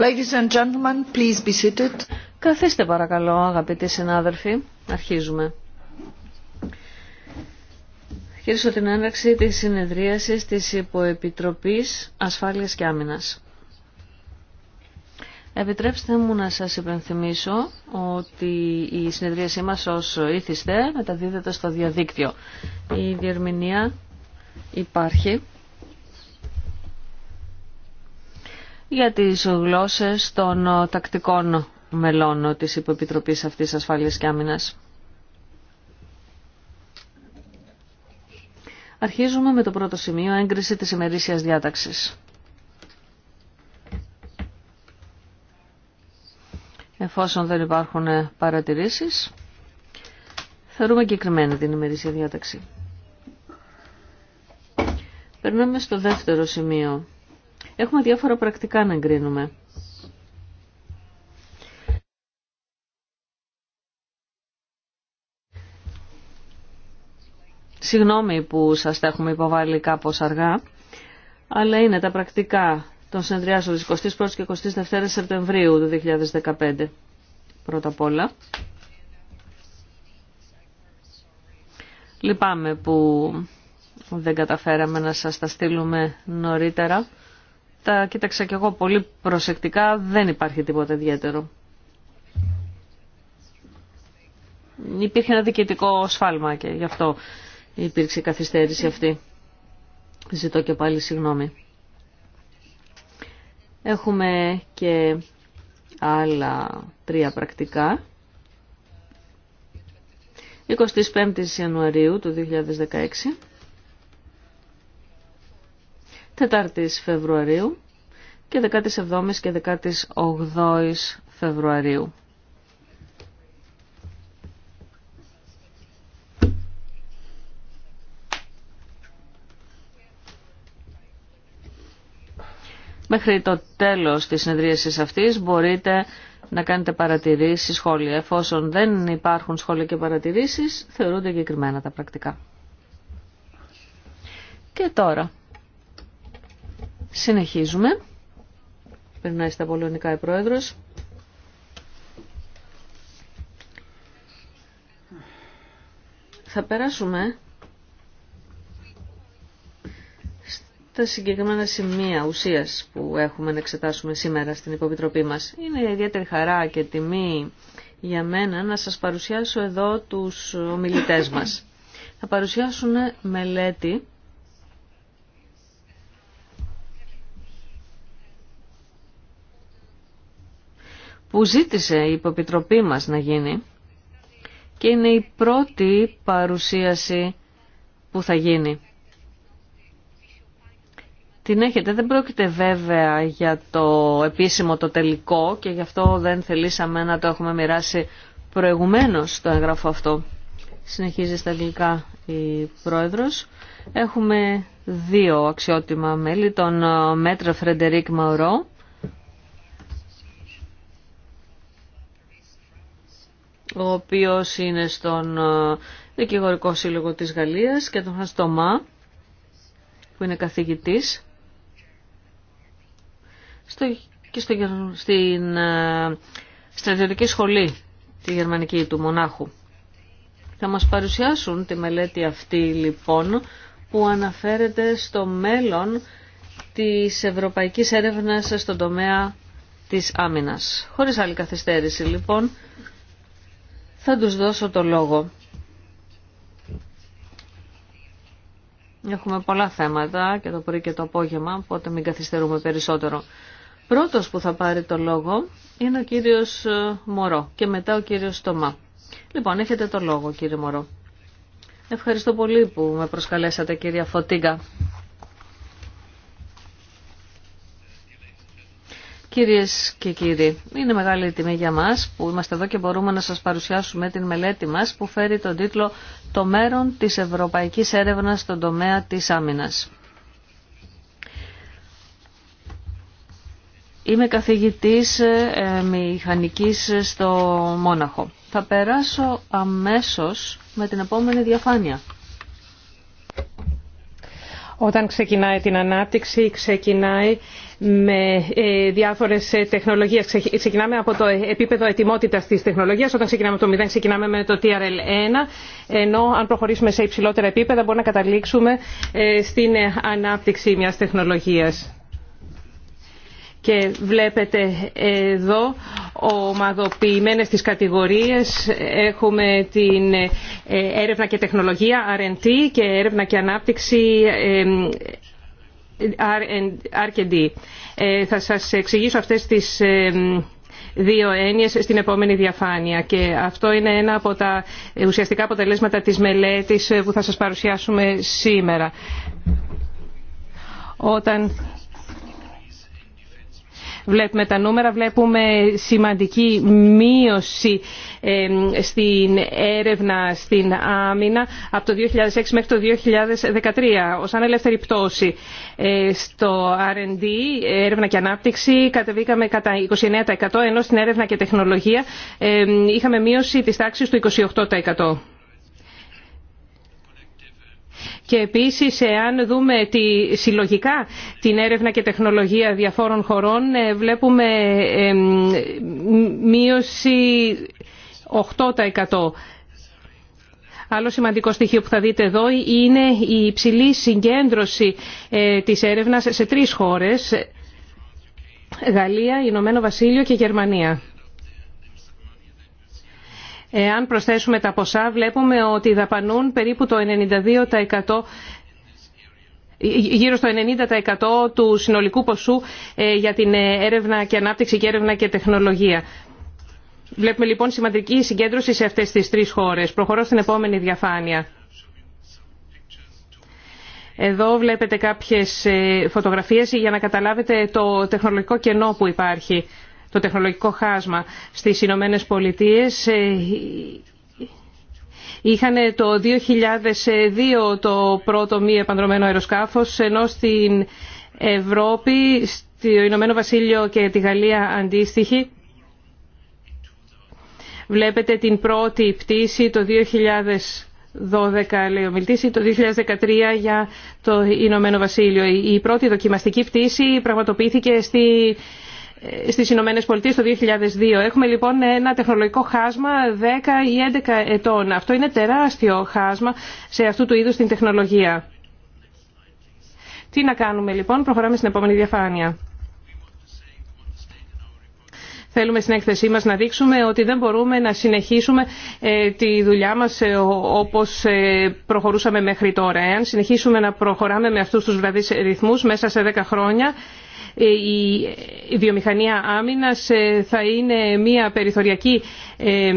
Ladies and gentlemen, Καθίστε παρακαλώ αγαπητοί συνάδελφοι. Αρχίζουμε. Κυρίσω την έναρξη της συνεδρίασης της Υποεπιτροπής Ασφάλειας και Άμυνας. Επιτρέψτε μου να σας υπενθυμίσω ότι η συνεδρίασή μας ως ήθιστε μεταδίδεται στο διαδίκτυο. Η διερμηνία υπάρχει για τις γλώσσες των ε, τακτικών μελών της Υποεπιτροπής αυτής Ασφάλειας και Άμυνας. Αρχίζουμε με το πρώτο σημείο, έγκριση της ημερήσιας διάταξης. Εφόσον δεν υπάρχουν παρατηρήσεις, θεωρούμε εγκεκριμένη την ημερήσια διάταξη. Περνάμε στο δεύτερο σημείο. Έχουμε διάφορα πρακτικά να εγκρίνουμε. Συγγνώμη που σας τα έχουμε υποβάλει κάπως αργά, αλλά είναι τα πρακτικά των συνεδριάσεων της 21ης και 22ης Σεπτεμβρίου του 2015. Πρώτα απ' όλα. Λυπάμαι που δεν καταφέραμε να σας τα στείλουμε νωρίτερα. Τα κοίταξα κι εγώ πολύ προσεκτικά, δεν υπάρχει τίποτα ιδιαίτερο. Υπήρχε ένα διοικητικό σφάλμα και γι' αυτό υπήρξε η καθυστέρηση αυτή. Ζητώ και πάλι συγγνώμη. Έχουμε και άλλα τρία πρακτικά. 25 Ιανουαρίου του 2016 4 Φεβρουαρίου και 17 και 18 Φεβρουαρίου. Μέχρι το τέλος της συνεδρίασης αυτής μπορείτε να κάνετε παρατηρήσεις, σχόλια. Εφόσον δεν υπάρχουν σχόλια και παρατηρήσεις, θεωρούνται εγκεκριμένα τα πρακτικά. Και τώρα Συνεχίζουμε. Περνάει στα πολωνικά η πρόεδρος. Θα περάσουμε στα συγκεκριμένα σημεία ουσίας που έχουμε να εξετάσουμε σήμερα στην υποπιτροπή μας. Είναι ιδιαίτερη χαρά και τιμή για μένα να σας παρουσιάσω εδώ τους ομιλητές μας. Θα παρουσιάσουν μελέτη που ζήτησε η υποπιτροπή μας να γίνει και είναι η πρώτη παρουσίαση που θα γίνει. Την έχετε, δεν πρόκειται βέβαια για το επίσημο το τελικό και γι' αυτό δεν θελήσαμε να το έχουμε μοιράσει προηγουμένως το έγγραφο αυτό. Συνεχίζει στα αγγλικά η πρόεδρος. Έχουμε δύο αξιότιμα μέλη, τον ε, μέτρο Φρεντερίκ Μαουρό ο οποίος είναι στον ε, Δικηγορικό Σύλλογο της Γαλλίας και τον Χαστομά, που είναι καθηγητής, στο, και στην ε, στρατιωτική σχολή, τη γερμανική του Μονάχου. Θα μας παρουσιάσουν τη μελέτη αυτή λοιπόν που αναφέρεται στο μέλλον της ευρωπαϊκής έρευνας στον τομέα της άμυνας. Χωρίς άλλη καθυστέρηση λοιπόν θα τους δώσω το λόγο. Έχουμε πολλά θέματα και το πρωί και το απόγευμα, οπότε μην καθυστερούμε περισσότερο. Πρώτος που θα πάρει το λόγο είναι ο κύριος ε, Μωρό και μετά ο κύριος Στομά. Λοιπόν, έχετε το λόγο κύριε Μωρό. Ευχαριστώ πολύ που με προσκαλέσατε κυρία Φωτίγκα. Κυρίες και κύριοι, είναι μεγάλη τιμή για μας που είμαστε εδώ και μπορούμε να σας παρουσιάσουμε την μελέτη μας που φέρει τον τίτλο «Το μέρον της Ευρωπαϊκής Έρευνας στον τομέα της άμυνας». Είμαι καθηγητής ε, μηχανικής στο Μόναχο. Θα περάσω αμέσως με την επόμενη διαφάνεια. Όταν ξεκινάει την ανάπτυξη, ξεκινάει με ε, διάφορες ε, τεχνολογίες. Ξεκινάμε από το επίπεδο ετοιμότητας της τεχνολογίας. Όταν ξεκινάμε από το 0 ξεκινάμε με το TRL1, ενώ αν προχωρήσουμε σε υψηλότερα επίπεδα μπορούμε να καταλήξουμε ε, στην ανάπτυξη μιας τεχνολογίας. Και βλέπετε εδώ ομαδοποιημένες τις κατηγορίες. Έχουμε την έρευνα και τεχνολογία, R&T, και έρευνα και ανάπτυξη R&D. Ε, θα σας εξηγήσω αυτές τις ε, δύο έννοιες στην επόμενη διαφάνεια και αυτό είναι ένα από τα ουσιαστικά αποτελέσματα της μελέτης ε, που θα σας παρουσιάσουμε σήμερα. Όταν βλέπουμε τα νούμερα, βλέπουμε σημαντική μείωση στην έρευνα, στην άμυνα από το 2006 μέχρι το 2013 ως ανελεύθερη πτώση. Ε, στο R&D, έρευνα και ανάπτυξη, κατεβήκαμε κατά 29% ενώ στην έρευνα και τεχνολογία είχαμε μείωση της τάξης του 28%. Και επίσης, εάν δούμε τη, συλλογικά την έρευνα και τεχνολογία διαφόρων χωρών, ε, βλέπουμε μείωση 8%. Άλλο σημαντικό στοιχείο που θα δείτε εδώ είναι η υψηλή συγκέντρωση ε, της έρευνας σε τρεις χώρες, Γαλλία, Ηνωμένο Βασίλειο και Γερμανία. Εάν προσθέσουμε τα ποσά βλέπουμε ότι δαπανούν περίπου το 92% γύρω στο 90% του συνολικού ποσού ε, για την ε, έρευνα και ανάπτυξη και έρευνα και τεχνολογία. Βλέπουμε λοιπόν σημαντική συγκέντρωση σε αυτές τις τρεις χώρες. Προχωρώ στην επόμενη διαφάνεια. Εδώ βλέπετε κάποιες ε, φωτογραφίες για να καταλάβετε το τεχνολογικό κενό που υπάρχει το τεχνολογικό χάσμα στις Ηνωμένε Πολιτείε. Ε, είχαν το 2002 το πρώτο μη επανδρομένο αεροσκάφος ενώ στην Ευρώπη, στο Ηνωμένο Βασίλειο και τη Γαλλία αντίστοιχη βλέπετε την πρώτη πτήση το 2012 λέει ο το 2013 για το Ηνωμένο Βασίλειο. Η πρώτη δοκιμαστική πτήση πραγματοποιήθηκε στη στις Ηνωμένε Πολιτείες το 2002. Έχουμε λοιπόν ένα τεχνολογικό χάσμα 10 ή 11 ετών. Αυτό είναι τεράστιο χάσμα σε αυτού του είδους την τεχνολογία. Τι να κάνουμε λοιπόν, προχωράμε στην επόμενη διαφάνεια. Θέλουμε στην έκθεσή μας να δείξουμε ότι δεν μπορούμε να συνεχίσουμε ε, τη δουλειά μας ε, όπως ε, προχωρούσαμε μέχρι τώρα. Εάν συνεχίσουμε να προχωράμε με αυτούς τους βραδείς ρυθμούς μέσα σε 10 χρόνια, ε, η βιομηχανία άμυνας ε, θα είναι μια περιθωριακή ε,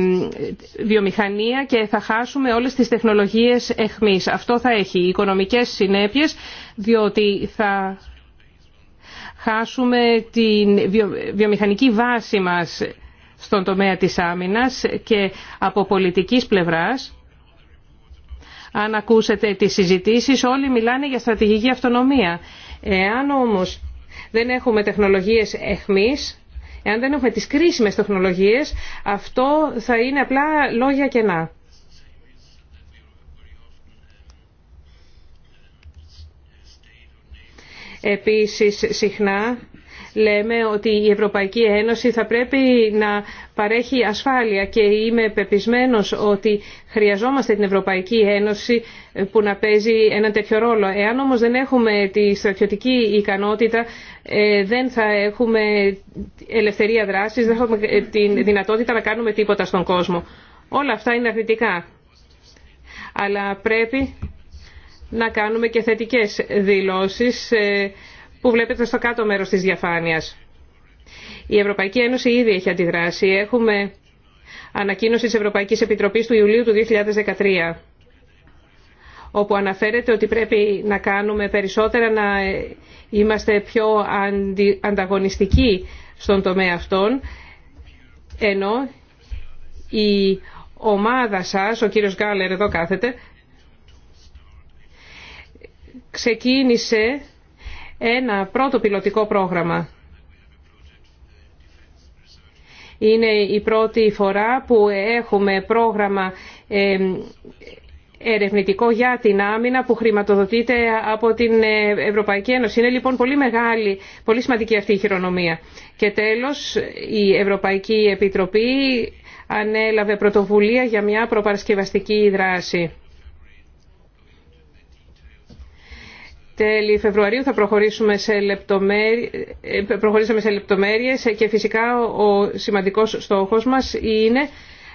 βιομηχανία και θα χάσουμε όλες τις τεχνολογίες εχμής. Αυτό θα έχει οικονομικές συνέπειες διότι θα χάσουμε τη βιομηχανική βάση μας στον τομέα της άμυνας και από πολιτικής πλευράς αν ακούσετε τις συζητήσεις όλοι μιλάνε για στρατηγική αυτονομία. Εάν όμως δεν έχουμε τεχνολογίες εχμής, εάν δεν έχουμε τις κρίσιμες τεχνολογίες, αυτό θα είναι απλά λόγια κενά. Επίσης, συχνά λέμε ότι η Ευρωπαϊκή Ένωση θα πρέπει να παρέχει ασφάλεια και είμαι πεπισμένος ότι χρειαζόμαστε την Ευρωπαϊκή Ένωση που να παίζει ένα τέτοιο ρόλο. Εάν όμως δεν έχουμε τη στρατιωτική ικανότητα ε, δεν θα έχουμε ελευθερία δράσης, δεν θα έχουμε τη δυνατότητα να κάνουμε τίποτα στον κόσμο. Όλα αυτά είναι αρνητικά. Αλλά πρέπει να κάνουμε και θετικές δηλώσεις ε, που βλέπετε στο κάτω μέρος της διαφάνειας. Η Ευρωπαϊκή Ένωση ήδη έχει αντιδράσει. Έχουμε ανακοίνωση της Ευρωπαϊκής Επιτροπής του Ιουλίου του 2013 όπου αναφέρεται ότι πρέπει να κάνουμε περισσότερα, να είμαστε πιο ανταγωνιστικοί στον τομέα αυτόν, ενώ η ομάδα σας, ο κύριος Γκάλερ εδώ κάθεται, ξεκίνησε ένα πρώτο πιλωτικό πρόγραμμα. Είναι η πρώτη φορά που έχουμε πρόγραμμα ερευνητικό για την άμυνα που χρηματοδοτείται από την ε, Ευρωπαϊκή Ένωση. Είναι λοιπόν πολύ μεγάλη, πολύ σημαντική αυτή η χειρονομία. Και τέλος, η Ευρωπαϊκή Επιτροπή ανέλαβε πρωτοβουλία για μια προπαρασκευαστική δράση. τέλη Φεβρουαρίου θα προχωρήσουμε σε λεπτομέρειες, σε λεπτομέρειες και φυσικά ο σημαντικός στόχος μας είναι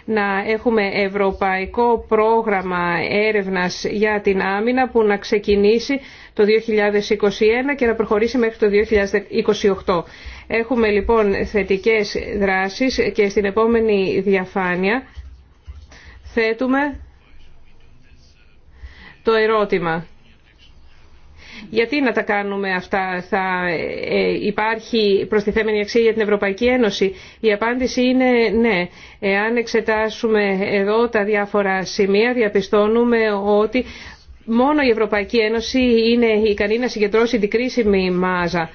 να έχουμε ευρωπαϊκό πρόγραμμα έρευνας για την άμυνα που να ξεκινήσει το 2021 και να προχωρήσει μέχρι το 2028. Έχουμε λοιπόν θετικές δράσεις και στην επόμενη διαφάνεια θέτουμε το ερώτημα γιατί να τα κάνουμε αυτά, θα ε, υπάρχει προστιθέμενη αξία για την Ευρωπαϊκή Ένωση. Η απάντηση είναι ναι. Εάν εξετάσουμε εδώ τα διάφορα σημεία, διαπιστώνουμε ότι μόνο η Ευρωπαϊκή Ένωση είναι ικανή να συγκεντρώσει την κρίσιμη μάζα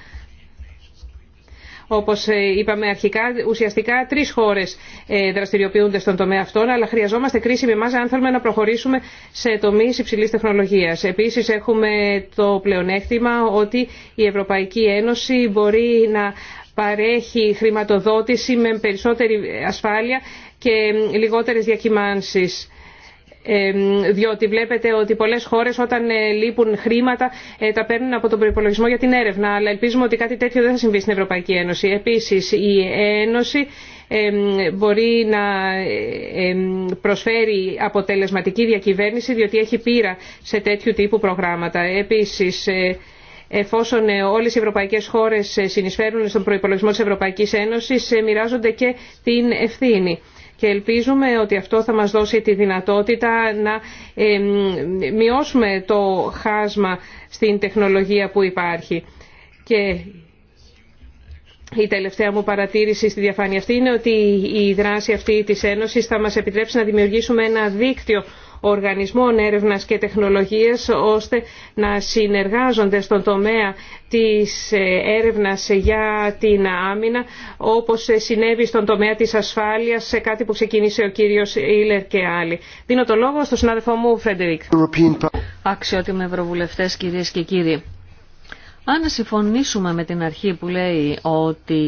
όπως ε, είπαμε αρχικά, ουσιαστικά τρεις χώρες ε, δραστηριοποιούνται στον τομέα αυτόν, αλλά χρειαζόμαστε κρίσιμη μάζα αν θέλουμε να προχωρήσουμε σε τομείς υψηλής τεχνολογίας. Επίσης έχουμε το πλεονέκτημα ότι η Ευρωπαϊκή Ένωση μπορεί να παρέχει χρηματοδότηση με περισσότερη ασφάλεια και λιγότερες διακυμάνσεις διότι βλέπετε ότι πολλές χώρες όταν ε, λείπουν χρήματα ε, τα παίρνουν από τον προϋπολογισμό για την έρευνα αλλά ελπίζουμε ότι κάτι τέτοιο δεν θα συμβεί στην Ευρωπαϊκή Ένωση. Επίσης η Ένωση μπορεί να ε, προσφέρει αποτελεσματική διακυβέρνηση διότι έχει πείρα σε τέτοιου τύπου προγράμματα. Επίσης εφόσον όλες οι ευρωπαϊκές χώρες συνεισφέρουν στον προϋπολογισμό της Ευρωπαϊκής Ένωσης μοιράζονται και την ευθύνη και ελπίζουμε ότι αυτό θα μας δώσει τη δυνατότητα να μειώσουμε το χάσμα στην τεχνολογία που υπάρχει. Και η τελευταία μου παρατήρηση στη διαφάνεια αυτή είναι ότι η δράση αυτή της Ένωσης θα μας επιτρέψει να δημιουργήσουμε ένα δίκτυο οργανισμών έρευνας και τεχνολογίες, ώστε να συνεργάζονται στον τομέα της ε, έρευνας για την άμυνα όπως ε, συνέβη στον τομέα της ασφάλειας σε κάτι που ξεκίνησε ο κύριος Ήλερ και άλλοι. Δίνω το λόγο στον συνάδελφό μου Φρεντερίκ. Αξιότιμοι Ευρωβουλευτές κυρίες και κύριοι. Αν συμφωνήσουμε με την αρχή που λέει ότι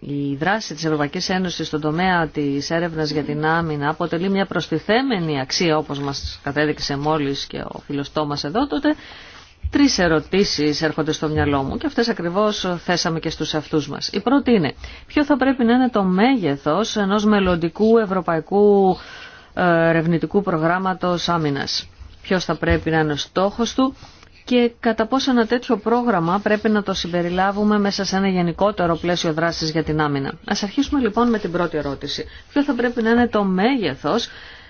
η δράση της Ευρωπαϊκής Ένωσης στον τομέα της έρευνας για την άμυνα αποτελεί μια προστιθέμενη αξία όπως μας κατέδειξε μόλις και ο φίλος Τόμας εδώ τότε, τρεις ερωτήσεις έρχονται στο μυαλό μου και αυτές ακριβώς θέσαμε και στους αυτούς μας. Η πρώτη είναι ποιο θα πρέπει να είναι το μέγεθος ενός μελλοντικού ευρωπαϊκού ε, ερευνητικού προγράμματος άμυνας. Ποιος θα πρέπει να είναι ο στόχος του και κατά πόσο ένα τέτοιο πρόγραμμα πρέπει να το συμπεριλάβουμε μέσα σε ένα γενικότερο πλαίσιο δράση για την άμυνα. Α αρχίσουμε λοιπόν με την πρώτη ερώτηση. Ποιο θα πρέπει να είναι το μέγεθο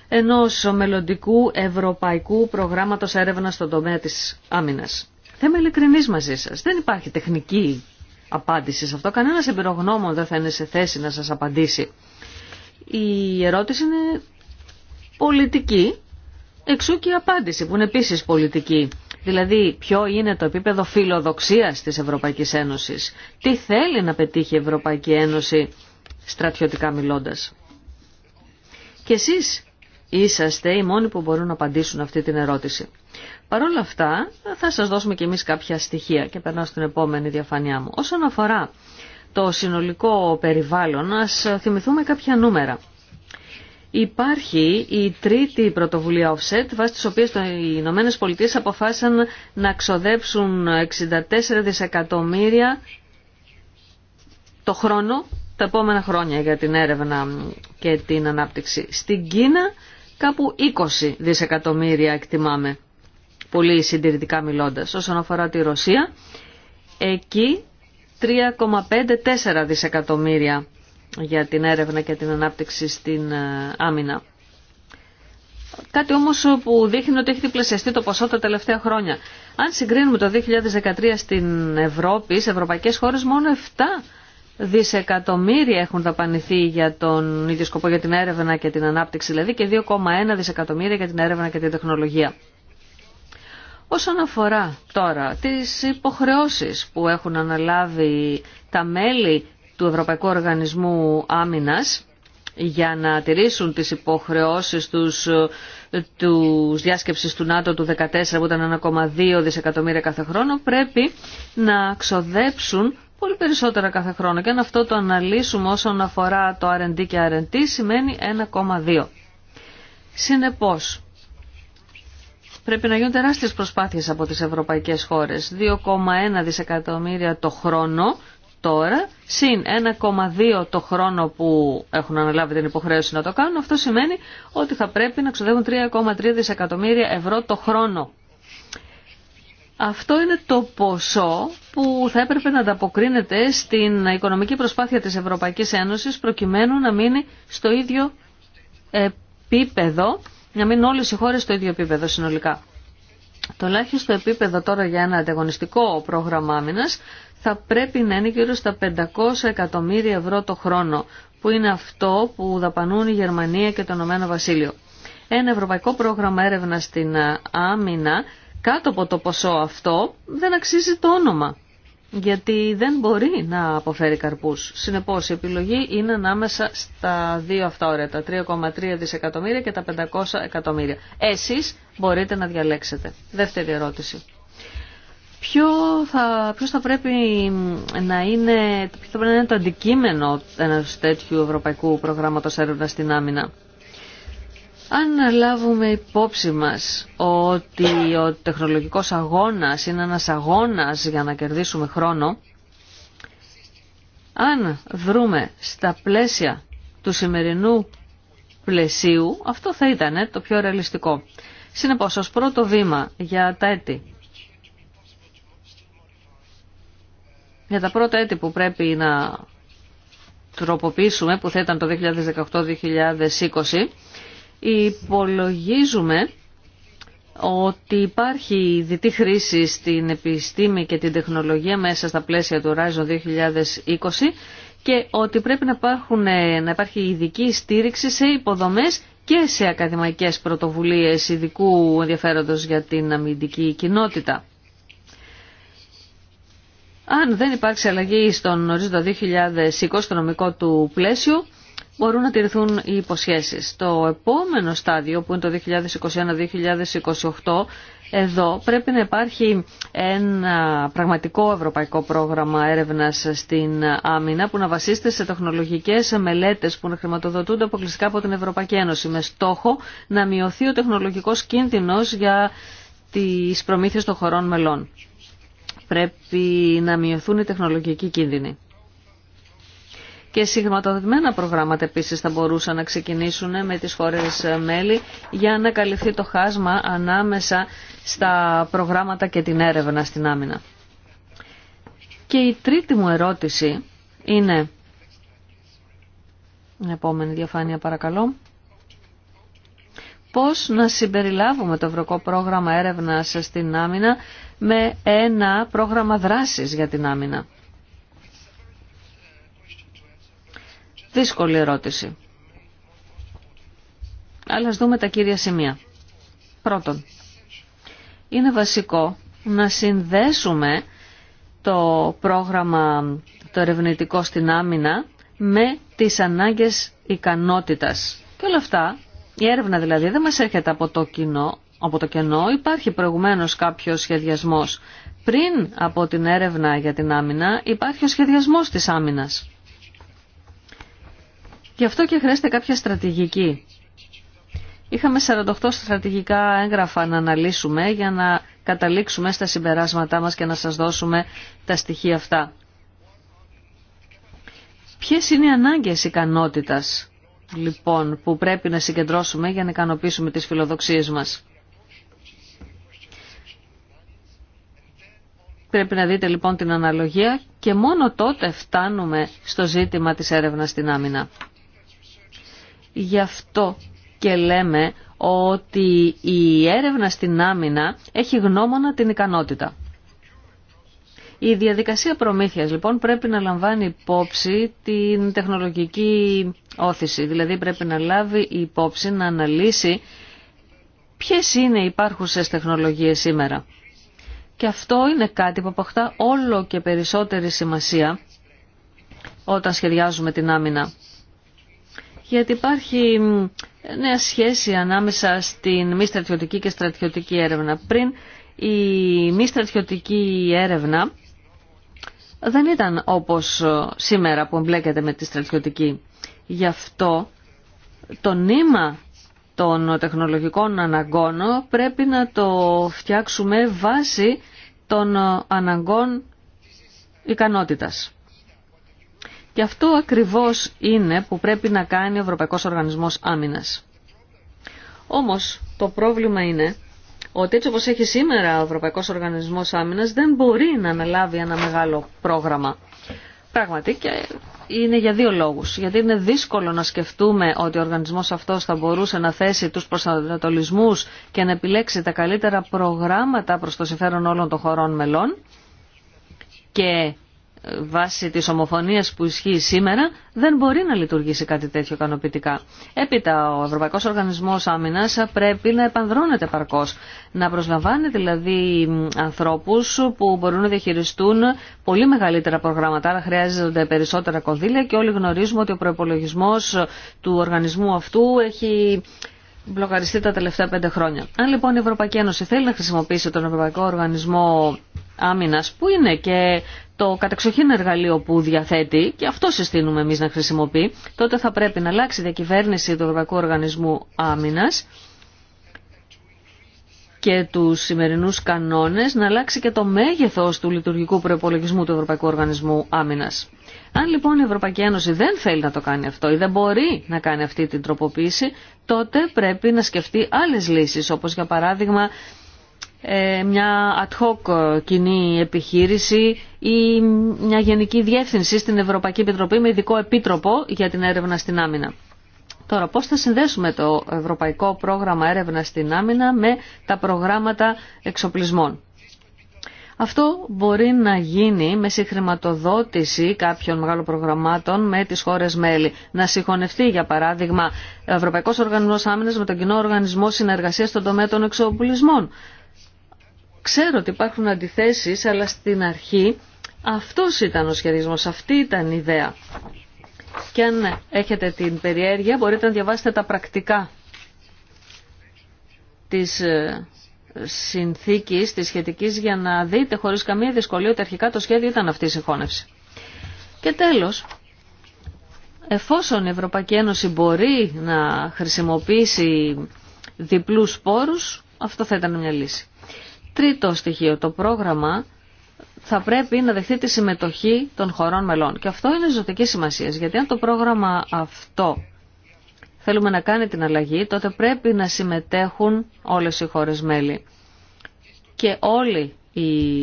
ενό μελλοντικού ευρωπαϊκού προγράμματο έρευνα στον τομέα τη άμυνα. Θα είμαι ειλικρινή μαζί σα. Δεν υπάρχει τεχνική απάντηση σε αυτό. Κανένα εμπειρογνώμων δεν θα είναι σε θέση να σα απαντήσει. Η ερώτηση είναι πολιτική, εξού και η απάντηση που είναι επίση πολιτική. Δηλαδή, ποιο είναι το επίπεδο φιλοδοξίας της Ευρωπαϊκής Ένωσης. Τι θέλει να πετύχει η Ευρωπαϊκή Ένωση στρατιωτικά μιλώντας. Και εσείς είσαστε οι μόνοι που μπορούν να απαντήσουν αυτή την ερώτηση. Παρ' όλα αυτά, θα σας δώσουμε και εμείς κάποια στοιχεία και περνάω στην επόμενη διαφάνειά μου. Όσον αφορά το συνολικό περιβάλλον, ας θυμηθούμε κάποια νούμερα. Υπάρχει η τρίτη πρωτοβουλία offset, βάσει της οποίας οι Ηνωμένε Πολιτείες αποφάσισαν να ξοδέψουν 64 δισεκατομμύρια το χρόνο τα επόμενα χρόνια για την έρευνα και την ανάπτυξη. Στην Κίνα κάπου 20 δισεκατομμύρια εκτιμάμε, πολύ συντηρητικά μιλώντας. Όσον αφορά τη Ρωσία, 3,54 δισεκατομμύρια για την έρευνα και την ανάπτυξη στην ε, άμυνα. Κάτι όμως που δείχνει ότι έχει διπλασιαστεί το ποσό τα τελευταία χρόνια. Αν συγκρίνουμε το 2013 στην Ευρώπη, σε ευρωπαϊκές χώρες μόνο 7 δισεκατομμύρια έχουν δαπανηθεί για τον ίδιο σκοπό για την έρευνα και την ανάπτυξη δηλαδή και 2,1 δισεκατομμύρια για την έρευνα και την τεχνολογία. Όσον αφορά τώρα τις υποχρεώσεις που έχουν αναλάβει τα μέλη του Ευρωπαϊκού Οργανισμού Άμυνας για να τηρήσουν τις υποχρεώσεις τους, ε, τους διάσκεψης του ΝΑΤΟ του 2014 που ήταν 1,2 δισεκατομμύρια κάθε χρόνο πρέπει να ξοδέψουν πολύ περισσότερα κάθε χρόνο και αν αυτό το αναλύσουμε όσον αφορά το R&D και R&D σημαίνει 1,2. Συνεπώς, πρέπει να γίνουν τεράστιες προσπάθειες από τις ευρωπαϊκές χώρες. 2,1 δισεκατομμύρια το χρόνο τώρα, συν 1,2 το χρόνο που έχουν αναλάβει την υποχρέωση να το κάνουν, αυτό σημαίνει ότι θα πρέπει να ξοδεύουν 3,3 δισεκατομμύρια ευρώ το χρόνο. Αυτό είναι το ποσό που θα έπρεπε να ανταποκρίνεται στην οικονομική προσπάθεια της Ευρωπαϊκής Ένωσης προκειμένου να μείνει στο ίδιο επίπεδο, να μείνουν όλες οι χώρες στο ίδιο επίπεδο συνολικά. Το ελάχιστο επίπεδο τώρα για ένα ανταγωνιστικό πρόγραμμα άμυνας θα πρέπει να είναι γύρω στα 500 εκατομμύρια ευρώ το χρόνο, που είναι αυτό που δαπανούν η Γερμανία και το Ηνωμένο Βασίλειο. Ένα ευρωπαϊκό πρόγραμμα έρευνα στην ε, άμυνα, κάτω από το ποσό αυτό, δεν αξίζει το όνομα. Γιατί δεν μπορεί να αποφέρει καρπούς. Συνεπώς η επιλογή είναι ανάμεσα στα δύο αυτά ωραία, τα 3,3 δισεκατομμύρια και τα 500 εκατομμύρια. Εσείς μπορείτε να διαλέξετε. Δεύτερη ερώτηση ποιο θα, ποιος θα πρέπει να είναι, ποιο θα πρέπει να είναι το αντικείμενο ενός τέτοιου ευρωπαϊκού προγράμματος έρευνα στην άμυνα. Αν λάβουμε υπόψη μας ότι ο τεχνολογικός αγώνας είναι ένας αγώνας για να κερδίσουμε χρόνο, αν βρούμε στα πλαίσια του σημερινού πλαισίου, αυτό θα ήταν το πιο ρεαλιστικό. Συνεπώς, ως πρώτο βήμα για τα έτη για τα πρώτα έτη που πρέπει να τροποποιήσουμε, που θα ήταν το 2018-2020, υπολογίζουμε ότι υπάρχει διτή χρήση στην επιστήμη και την τεχνολογία μέσα στα πλαίσια του Horizon 2020 και ότι πρέπει να, υπάρχουν, να υπάρχει ειδική στήριξη σε υποδομές και σε ακαδημαϊκές πρωτοβουλίες ειδικού ενδιαφέροντος για την αμυντική κοινότητα. Αν δεν υπάρξει αλλαγή στον ορίζοντα 2020 στο νομικό του πλαίσιο, μπορούν να τηρηθούν οι υποσχέσεις. Το επόμενο στάδιο που είναι το 2021-2028, εδώ πρέπει να υπάρχει ένα πραγματικό ευρωπαϊκό πρόγραμμα έρευνας στην άμυνα που να βασίζεται σε τεχνολογικές μελέτες που να χρηματοδοτούνται αποκλειστικά από την Ευρωπαϊκή Ένωση με στόχο να μειωθεί ο τεχνολογικός κίνδυνος για τις προμήθειες των χωρών μελών πρέπει να μειωθούν οι τεχνολογικοί κίνδυνοι. Και συγχρηματοδοτημένα προγράμματα επίσης θα μπορούσαν να ξεκινήσουν με τις χώρες μέλη για να καλυφθεί το χάσμα ανάμεσα στα προγράμματα και την έρευνα στην άμυνα. Και η τρίτη μου ερώτηση είναι... Επόμενη διαφάνεια παρακαλώ. Πώς να συμπεριλάβουμε το Ευρωπαϊκό Πρόγραμμα Έρευνας στην Άμυνα με ένα πρόγραμμα δράσης για την άμυνα. Δύσκολη ερώτηση. Αλλά ας δούμε τα κύρια σημεία. Πρώτον, είναι βασικό να συνδέσουμε το πρόγραμμα το ερευνητικό στην άμυνα με τις ανάγκες ικανότητας. Και όλα αυτά, η έρευνα δηλαδή δεν μας έρχεται από το κοινό, από το κενό υπάρχει προηγουμένως κάποιος σχεδιασμός. Πριν από την έρευνα για την άμυνα υπάρχει ο σχεδιασμός της άμυνας. Γι' αυτό και χρειάζεται κάποια στρατηγική. Είχαμε 48 στρατηγικά έγγραφα να αναλύσουμε για να καταλήξουμε στα συμπεράσματά μας και να σας δώσουμε τα στοιχεία αυτά. Ποιες είναι οι ανάγκες ικανότητας λοιπόν που πρέπει να συγκεντρώσουμε για να ικανοποιήσουμε τις φιλοδοξίες μας. Πρέπει να δείτε λοιπόν την αναλογία και μόνο τότε φτάνουμε στο ζήτημα της έρευνας στην άμυνα. Γι' αυτό και λέμε ότι η έρευνα στην άμυνα έχει γνώμονα την ικανότητα. Η διαδικασία προμήθειας λοιπόν πρέπει να λαμβάνει υπόψη την τεχνολογική όθηση, δηλαδή πρέπει να λάβει υπόψη να αναλύσει ποιες είναι οι υπάρχουσες τεχνολογίες σήμερα. Και αυτό είναι κάτι που αποκτά όλο και περισσότερη σημασία όταν σχεδιάζουμε την άμυνα. Γιατί υπάρχει νέα σχέση ανάμεσα στην μη στρατιωτική και στρατιωτική έρευνα. Πριν η μη στρατιωτική έρευνα δεν ήταν όπως ε, σήμερα που εμπλέκεται με τη στρατιωτική. Γι' αυτό το νήμα των τεχνολογικών αναγκών πρέπει να το φτιάξουμε βάσει των αναγκών ικανότητας. Και αυτό ακριβώς είναι που πρέπει να κάνει ο Ευρωπαϊκός Οργανισμός Άμυνας. Όμως το πρόβλημα είναι ότι έτσι όπως έχει σήμερα ο Ευρωπαϊκός Οργανισμός Άμυνας δεν μπορεί να αναλάβει ένα μεγάλο πρόγραμμα. Πράγματι είναι για δύο λόγους. Γιατί είναι δύσκολο να σκεφτούμε ότι ο οργανισμός αυτός θα μπορούσε να θέσει τους προσανατολισμούς και να επιλέξει τα καλύτερα προγράμματα προς το συμφέρον όλων των χωρών μελών και βάσει της ομοφωνίας που ισχύει σήμερα δεν μπορεί να λειτουργήσει κάτι τέτοιο ικανοποιητικά. Έπειτα ο Ευρωπαϊκός Οργανισμός Άμυνας πρέπει να επανδρώνεται παρκώς, να προσλαμβάνει δηλαδή ανθρώπους που μπορούν να διαχειριστούν πολύ μεγαλύτερα προγράμματα, άρα χρειάζονται περισσότερα κονδύλια και όλοι γνωρίζουμε ότι ο προπολογισμό του οργανισμού αυτού έχει μπλοκαριστεί τα τελευταία πέντε χρόνια. Αν λοιπόν η Ευρωπαϊκή Ένωση θέλει να χρησιμοποιήσει τον Ευρωπαϊκό Οργανισμό που είναι και το κατεξοχήν εργαλείο που διαθέτει και αυτό συστήνουμε εμείς να χρησιμοποιεί, τότε θα πρέπει να αλλάξει η διακυβέρνηση του Ευρωπαϊκού Οργανισμού Άμυνας και του σημερινούς κανόνες να αλλάξει και το μέγεθος του λειτουργικού προπολογισμού του Ευρωπαϊκού Οργανισμού Άμυνας. Αν λοιπόν η Ευρωπαϊκή Ένωση δεν θέλει να το κάνει αυτό ή δεν μπορεί να κάνει αυτή την τροποποίηση, τότε πρέπει να σκεφτεί άλλες λύσεις, όπως για παράδειγμα ε, μια ad hoc ε, κοινή επιχείρηση ή μια γενική διεύθυνση στην Ευρωπαϊκή Επιτροπή με ειδικό επίτροπο για την έρευνα στην άμυνα. Τώρα, πώς θα συνδέσουμε το Ευρωπαϊκό Πρόγραμμα Έρευνα στην Άμυνα με τα προγράμματα εξοπλισμών. Αυτό μπορεί να γίνει με συγχρηματοδότηση κάποιων μεγάλων προγραμμάτων με τις χώρες μέλη. Να συγχωνευτεί, για παράδειγμα, ο Ευρωπαϊκός Οργανισμός Άμυνας με τον Κοινό Οργανισμό Συνεργασίας στον τομέα των εξοπλισμών. Ξέρω ότι υπάρχουν αντιθέσεις, αλλά στην αρχή αυτός ήταν ο σχεδισμός, αυτή ήταν η ιδέα. Και αν έχετε την περιέργεια μπορείτε να διαβάσετε τα πρακτικά της ε, συνθήκης, της σχετικής, για να δείτε χωρίς καμία δυσκολία ότι αρχικά το σχέδιο ήταν αυτή η συγχώνευση. Και τέλος, εφόσον η Ευρωπαϊκή Ένωση μπορεί να χρησιμοποιήσει διπλούς πόρους, αυτό θα ήταν μια λύση. Τρίτο στοιχείο, το πρόγραμμα θα πρέπει να δεχθεί τη συμμετοχή των χωρών μελών. Και αυτό είναι ζωτική σημασία, γιατί αν το πρόγραμμα αυτό θέλουμε να κάνει την αλλαγή, τότε πρέπει να συμμετέχουν όλες οι χώρες μέλη και όλοι οι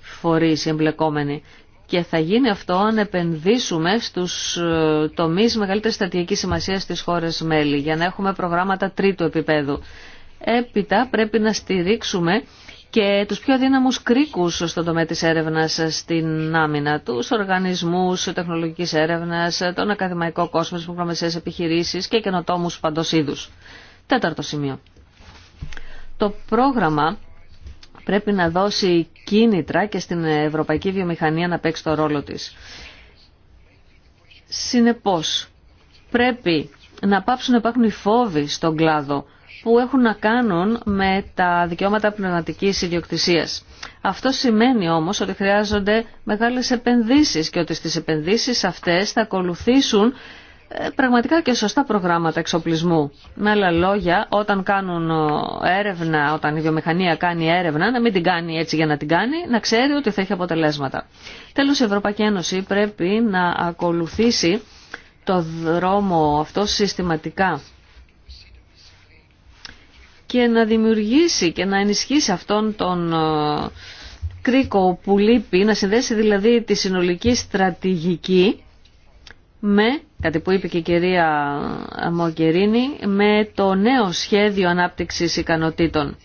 φορείς εμπλεκόμενοι. Και θα γίνει αυτό αν επενδύσουμε στους ε, τομείς μεγαλύτερης στατιακής σημασίας στις χώρες μέλη, για να έχουμε προγράμματα τρίτου επίπεδου. Έπειτα πρέπει να στηρίξουμε και τους πιο δύναμους κρίκους στον τομέα της έρευνας στην άμυνα, τους οργανισμούς τεχνολογικής έρευνας, τον ακαδημαϊκό κόσμο, τις επιχειρήσεις και καινοτόμους παντός Τέταρτο σημείο. Το πρόγραμμα πρέπει να δώσει κίνητρα και στην ευρωπαϊκή βιομηχανία να παίξει το ρόλο της. Συνεπώς, πρέπει να πάψουν να υπάρχουν οι φόβοι στον κλάδο που έχουν να κάνουν με τα δικαιώματα πνευματικής ιδιοκτησίας. Αυτό σημαίνει όμως ότι χρειάζονται μεγάλες επενδύσεις και ότι στις επενδύσεις αυτές θα ακολουθήσουν ε, πραγματικά και σωστά προγράμματα εξοπλισμού. Με άλλα λόγια, όταν κάνουν ε, έρευνα, όταν η βιομηχανία κάνει έρευνα, να μην την κάνει έτσι για να την κάνει, να ξέρει ότι θα έχει αποτελέσματα. Τέλος, η Ευρωπαϊκή Ένωση πρέπει να ακολουθήσει το δρόμο αυτό συστηματικά και να δημιουργήσει και να ενισχύσει αυτόν τον ε, κρίκο που λείπει, να συνδέσει δηλαδή τη συνολική στρατηγική με, κάτι που είπε και η κυρία Μογκερίνη, με το νέο σχέδιο ανάπτυξης ικανοτήτων.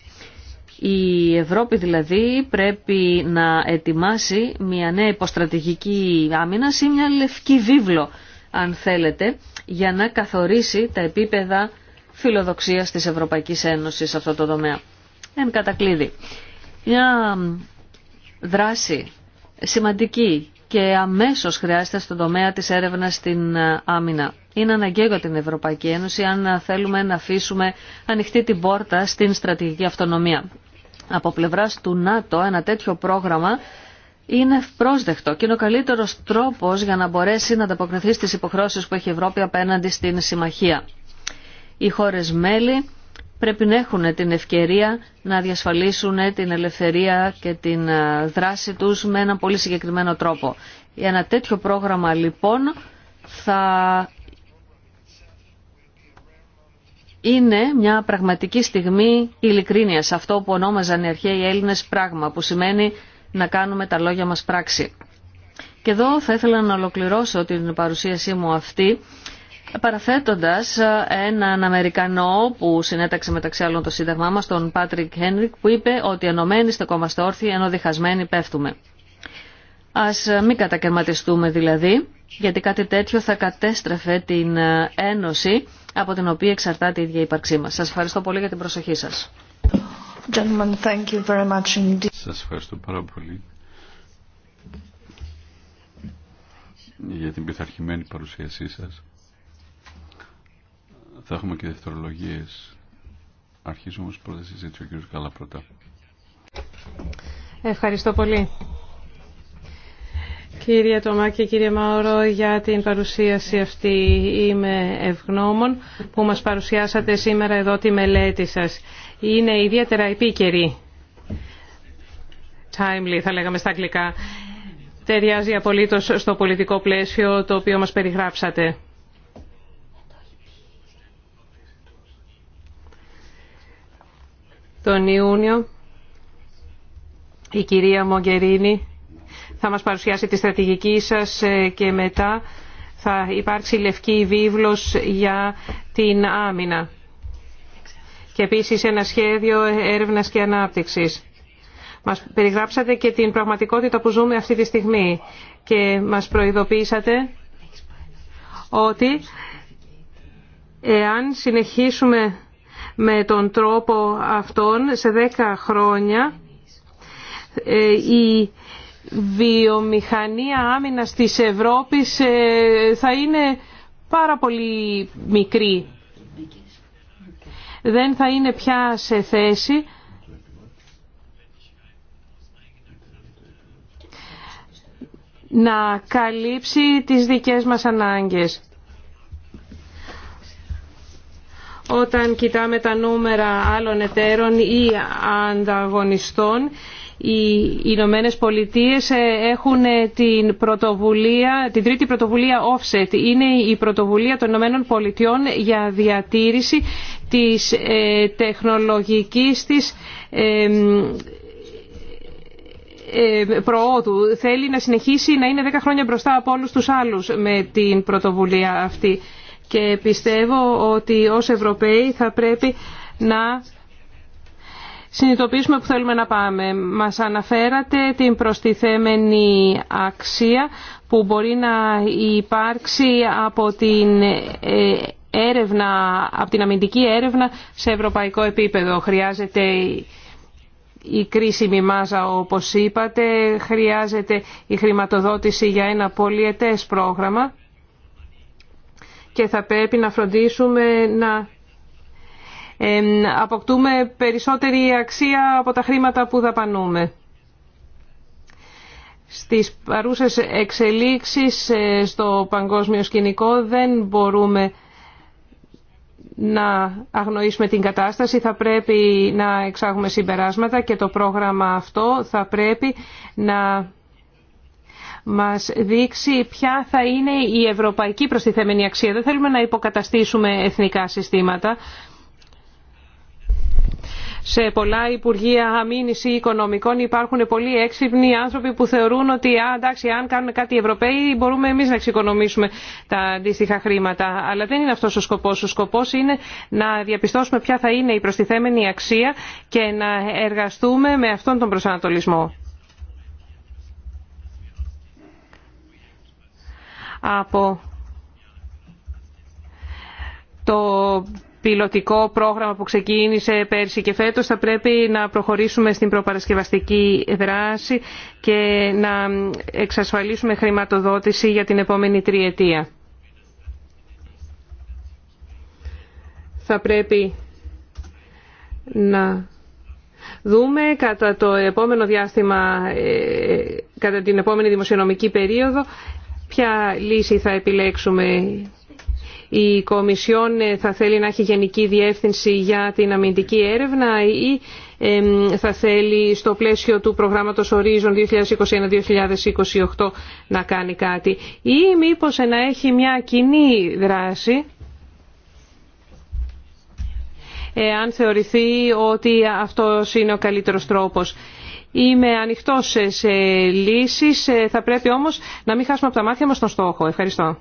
Η Ευρώπη δηλαδή πρέπει να ετοιμάσει μια νέα υποστρατηγική άμυνα ή μια λευκή βίβλο, αν θέλετε, για να καθορίσει τα επίπεδα φιλοδοξία της Ευρωπαϊκής Ένωσης σε αυτό το τομέα. Εν κατακλείδη, μια δράση σημαντική και αμέσως χρειάζεται στον τομέα της έρευνας στην ε, άμυνα. Είναι αναγκαίο για την Ευρωπαϊκή Ένωση αν θέλουμε να αφήσουμε ανοιχτή την πόρτα στην στρατηγική αυτονομία. Από πλευράς του ΝΑΤΟ ένα τέτοιο πρόγραμμα είναι πρόσδεκτο και είναι ο καλύτερος τρόπος για να μπορέσει να ανταποκριθεί στις υποχρεώσει που έχει η Ευρώπη απέναντι στην συμμαχία οι χώρες μέλη πρέπει να έχουν την ευκαιρία να διασφαλίσουν την ελευθερία και την ε, δράση τους με έναν πολύ συγκεκριμένο τρόπο. Για ένα τέτοιο πρόγραμμα λοιπόν θα είναι μια πραγματική στιγμή ειλικρίνειας, αυτό που ονόμαζαν οι αρχαίοι Έλληνες πράγμα, που σημαίνει να κάνουμε τα λόγια μας πράξη. Και εδώ θα ήθελα να ολοκληρώσω την παρουσίασή μου αυτή παραθέτοντας ε, έναν Αμερικανό που συνέταξε μεταξύ άλλων το Σύνταγμά μας, τον Πάτρικ Χένρικ, που είπε ότι ενωμένοι στεκόμαστε όρθιοι, ενώ διχασμένοι πέφτουμε. Ας ε, μην κατακαιρματιστούμε δηλαδή, γιατί κάτι τέτοιο θα κατέστρεφε την ε, ένωση από την οποία εξαρτάται η ίδια ύπαρξή μας. Σας ευχαριστώ πολύ για την προσοχή σας. Thank σας ευχαριστώ πάρα πολύ για την πειθαρχημένη παρουσίασή σας θα έχουμε και δευτερολογίες. Αρχίζουμε όμως πρώτα συζήτηση ο Καλά πρώτα. Ευχαριστώ πολύ. Κύριε Τωμά και κύριε Μαωρό για την παρουσίαση αυτή είμαι ευγνώμων που μας παρουσιάσατε σήμερα εδώ τη μελέτη σας. Είναι ιδιαίτερα επίκαιρη. Timely θα λέγαμε στα αγγλικά. Ταιριάζει απολύτως στο πολιτικό πλαίσιο το οποίο μας περιγράψατε. Τον Ιούνιο η κυρία Μογκερίνη θα μας παρουσιάσει τη στρατηγική σας ε, και μετά θα υπάρξει λευκή βίβλος για την άμυνα και επίσης ένα σχέδιο έρευνας και ανάπτυξης. Μας περιγράψατε και την πραγματικότητα που ζούμε αυτή τη στιγμή και μας προειδοποίησατε ότι εάν συνεχίσουμε με τον τρόπο αυτόν σε δέκα χρόνια ε, η βιομηχανία άμυνας της Ευρώπης ε, θα είναι πάρα πολύ μικρή. Δεν θα είναι πια σε θέση να καλύψει τις δικές μας ανάγκες. όταν κοιτάμε τα νούμερα άλλων εταίρων ή ανταγωνιστών οι Ηνωμένε Πολιτείε ε, έχουν ε, την πρωτοβουλία, την τρίτη πρωτοβουλία offset. Είναι η πρωτοβουλία των Ηνωμένων Πολιτειών για διατήρηση της ε, τεχνολογικής της προόδου. Θέλει να συνεχίσει να είναι 10 χρόνια μπροστά από όλους τους άλλους με την πρωτοβουλία αυτή και πιστεύω ότι ως Ευρωπαίοι θα πρέπει να συνειδητοποιήσουμε που θέλουμε να πάμε. Μας αναφέρατε την προστιθέμενη αξία που μπορεί να υπάρξει από την ε, έρευνα, από την αμυντική έρευνα σε ευρωπαϊκό επίπεδο. Χρειάζεται η κρίσιμη μάζα όπως είπατε, χρειάζεται η χρηματοδότηση για ένα πολυετές πρόγραμμα και θα πρέπει να φροντίσουμε να αποκτούμε περισσότερη αξία από τα χρήματα που δαπανούμε. Στις παρούσες εξελίξεις ε, στο παγκόσμιο σκηνικό δεν μπορούμε να αγνοήσουμε την κατάσταση, θα πρέπει να εξάγουμε συμπεράσματα και το πρόγραμμα αυτό θα πρέπει να μας δείξει ποια θα είναι η ευρωπαϊκή προστιθέμενη αξία. Δεν θέλουμε να υποκαταστήσουμε εθνικά συστήματα. Σε πολλά Υπουργεία Αμήνης ή Οικονομικών υπάρχουν πολλοί έξυπνοι άνθρωποι που θεωρούν ότι α, εντάξει, αν κάνουν κάτι οι Ευρωπαίοι μπορούμε εμείς να εξοικονομήσουμε τα αντίστοιχα χρήματα. Αλλά δεν είναι αυτός ο σκοπός. Ο σκοπός είναι να διαπιστώσουμε ποια θα είναι η προστιθέμενη αξία και να εργαστούμε με αυτόν τον προσανατολισμό. από το πιλωτικό πρόγραμμα που ξεκίνησε πέρσι και φέτος θα πρέπει να προχωρήσουμε στην προπαρασκευαστική δράση και να εξασφαλίσουμε χρηματοδότηση για την επόμενη τριετία. Θα πρέπει να δούμε κατά το επόμενο διάστημα, ε, κατά την επόμενη δημοσιονομική περίοδο, Ποια λύση θα επιλέξουμε. Η Κομισιόν θα θέλει να έχει γενική διεύθυνση για την αμυντική έρευνα ή θα θέλει στο πλαίσιο του προγράμματος Horizon 2021-2028 να κάνει κάτι ή μήπως να έχει μια κοινή δράση αν θεωρηθεί ότι αυτό είναι ο καλύτερος τρόπος. Είμαι ανοιχτό σε λύσεις, ε, θα πρέπει όμως να μην χάσουμε από τα μάτια μα τον στόχο. Ευχαριστώ.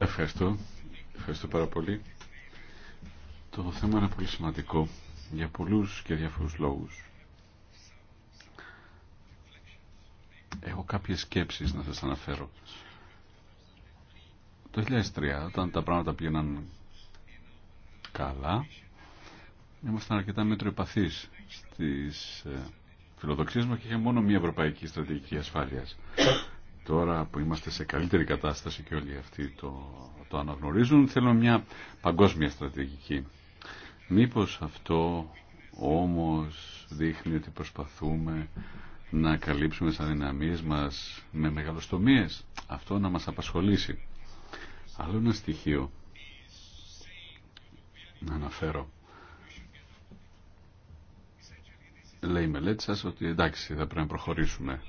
Ευχαριστώ. Ευχαριστώ πάρα πολύ. Το θέμα είναι πολύ σημαντικό για πολλούς και διάφορους λόγους. Έχω κάποιες σκέψεις να σας αναφέρω. Το 2003, όταν τα πράγματα πήγαιναν καλά, ήμασταν αρκετά μετροεπαθείς στι ε, φιλοδοξίε μα και είχε μόνο μία ευρωπαϊκή στρατηγική ασφάλειας. Τώρα που είμαστε σε καλύτερη κατάσταση και όλοι αυτοί το, το αναγνωρίζουν, θέλω μια παγκόσμια στρατηγική. Μήπως αυτό όμως δείχνει ότι προσπαθούμε να καλύψουμε σαν αδυναμίε μα με μεγαλοστομίες. Αυτό να μας απασχολήσει. Άλλο ένα στοιχείο να αναφέρω λέει η μελέτη σας ότι εντάξει θα πρέπει να προχωρήσουμε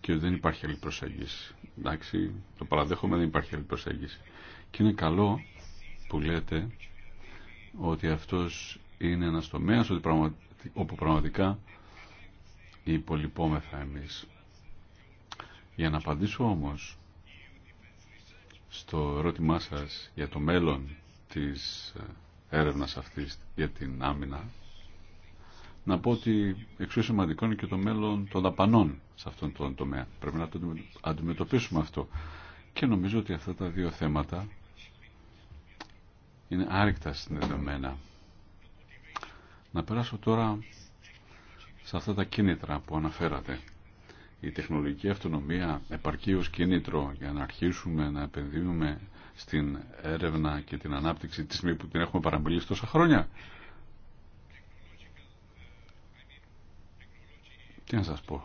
και ότι δεν υπάρχει άλλη προσέγγιση. Εντάξει, το παραδέχομαι δεν υπάρχει άλλη προσέγγιση. Και είναι καλό που λέτε ότι αυτός είναι ένας τομέας όπου πραγματικά υπολοιπόμεθα εμείς. Για να απαντήσω όμως στο ερώτημά σας για το μέλλον της ε, έρευνας αυτής για την άμυνα να πω ότι εξού σημαντικό είναι και το μέλλον των δαπανών σε αυτόν τον τομέα. Πρέπει να το αντιμετωπίσουμε αυτό. Και νομίζω ότι αυτά τα δύο θέματα είναι άρρηκτα συνδεδεμένα. Να περάσω τώρα σε αυτά τα κίνητρα που αναφέρατε. Η τεχνολογική αυτονομία επαρκεί ως κίνητρο για να αρχίσουμε να επενδύουμε στην έρευνα και την ανάπτυξη της μη που την έχουμε παραμελήσει τόσα χρόνια. Τι να σας πω.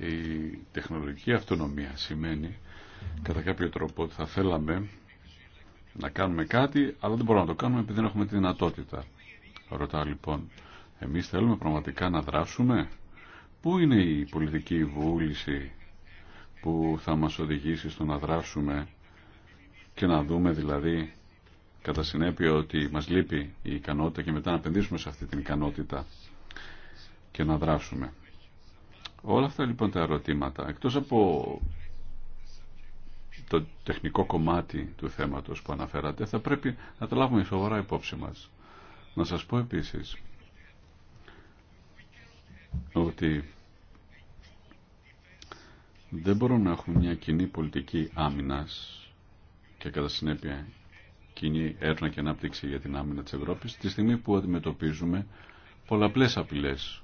Η τεχνολογική αυτονομία σημαίνει κατά κάποιο τρόπο ότι θα θέλαμε να κάνουμε κάτι, αλλά δεν μπορούμε να το κάνουμε επειδή δεν έχουμε τη δυνατότητα. Ρωτάω λοιπόν, εμείς θέλουμε πραγματικά να δράσουμε. Πού είναι η πολιτική βούληση που θα μας οδηγήσει στο να δράσουμε και να δούμε δηλαδή κατά συνέπεια ότι μας λείπει η ικανότητα και μετά να επενδύσουμε σε αυτή την ικανότητα και να δράσουμε. Όλα αυτά λοιπόν τα ερωτήματα, εκτός από το τεχνικό κομμάτι του θέματος που αναφέρατε, θα πρέπει να τα λάβουμε σοβαρά υπόψη μας. Να σας πω επίσης ότι δεν μπορούμε να έχουμε μια κοινή πολιτική άμυνας και κατά συνέπεια κοινή έρνα και ανάπτυξη για την άμυνα της Ευρώπης τη στιγμή που αντιμετωπίζουμε πολλαπλές απειλές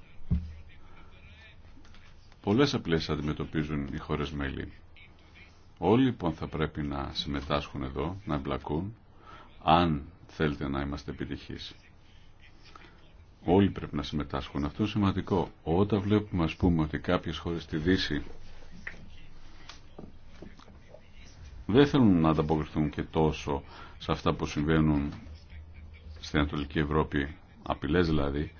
Πολλές απλές αντιμετωπίζουν οι χώρες μέλη. Όλοι λοιπόν θα πρέπει να συμμετάσχουν εδώ, να εμπλακούν, αν θέλετε να είμαστε επιτυχείς. Όλοι πρέπει να συμμετάσχουν. Αυτό είναι σημαντικό. Όταν βλέπουμε, ας πούμε, ότι κάποιες χώρες στη Δύση δεν θέλουν να ανταποκριθούν και τόσο σε αυτά που συμβαίνουν στην Ανατολική Ευρώπη, απειλές δηλαδή,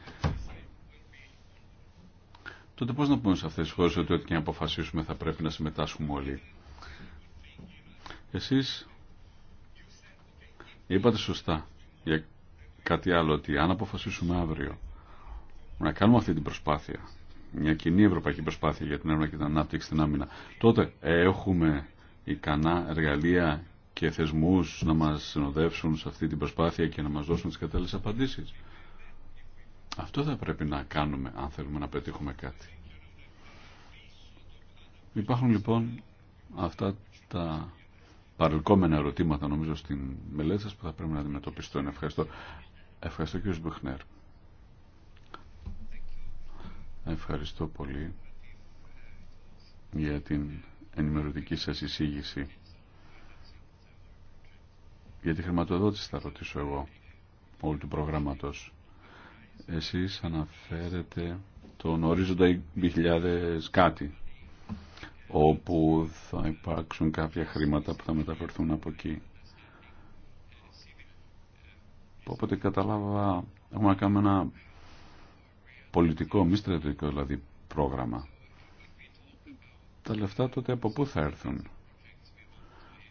τότε πώς να πούμε σε αυτές τις χώρες ότι ό,τι και να αποφασίσουμε θα πρέπει να συμμετάσχουμε όλοι. Εσείς είπατε σωστά για κάτι άλλο, ότι αν αποφασίσουμε αύριο να κάνουμε αυτή την προσπάθεια, μια κοινή ευρωπαϊκή προσπάθεια για την έρευνα και την ανάπτυξη στην άμυνα, τότε έχουμε ικανά εργαλεία και θεσμούς να μας συνοδεύσουν σε αυτή την προσπάθεια και να μας δώσουν τις κατάλληλες απαντήσεις. Αυτό θα πρέπει να κάνουμε αν θέλουμε να πετύχουμε κάτι. Υπάρχουν λοιπόν αυτά τα παρελκόμενα ερωτήματα νομίζω στην μελέτη σας που θα πρέπει να αντιμετωπιστούν. Ευχαριστώ. Ευχαριστώ κύριο. Σμπουχνέρ. Ευχαριστώ πολύ για την ενημερωτική σας εισήγηση. Για τη χρηματοδότηση θα ρωτήσω εγώ όλου του προγράμματος. Εσείς αναφέρετε τον ορίζοντα 2000 κάτι όπου θα υπάρξουν κάποια χρήματα που θα μεταφερθούν από εκεί. Οπότε καταλάβα, έχουμε να κάνουμε ένα πολιτικό, μη στρατιωτικό δηλαδή πρόγραμμα. Τα λεφτά τότε από πού θα έρθουν.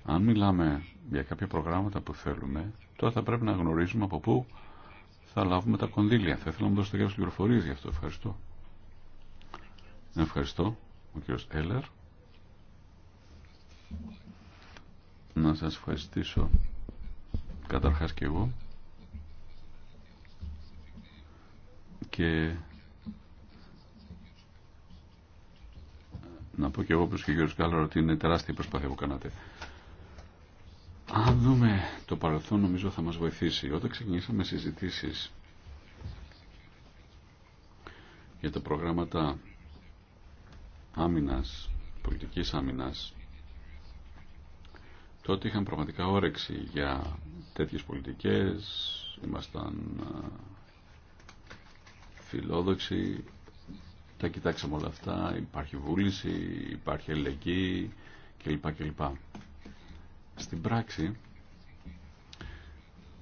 Αν μιλάμε για κάποια προγράμματα που θέλουμε, τώρα θα πρέπει να γνωρίζουμε από πού θα λάβουμε τα κονδύλια. Θα ήθελα να μου δώσετε κάποιες πληροφορίε γι' αυτό. Ευχαριστώ. Ευχαριστώ, ο κύριος Έλλερ. Να σας ευχαριστήσω καταρχάς και εγώ και να πω και εγώ πως και ο κύριο ότι είναι τεράστια προσπάθεια που κάνατε. Αν δούμε το παρελθόν νομίζω θα μας βοηθήσει. Όταν ξεκινήσαμε συζητήσεις για τα προγράμματα άμυνας, πολιτικής άμυνας, τότε είχαν πραγματικά όρεξη για τέτοιες πολιτικές, ήμασταν φιλόδοξοι, τα κοιτάξαμε όλα αυτά, υπάρχει βούληση, υπάρχει ελεγγύη κλπ. κλπ. Στην πράξη,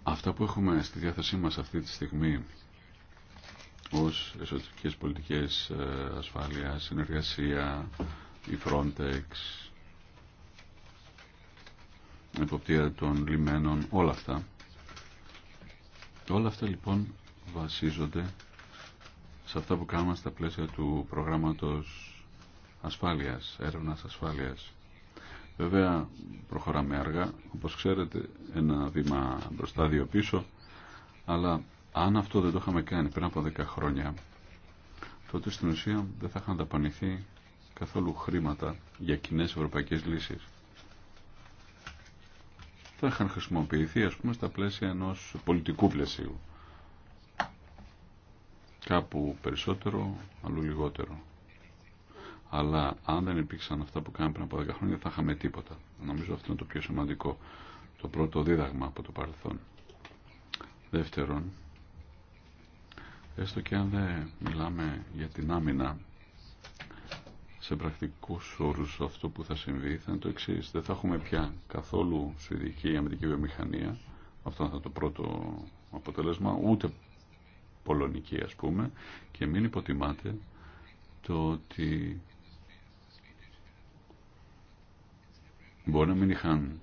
αυτά που έχουμε στη διάθεσή μας αυτή τη στιγμή ως εσωτερικές πολιτικές ε, ασφάλειας, συνεργασία, η Frontex, εποπτεία των λιμένων, όλα αυτά. Όλα αυτά λοιπόν βασίζονται σε αυτά που κάνουμε στα πλαίσια του προγράμματος ασφάλειας, έρευνας ασφάλειας. Βέβαια προχωράμε αργά, όπως ξέρετε, ένα βήμα μπροστά δύο πίσω, αλλά αν αυτό δεν το είχαμε κάνει πριν από 10 χρόνια, τότε στην ουσία δεν θα είχαν ταπανηθεί καθόλου χρήματα για κοινέ ευρωπαϊκές λύσεις. Θα είχαν χρησιμοποιηθεί, ας πούμε, στα πλαίσια ενός πολιτικού πλαισίου. Κάπου περισσότερο, αλλού λιγότερο αλλά αν δεν υπήρξαν αυτά που κάναμε πριν από 10 χρόνια θα είχαμε τίποτα. Νομίζω αυτό είναι το πιο σημαντικό, το πρώτο δίδαγμα από το παρελθόν. Δεύτερον, έστω και αν δεν μιλάμε για την άμυνα, σε πρακτικούς όρου αυτό που θα συμβεί θα είναι το εξή. Δεν θα έχουμε πια καθόλου σουηδική αμυντική βιομηχανία, αυτό θα είναι το πρώτο αποτέλεσμα, ούτε πολωνική ας πούμε, και μην υποτιμάτε το ότι Μπορεί να μην είχαν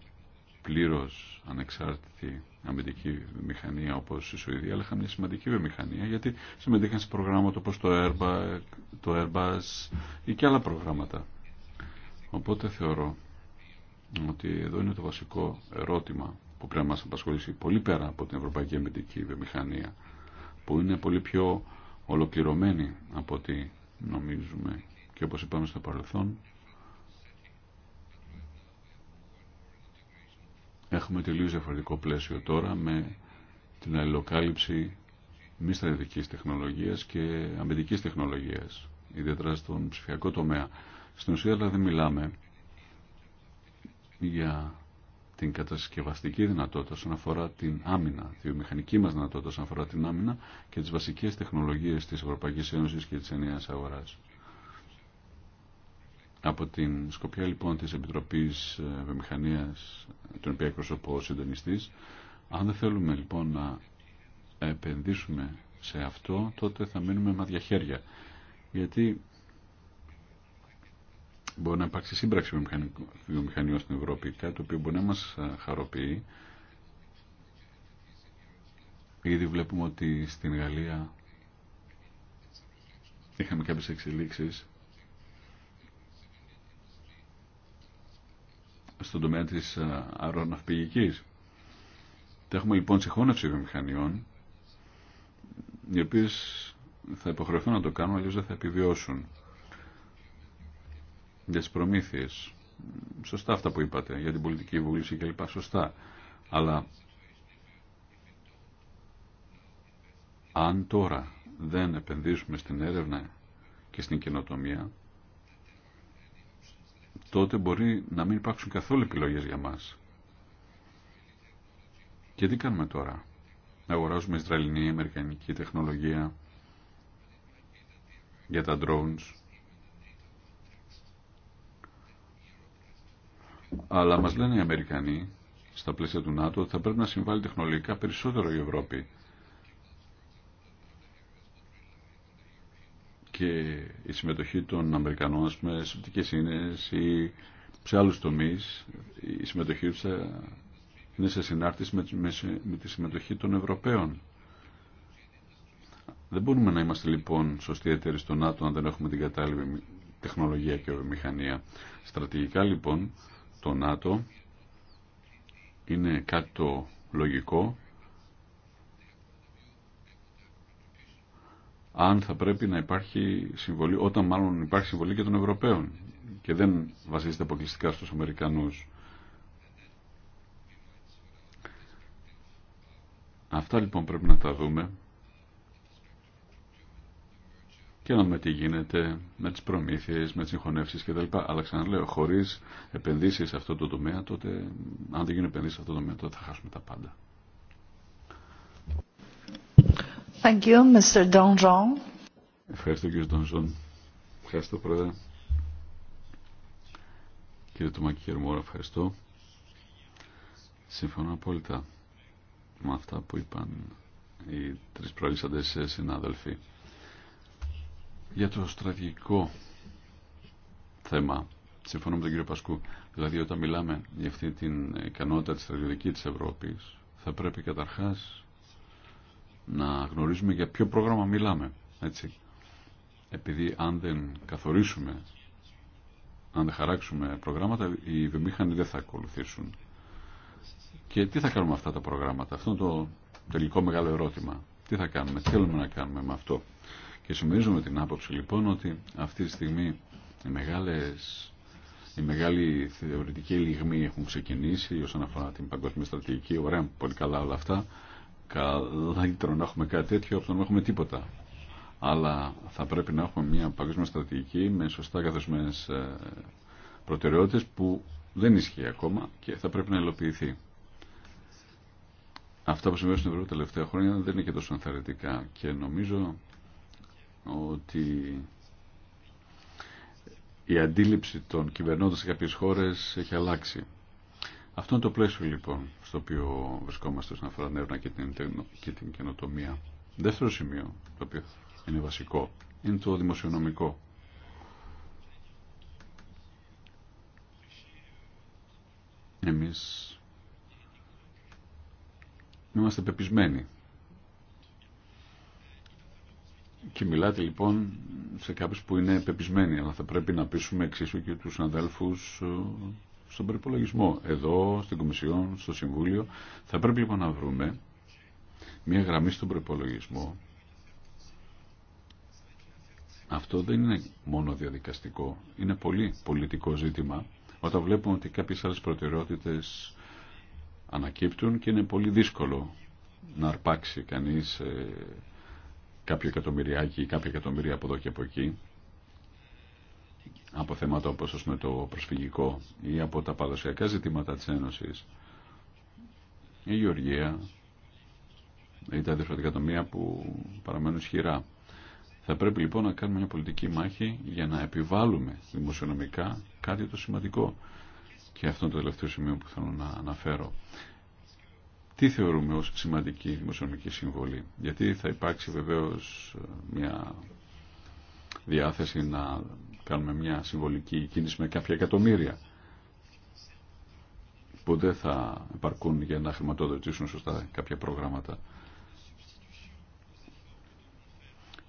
πλήρως ανεξάρτητη αμυντική βιομηχανία όπως η Σουηδία, αλλά είχαν μια σημαντική βιομηχανία γιατί συμμετείχαν σε προγράμματα όπως το Airbus, το Airbus ή και άλλα προγράμματα. Οπότε θεωρώ ότι εδώ είναι το βασικό ερώτημα που πρέπει να μας απασχολήσει πολύ πέρα από την Ευρωπαϊκή Αμυντική Βιομηχανία που είναι πολύ πιο ολοκληρωμένη από ό,τι νομίζουμε και όπως είπαμε στο παρελθόν Έχουμε τελείως διαφορετικό πλαίσιο τώρα με την αλληλοκάλυψη μη στρατιωτικής τεχνολογίας και αμυντικής τεχνολογίας, ιδιαίτερα στον ψηφιακό τομέα. Στην ουσία δηλαδή μιλάμε για την κατασκευαστική δυνατότητα όσον αφορά την άμυνα, τη βιομηχανική μας δυνατότητα όσον αφορά την άμυνα και τις βασικές τεχνολογίες της Ευρωπαϊκής Ένωσης και της ενιαίας αγοράς. Από την σκοπιά λοιπόν της Επιτροπής ε, Βιομηχανίας, τον οποία εκπροσωπώ ο συντονιστής, αν δεν θέλουμε λοιπόν να επενδύσουμε σε αυτό, τότε θα μείνουμε μάτια χέρια. Γιατί μπορεί να υπάρξει σύμπραξη βιομηχανιών στην Ευρώπη, κάτι το οποίο μπορεί να μας ε, χαροποιεί. Ήδη βλέπουμε ότι στην Γαλλία είχαμε κάποιες εξελίξεις στον τομέα της ε, αεροναυπηγικής. Τα έχουμε λοιπόν συγχώνευση βιομηχανιών οι οποίες θα υποχρεωθούν να το κάνουν αλλιώς δεν θα επιβιώσουν για τις προμήθειες. Σωστά αυτά που είπατε για την πολιτική βούληση κλπ. Σωστά. Αλλά αν τώρα δεν επενδύσουμε στην έρευνα και στην καινοτομία τότε μπορεί να μην υπάρξουν καθόλου επιλογές για μας. Και τι κάνουμε τώρα. Να αγοράζουμε Ισραηλινή, Αμερικανική τεχνολογία για τα drones. Αλλά μας λένε οι Αμερικανοί στα πλαίσια του ΝΑΤΟ ότι θα πρέπει να συμβάλλει τεχνολογικά περισσότερο η Ευρώπη και η συμμετοχή των Αμερικανών πούμε, σε οπτικές ίνες ή σε άλλους τομείς η συμμετοχή τους είναι σε συνάρτηση με τη συμμετοχή των Ευρωπαίων. Δεν μπορούμε να είμαστε λοιπόν σωστοί εταίροι στο ΝΑΤΟ αν δεν έχουμε την κατάλληλη τεχνολογία και μηχανία. Στρατηγικά λοιπόν το ΝΑΤΟ είναι κάτι το λογικό αν θα πρέπει να υπάρχει συμβολή, όταν μάλλον υπάρχει συμβολή και των Ευρωπαίων και δεν βασίζεται αποκλειστικά στους Αμερικανούς. Αυτά λοιπόν πρέπει να τα δούμε και να δούμε τι γίνεται με τις προμήθειες, με τις συγχωνεύσεις κλπ. Αλλά ξαναλέω, χωρίς επενδύσεις σε αυτό το τομέα, τότε αν δεν γίνουν επενδύσεις σε αυτό το τομέα, τότε θα χάσουμε τα πάντα. Thank you, Mr. Ευχαριστώ κύριε Ντονζόν. Ευχαριστώ πρόεδρε. Κύριε Τουμάκη ευχαριστώ. Συμφωνώ απόλυτα με αυτά που είπαν οι τρεις στην συνάδελφοι. Για το στρατηγικό θέμα, συμφωνώ με τον κύριο Πασκού, δηλαδή όταν μιλάμε για αυτή την ικανότητα της στρατηγικής της Ευρώπης, θα πρέπει καταρχάς να γνωρίζουμε για ποιο πρόγραμμα μιλάμε. Έτσι. Επειδή αν δεν καθορίσουμε, αν δεν χαράξουμε προγράμματα, οι βιομήχανοι δεν θα ακολουθήσουν. Και τι θα κάνουμε αυτά τα προγράμματα. Αυτό είναι το τελικό μεγάλο ερώτημα. Τι θα κάνουμε, τι θέλουμε να κάνουμε με αυτό. Και συμμερίζουμε την άποψη λοιπόν ότι αυτή τη στιγμή οι μεγάλες οι μεγάλοι θεωρητικοί λιγμοί έχουν ξεκινήσει όσον αφορά την παγκοσμία στρατηγική. Ωραία, πολύ καλά όλα αυτά καλύτερο να έχουμε κάτι τέτοιο από το να έχουμε τίποτα. Αλλά θα πρέπει να έχουμε μια παγκόσμια στρατηγική με σωστά καθεσμένε προτεραιότητε που δεν ισχύει ακόμα και θα πρέπει να υλοποιηθεί. Αυτά που συμβαίνουν στην Ευρώπη τα τελευταία χρόνια δεν είναι και τόσο ενθαρρυντικά και νομίζω ότι η αντίληψη των κυβερνώντων σε κάποιες χώρες έχει αλλάξει. Αυτό είναι το πλαίσιο λοιπόν στο οποίο βρισκόμαστε όσον αφορά την και την, καινοτομία. Δεύτερο σημείο το οποίο είναι βασικό είναι το δημοσιονομικό. Εμείς είμαστε πεπισμένοι. Και μιλάτε λοιπόν σε κάποιους που είναι πεπισμένοι, αλλά θα πρέπει να πείσουμε εξίσου και τους αδέλφους στον προπολογισμό. Εδώ, στην Κομισιόν, στο Συμβούλιο, θα πρέπει λοιπόν να βρούμε μια γραμμή στον προπολογισμό. Αυτό δεν είναι μόνο διαδικαστικό, είναι πολύ πολιτικό ζήτημα όταν βλέπουμε ότι κάποιες άλλες προτεραιότητες ανακύπτουν και είναι πολύ δύσκολο να αρπάξει κανείς ε, κάποιο εκατομμυριάκι ή κάποια εκατομμύρια από εδώ και από εκεί από θέματα όπως το προσφυγικό ή από τα παραδοσιακά ζητήματα της Ένωσης η Γεωργία ή τα διευθυντικά τομεία που παραμένουν ισχυρά. Θα πρέπει λοιπόν να κάνουμε μια πολιτική μάχη για να επιβάλλουμε δημοσιονομικά κάτι το σημαντικό. Και αυτό είναι το τελευταίο σημείο που θέλω να αναφέρω. Τι θεωρούμε ως σημαντική δημοσιονομική συμβολή. Γιατί θα υπάρξει βεβαίως μια διάθεση να κάνουμε μια συμβολική κίνηση με κάποια εκατομμύρια που δεν θα επαρκούν για να χρηματοδοτήσουν σωστά κάποια προγράμματα.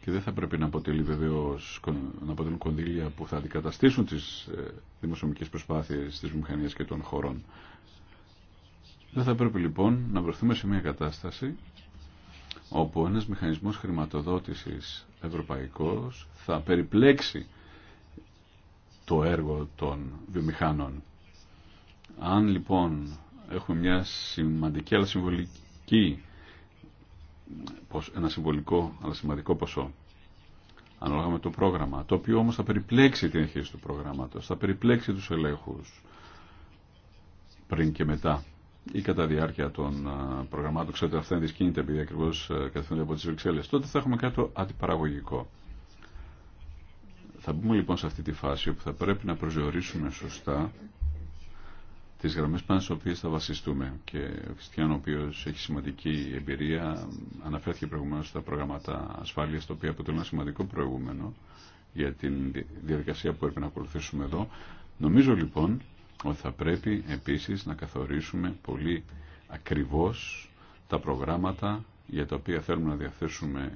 Και δεν θα πρέπει να, αποτελεί βεβαίως, να αποτελούν κονδύλια που θα αντικαταστήσουν τις ε, δημοσιομικές προσπάθειες της μηχανίας και των χωρών. Δεν θα πρέπει λοιπόν να βρεθούμε σε μια κατάσταση όπου ένας μηχανισμός χρηματοδότησης ευρωπαϊκός θα περιπλέξει το έργο των βιομηχάνων. Αν λοιπόν έχουμε μια σημαντική αλλά συμβολική ένα συμβολικό αλλά σημαντικό ποσό ανάλογα με το πρόγραμμα το οποίο όμως θα περιπλέξει την αρχή του προγράμματος θα περιπλέξει τους ελέγχους πριν και μετά ή κατά διάρκεια των προγραμμάτων ξέρετε αυτά είναι δυσκίνητα επειδή ακριβώς ε, από τις Βρυξέλλες τότε θα έχουμε κάτι αντιπαραγωγικό θα μπούμε λοιπόν σε αυτή τη φάση όπου θα πρέπει να προσδιορίσουμε σωστά τι γραμμέ πάνω στι οποίε θα βασιστούμε. Και ο Χριστιαν, ο οποίο έχει σημαντική εμπειρία, αναφέρθηκε προηγουμένω στα προγράμματα ασφάλεια, τα οποία αποτελούν ένα σημαντικό προηγούμενο για τη διαδικασία που έπρεπε να ακολουθήσουμε εδώ. Νομίζω λοιπόν ότι θα πρέπει επίση να καθορίσουμε πολύ ακριβώ τα προγράμματα για τα οποία θέλουμε να διαθέσουμε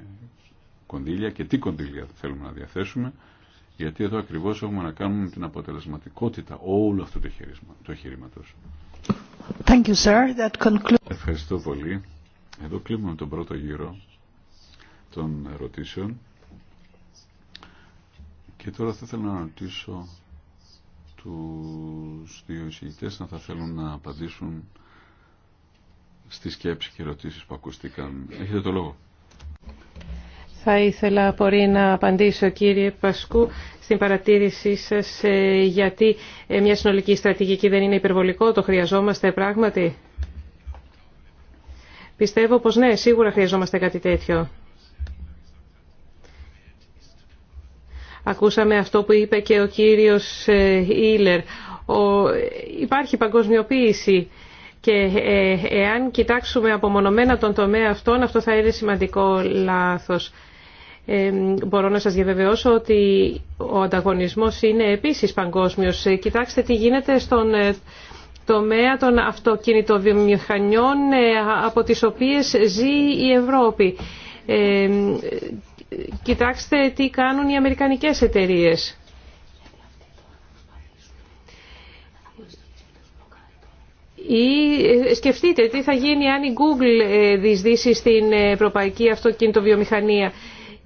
κονδύλια και τι κονδύλια θέλουμε να διαθέσουμε γιατί εδώ ακριβώ έχουμε να κάνουμε την αποτελεσματικότητα όλου αυτού του εγχειρήματος. Ευχαριστώ πολύ. Εδώ κλείνουμε τον πρώτο γύρο των ερωτήσεων. Και τώρα θα ήθελα να ρωτήσω τους δύο εισηγητές να θα θέλουν να απαντήσουν στις σκέψη και ερωτήσεις που ακούστηκαν. Έχετε το λόγο. Θα ήθελα πολύ να απαντήσω κύριε Πασκού στην παρατήρησή σας ε, γιατί ε, μια συνολική στρατηγική δεν είναι υπερβολικό, το χρειαζόμαστε πράγματι. Πιστεύω πως ναι, σίγουρα χρειαζόμαστε κάτι τέτοιο. Ακούσαμε αυτό που είπε και ο κύριος ε, Ήλερ. Ο... Υπάρχει παγκοσμιοποίηση και εάν κοιτάξουμε απομονωμένα τον τομέα αυτόν, αυτό θα είναι σημαντικό λάθος μπορώ να σας διαβεβαιώσω ότι ο ανταγωνισμός είναι επίσης παγκόσμιος. Ε, κοιτάξτε τι γίνεται στον ε, τομέα των αυτοκινητοβιομηχανιών ε, από τις οποίες ζει η Ευρώπη. Κοιτάξτε τι κάνουν οι αμερικανικές εταιρείες. Ή σκεφτείτε τι θα γίνει αν η Google διεισδύσει στην ευρωπαϊκή αυτοκινητοβιομηχανία.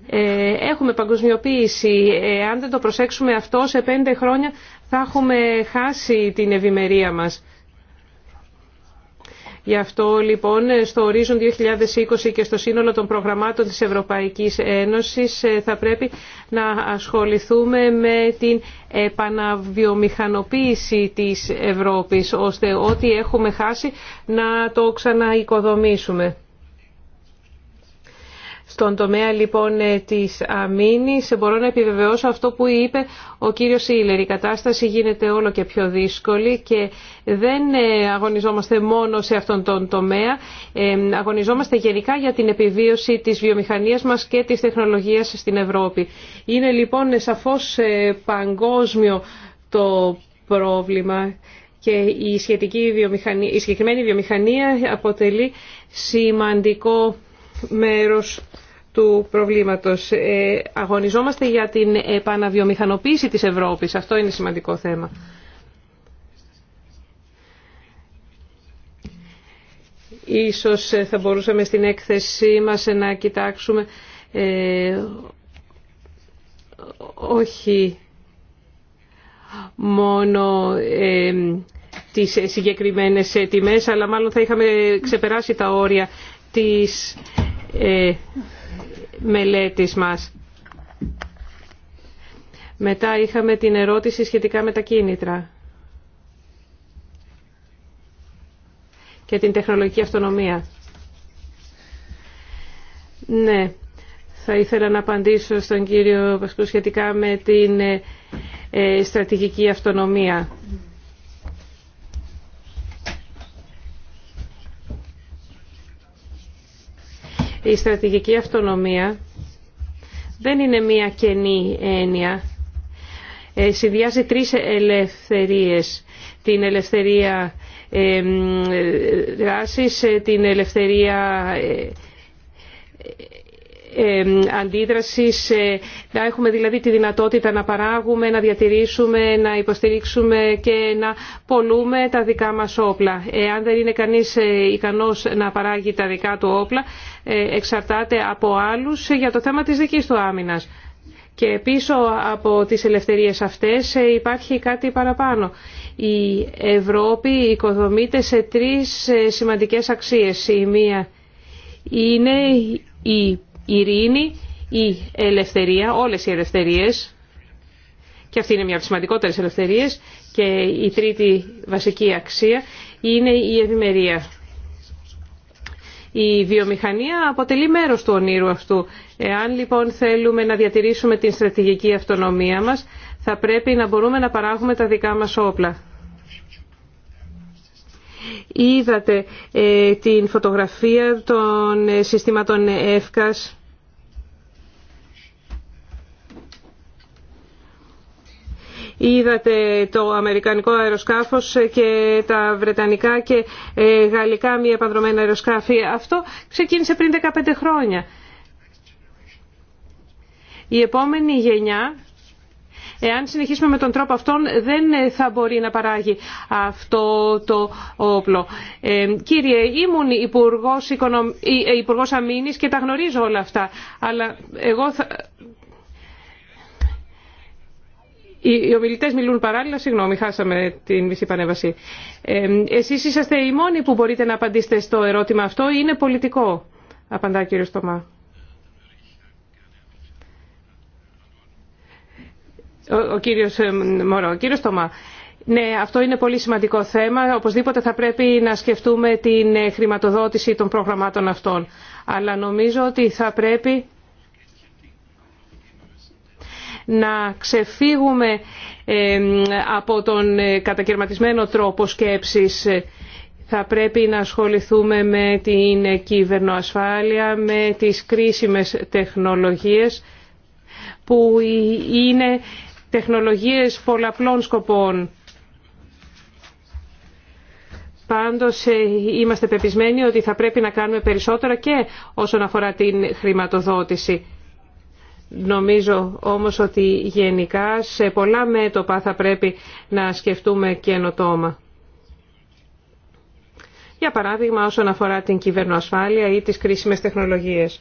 Ε, έχουμε παγκοσμιοποίηση. Ε, αν δεν το προσέξουμε αυτό, σε πέντε χρόνια θα έχουμε χάσει την ευημερία μας. Γι' αυτό λοιπόν στο ορίζον 2020 και στο σύνολο των προγραμμάτων της Ευρωπαϊκής Ένωσης ε, θα πρέπει να ασχοληθούμε με την επαναβιομηχανοποίηση της Ευρώπης ώστε ό,τι έχουμε χάσει να το ξαναοικοδομήσουμε. Στον τομέα λοιπόν ε, της αμήνης μπορώ να επιβεβαιώσω αυτό που είπε ο κύριος Σίλερ. Η κατάσταση γίνεται όλο και πιο δύσκολη και δεν ε, αγωνιζόμαστε μόνο σε αυτόν τον τομέα. Ε, αγωνιζόμαστε γενικά για την επιβίωση της βιομηχανίας μας και της τεχνολογίας στην Ευρώπη. Είναι λοιπόν σαφώς παγκόσμιο το πρόβλημα και η, σχετική βιομηχανία, η συγκεκριμένη βιομηχανία αποτελεί σημαντικό μέρος του προβλήματος. Ε, αγωνιζόμαστε για την επαναβιομηχανοποίηση της Ευρώπης. Αυτό είναι σημαντικό θέμα. Ίσως ε, θα μπορούσαμε στην έκθεσή μας να κοιτάξουμε ε, όχι μόνο ε, τις συγκεκριμένες τιμές αλλά μάλλον θα είχαμε ξεπεράσει τα όρια της μελέτης μας. Μετά είχαμε την ερώτηση σχετικά με τα κίνητρα και την τεχνολογική αυτονομία. Ναι, θα ήθελα να απαντήσω στον κύριο Πασκού σχετικά με την ε, στρατηγική αυτονομία. Η στρατηγική αυτονομία δεν είναι μία κενή έννοια. Ε, συνδυάζει τρεις ελευθερίες. Την ελευθερία δράσης, ε, την ελευθερία ε, αντίδρασης, να έχουμε δηλαδή τη δυνατότητα να παράγουμε, να διατηρήσουμε, να υποστηρίξουμε και να πολλούμε τα δικά μας όπλα. Εάν δεν είναι κανείς ε, ικανός να παράγει τα δικά του όπλα, ε, εξαρτάται από άλλους για το θέμα της δικής του άμυνας. Και πίσω από τις ελευθερίες αυτές ε, υπάρχει κάτι παραπάνω. Η Ευρώπη οικοδομείται σε τρεις σημαντικές αξίες. Η μία είναι η η ειρήνη, η ελευθερία, όλες οι ελευθερίες, και αυτή είναι μια από τις σημαντικότερες ελευθερίες, και η τρίτη βασική αξία είναι η ευημερία. Η βιομηχανία αποτελεί μέρος του ονείρου αυτού. Εάν λοιπόν θέλουμε να διατηρήσουμε την στρατηγική αυτονομία μας, θα πρέπει να μπορούμε να παράγουμε τα δικά μας όπλα. Είδατε ε, την φωτογραφία των ε, συστήματων ΕΦΚΑΣ. Είδατε το αμερικανικό αεροσκάφος και τα βρετανικά και ε, γαλλικά μη επανδρομένα αεροσκάφη. Αυτό ξεκίνησε πριν 15 χρόνια. Η επόμενη γενιά Εάν συνεχίσουμε με τον τρόπο αυτόν δεν ε, θα μπορεί να παράγει αυτό το όπλο. Ε, κύριε, ήμουν υπουργός, οικονομ... Ε, αμήνης και τα γνωρίζω όλα αυτά. Αλλά εγώ θα... Οι ομιλητέ μιλούν παράλληλα. Συγγνώμη, χάσαμε την μισή πανέβαση. Ε, Εσεί είσαστε οι μόνοι που μπορείτε να απαντήσετε στο ερώτημα αυτό ή είναι πολιτικό, απαντά κύριο Στομά. Ο, κύριος Μωρό, ο κύριος Τωμά. Ναι, αυτό είναι πολύ σημαντικό θέμα. Οπωσδήποτε θα πρέπει να σκεφτούμε την ε, χρηματοδότηση των προγραμμάτων αυτών. Αλλά νομίζω ότι θα πρέπει να ξεφύγουμε από τον ε, κατακαιρματισμένο τρόπο σκέψης. Θα πρέπει να ασχοληθούμε με την κυβερνοασφάλεια, με τις κρίσιμες τεχνολογίες που είναι τεχνολογίες πολλαπλών σκοπών. Πάντως ε, είμαστε πεπισμένοι ότι θα πρέπει να κάνουμε περισσότερα και όσον αφορά την χρηματοδότηση. Νομίζω όμως ότι γενικά σε πολλά μέτωπα θα πρέπει να σκεφτούμε καινοτόμα. Για παράδειγμα όσον αφορά την κυβερνοασφάλεια ή τις κρίσιμες τεχνολογίες.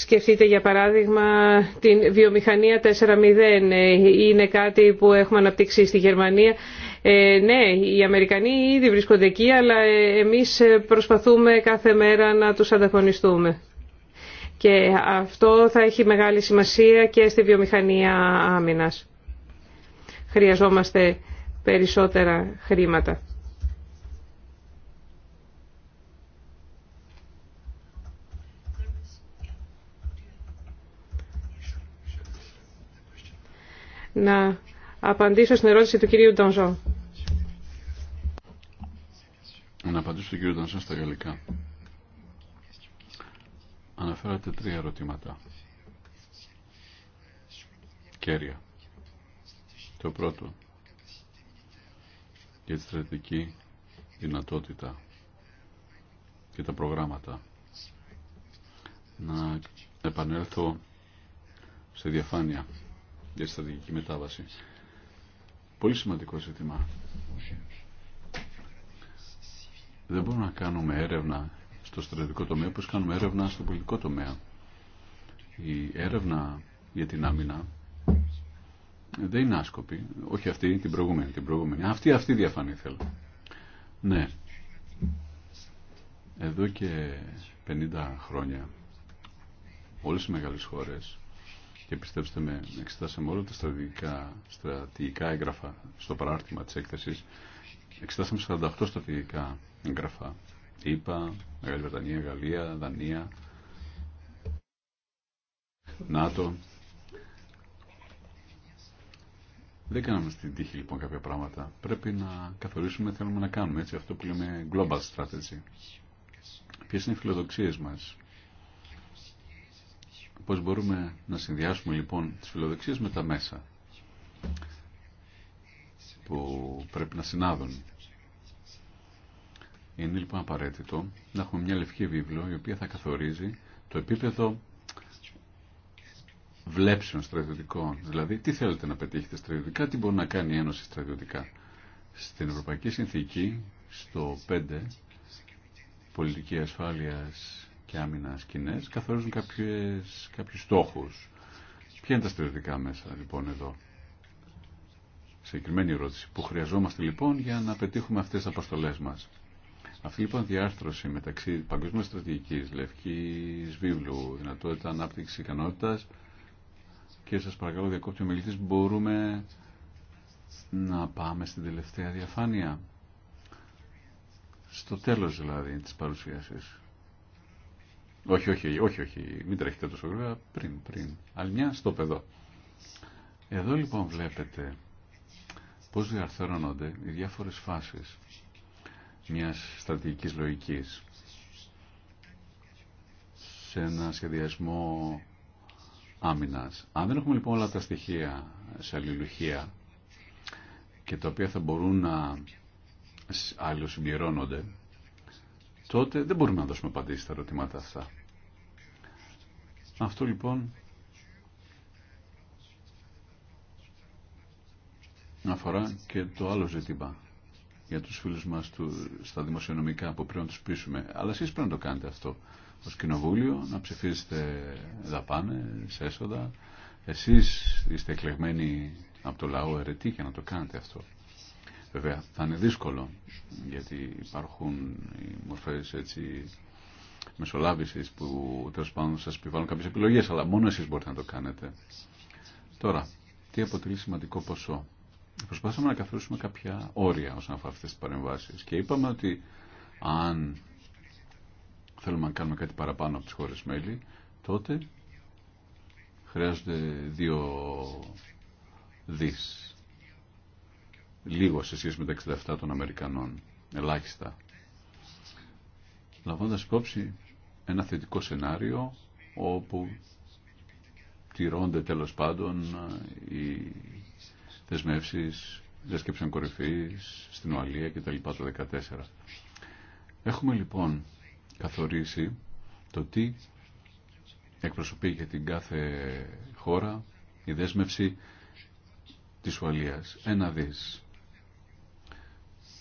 Σκεφτείτε για παράδειγμα την βιομηχανία 4.0. Είναι κάτι που έχουμε αναπτύξει στη Γερμανία. Ε, ναι, οι Αμερικανοί ήδη βρίσκονται εκεί, αλλά ε, εμείς προσπαθούμε κάθε μέρα να τους ανταγωνιστούμε. Και αυτό θα έχει μεγάλη σημασία και στη βιομηχανία άμυνας. Χρειαζόμαστε περισσότερα χρήματα. να απαντήσω στην ερώτηση του κυρίου Ντονζό. Να απαντήσω στον κύριο Ντονζό στα γαλλικά. Αναφέρατε τρία ερωτήματα. Κέρια. Το πρώτο. Για τη στρατηγική δυνατότητα και τα προγράμματα. Να επανέλθω σε διαφάνεια για τη στρατηγική μετάβαση. Πολύ σημαντικό ζήτημα. Δεν μπορούμε να κάνουμε έρευνα στο στρατηγικό τομέα όπως κάνουμε έρευνα στο πολιτικό τομέα. Η έρευνα για την άμυνα δεν είναι άσκοπη. Όχι αυτή, την προηγούμενη, την προηγούμενη. Αυτή, αυτή διαφανή θέλω. Ναι. Εδώ και 50 χρόνια όλες οι μεγάλες χώρες και πιστέψτε με, εξετάσαμε όλα τα στρατηγικά, στρατηγικά έγγραφα στο παράρτημα της έκθεσης. Εξετάσαμε 48 στρατηγικά έγγραφα. ΗΠΑ, Μεγάλη Βρετανία, Γαλλία, Δανία, ΝΑΤΟ. Δεν κάναμε στην τύχη λοιπόν κάποια πράγματα. Πρέπει να καθορίσουμε τι θέλουμε να κάνουμε. Έτσι, αυτό που λέμε global strategy. Ποιε είναι οι φιλοδοξίε μα. Πώς μπορούμε να συνδυάσουμε λοιπόν τις φιλοδοξίες με τα μέσα που πρέπει να συνάδουν. Είναι λοιπόν απαραίτητο να έχουμε μια λευκή βίβλο η οποία θα καθορίζει το επίπεδο βλέψεων στρατιωτικών. Δηλαδή, τι θέλετε να πετύχετε στρατιωτικά, τι μπορεί να κάνει η Ένωση στρατιωτικά. Στην Ευρωπαϊκή Συνθήκη, στο 5, πολιτική ασφάλειας και άμυνα σκηνέ καθορίζουν κάποιες, κάποιους στόχους. Ποια είναι τα στρατηγικά μέσα λοιπόν εδώ. Συγκεκριμένη ερώτηση που χρειαζόμαστε λοιπόν για να πετύχουμε αυτές τις αποστολέ μας. Αυτή λοιπόν διάρθρωση μεταξύ παγκόσμια στρατηγική λευκή βίβλου, δυνατότητα ανάπτυξη ικανότητα και σα παρακαλώ διακόπτει ο μιλητή, μπορούμε να πάμε στην τελευταία διαφάνεια. Στο τέλος δηλαδή της παρουσίασης. Όχι, όχι, όχι, όχι. Μην τρέχετε τόσο γρήγορα. Πριν, πριν. Άλλη μια στο παιδό. Εδώ λοιπόν βλέπετε πώς διαρθρώνονται οι διάφορες φάσεις μιας στρατηγικής λογικής σε ένα σχεδιασμό άμυνας. Αν δεν έχουμε λοιπόν όλα τα στοιχεία σε αλληλουχία και τα οποία θα μπορούν να αλληλοσυμπληρώνονται, τότε δεν μπορούμε να δώσουμε απαντήσεις στα ερωτήματα αυτά. Αυτό λοιπόν αφορά και το άλλο ζήτημα για τους φίλους μας του, στα δημοσιονομικά που πρέπει να τους πείσουμε. Αλλά εσείς πρέπει να το κάνετε αυτό ως κοινοβούλιο, να ψηφίσετε σε έσοδα. Εσείς είστε εκλεγμένοι από το λαό ερετή για να το κάνετε αυτό. Βέβαια θα είναι δύσκολο γιατί υπάρχουν οι μορφές έτσι Μεσολάβηση που τέλο πάντων σας επιβάλλουν κάποιες επιλογές, αλλά μόνο εσείς μπορείτε να το κάνετε. Τώρα, τι αποτελεί σημαντικό ποσό. Προσπάθησαμε να καθορίσουμε κάποια όρια όσον αφορά αυτές τις παρεμβάσεις και είπαμε ότι αν θέλουμε να κάνουμε κάτι παραπάνω από τι χώρε μέλη, τότε χρειάζονται δύο δις. Λίγο σε σχέση με τα 67 των Αμερικανών. Ελάχιστα. Λαμβάνοντα υπόψη ένα θετικό σενάριο όπου τηρώνται τέλος πάντων οι δεσμεύσεις διασκέψεων κορυφής στην Ουαλία και τα λοιπά το 14. Έχουμε λοιπόν καθορίσει το τι εκπροσωπεί για την κάθε χώρα η δέσμευση της Ουαλίας. Ένα δις.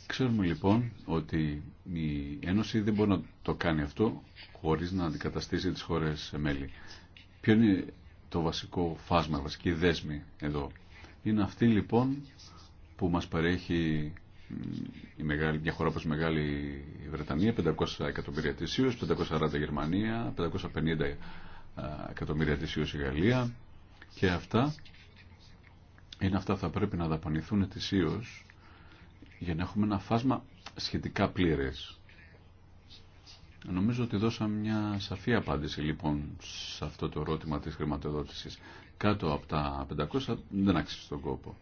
Ξέρουμε λοιπόν ότι η Ένωση δεν μπορεί να το κάνει αυτό χωρίς να αντικαταστήσει τις χώρες μέλη. Ποιο είναι το βασικό φάσμα, βασική δέσμη εδώ. Είναι αυτή λοιπόν που μας παρέχει η μεγάλη, μια χώρα όπως η Μεγάλη Βρετανία, 500 εκατομμύρια ετησίως, 540 Γερμανία, 550 ε, εκατομμύρια ετησίως η Γαλλία και αυτά είναι αυτά που θα πρέπει να δαπανηθούν ετησίως για να έχουμε ένα φάσμα σχετικά πλήρες. Νομίζω ότι δώσαμε μια σαφή απάντηση λοιπόν σε αυτό το ερώτημα της χρηματοδότησης. Κάτω από τα 500 δεν άξιζε τον κόπο.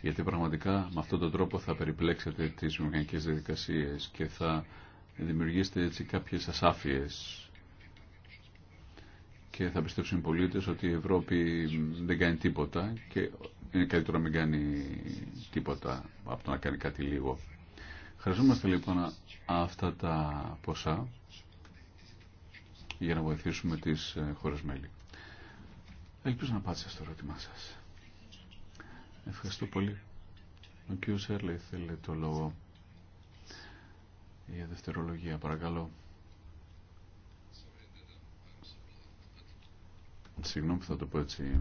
Γιατί πραγματικά με αυτόν τον τρόπο θα περιπλέξετε τις μηχανικές διαδικασίες και θα δημιουργήσετε έτσι κάποιες ασάφειες και θα πιστέψουν οι πολίτες ότι η Ευρώπη δεν κάνει τίποτα και είναι καλύτερο να μην κάνει τίποτα από το να κάνει κάτι λίγο. Χρειαζόμαστε λοιπόν αυτά τα ποσά για να βοηθήσουμε τις ε, χώρες μέλη. Ελπίζω να απάντησα στο ερώτημά σας. Ευχαριστώ πολύ. Ο κ. Σέρλε ήθελε το λόγο για δευτερολογία. Παρακαλώ. Συγγνώμη που θα το πω έτσι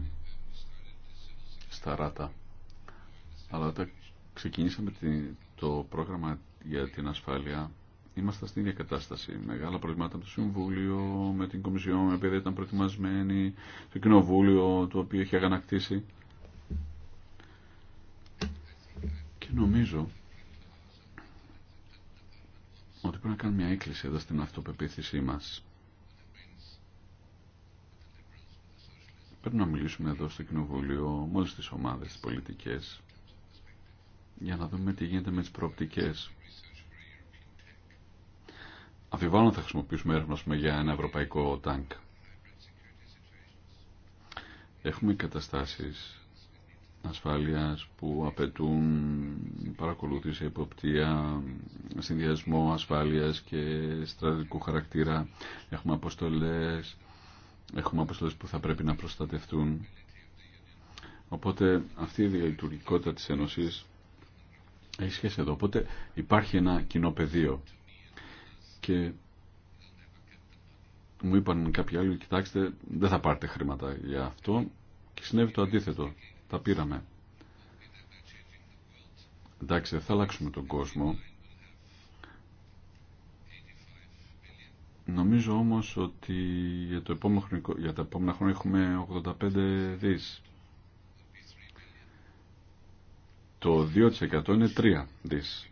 στα ράτα. Αλλά όταν ξεκινήσαμε την, το πρόγραμμα για την ασφάλεια είμαστε στην ίδια κατάσταση. Μεγάλα προβλήματα με το Συμβούλιο, με την Κομισιόν, επειδή ήταν προετοιμασμένη, το Κοινοβούλιο το οποίο έχει αγανακτήσει. Και νομίζω ότι πρέπει να κάνουμε μια έκκληση εδώ στην αυτοπεποίθησή μας. Πρέπει να μιλήσουμε εδώ στο Κοινοβούλιο με όλες τις ομάδες, πολιτικές, για να δούμε τι γίνεται με τις προοπτικές. Αφιβάλλω να θα χρησιμοποιήσουμε έρευνα πούμε, για ένα ευρωπαϊκό τάγκ. Έχουμε καταστάσεις ασφάλειας που απαιτούν παρακολούθηση, υποπτία, συνδυασμό ασφάλειας και στρατηγικού χαρακτήρα. Έχουμε αποστολές, έχουμε αποστολές που θα πρέπει να προστατευτούν. Οπότε αυτή η διαλειτουργικότητα της Ένωσης έχει σχέση εδώ. Οπότε υπάρχει ένα κοινό πεδίο. Και μου είπαν κάποιοι άλλοι, κοιτάξτε, δεν θα πάρετε χρήματα για αυτό. Και συνέβη το αντίθετο. Τα πήραμε. Εντάξει, θα αλλάξουμε τον κόσμο. Νομίζω όμως ότι για, το επόμενο, για τα επόμενα χρόνια έχουμε 85 δις το 2% είναι 3 δις.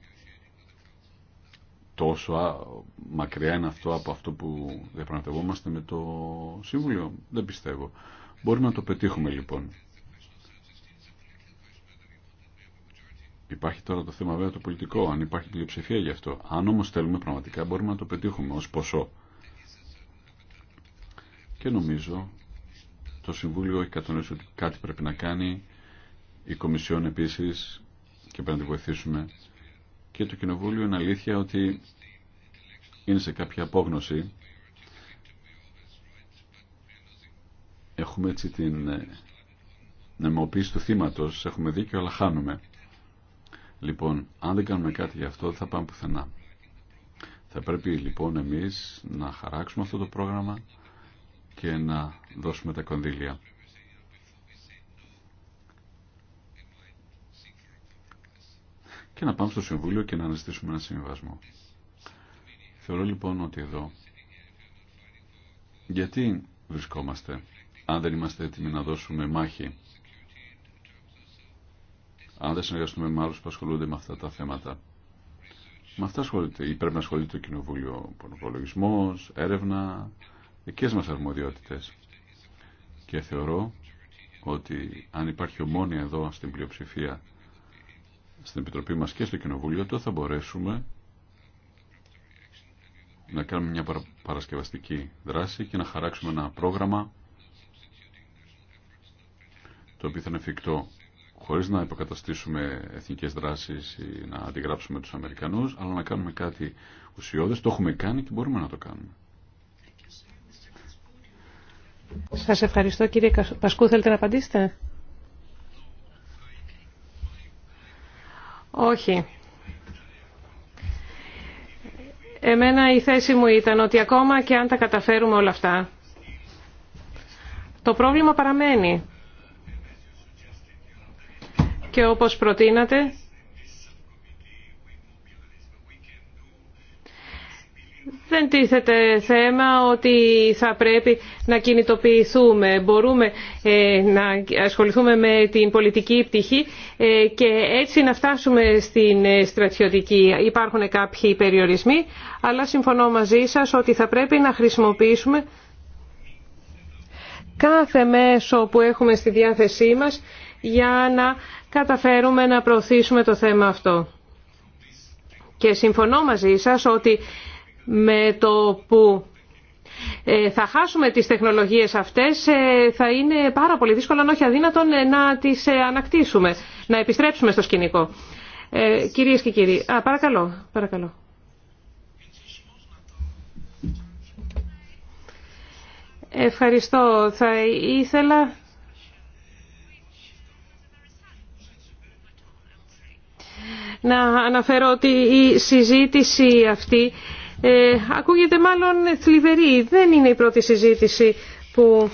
Τόσο μακριά είναι αυτό από αυτό που διαπραγματευόμαστε με το Συμβουλίο. Δεν πιστεύω. Μπορούμε να το πετύχουμε λοιπόν. Υπάρχει τώρα το θέμα βέβαια το πολιτικό, αν υπάρχει πλειοψηφία γι' αυτό. Αν όμως θέλουμε πραγματικά μπορούμε να το πετύχουμε ως ποσό. Και νομίζω το Συμβούλιο έχει κατονόησει ότι κάτι πρέπει να κάνει η Κομισιόν επίσης, και πρέπει να τη βοηθήσουμε, και το Κοινοβούλιο είναι αλήθεια ότι είναι σε κάποια απόγνωση. Έχουμε έτσι την ε, νεμοποίηση του θύματος, έχουμε δίκιο αλλά χάνουμε. Λοιπόν, αν δεν κάνουμε κάτι γι' αυτό δεν θα πάμε πουθενά. Θα πρέπει λοιπόν εμείς να χαράξουμε αυτό το πρόγραμμα και να δώσουμε τα κονδύλια. και να πάμε στο Συμβούλιο και να αναζητήσουμε ένα συμβιβασμό. Θεωρώ λοιπόν ότι εδώ γιατί βρισκόμαστε αν δεν είμαστε έτοιμοι να δώσουμε μάχη αν δεν συνεργαστούμε με άλλους που ασχολούνται με αυτά τα θέματα. Με αυτά ασχολείται ή πρέπει να ασχολείται το Κοινοβούλιο Πονοπολογισμό, έρευνα, δικέ μα αρμοδιότητε. Και θεωρώ ότι αν υπάρχει ομόνια εδώ στην πλειοψηφία στην Επιτροπή μας και στο Κοινοβούλιο, το θα μπορέσουμε να κάνουμε μια παρασκευαστική δράση και να χαράξουμε ένα πρόγραμμα το οποίο θα είναι εφικτό χωρίς να υποκαταστήσουμε εθνικές δράσεις ή να αντιγράψουμε τους Αμερικανούς, αλλά να κάνουμε κάτι ουσιώδες. Το έχουμε κάνει και μπορούμε να το κάνουμε. Σας ευχαριστώ κύριε Πασκού. Θέλετε να απαντήσετε. Όχι. Εμένα η θέση μου ήταν ότι ακόμα και αν τα καταφέρουμε όλα αυτά, το πρόβλημα παραμένει. Και όπως προτείνατε, δεν τίθεται θέμα ότι θα πρέπει να κινητοποιηθούμε. Μπορούμε ε, να ασχοληθούμε με την πολιτική πτυχή ε, και έτσι να φτάσουμε στην ε, στρατιωτική. Υπάρχουν κάποιοι περιορισμοί, αλλά συμφωνώ μαζί σας ότι θα πρέπει να χρησιμοποιήσουμε κάθε μέσο που έχουμε στη διάθεσή μας για να καταφέρουμε να προωθήσουμε το θέμα αυτό. Και συμφωνώ μαζί σας ότι με το που ε, θα χάσουμε τις τεχνολογίες αυτές, ε, θα είναι πάρα πολύ δύσκολο, αν όχι αδύνατον, ε, να τις ανακτήσουμε, να επιστρέψουμε στο σκηνικό. Ε, κυρίες και κύριοι, α, παρακαλώ, παρακαλώ. Ευχαριστώ. Θα ήθελα... Να αναφέρω ότι η συζήτηση αυτή ε, ακούγεται μάλλον θλιβερή. Δεν είναι η πρώτη συζήτηση που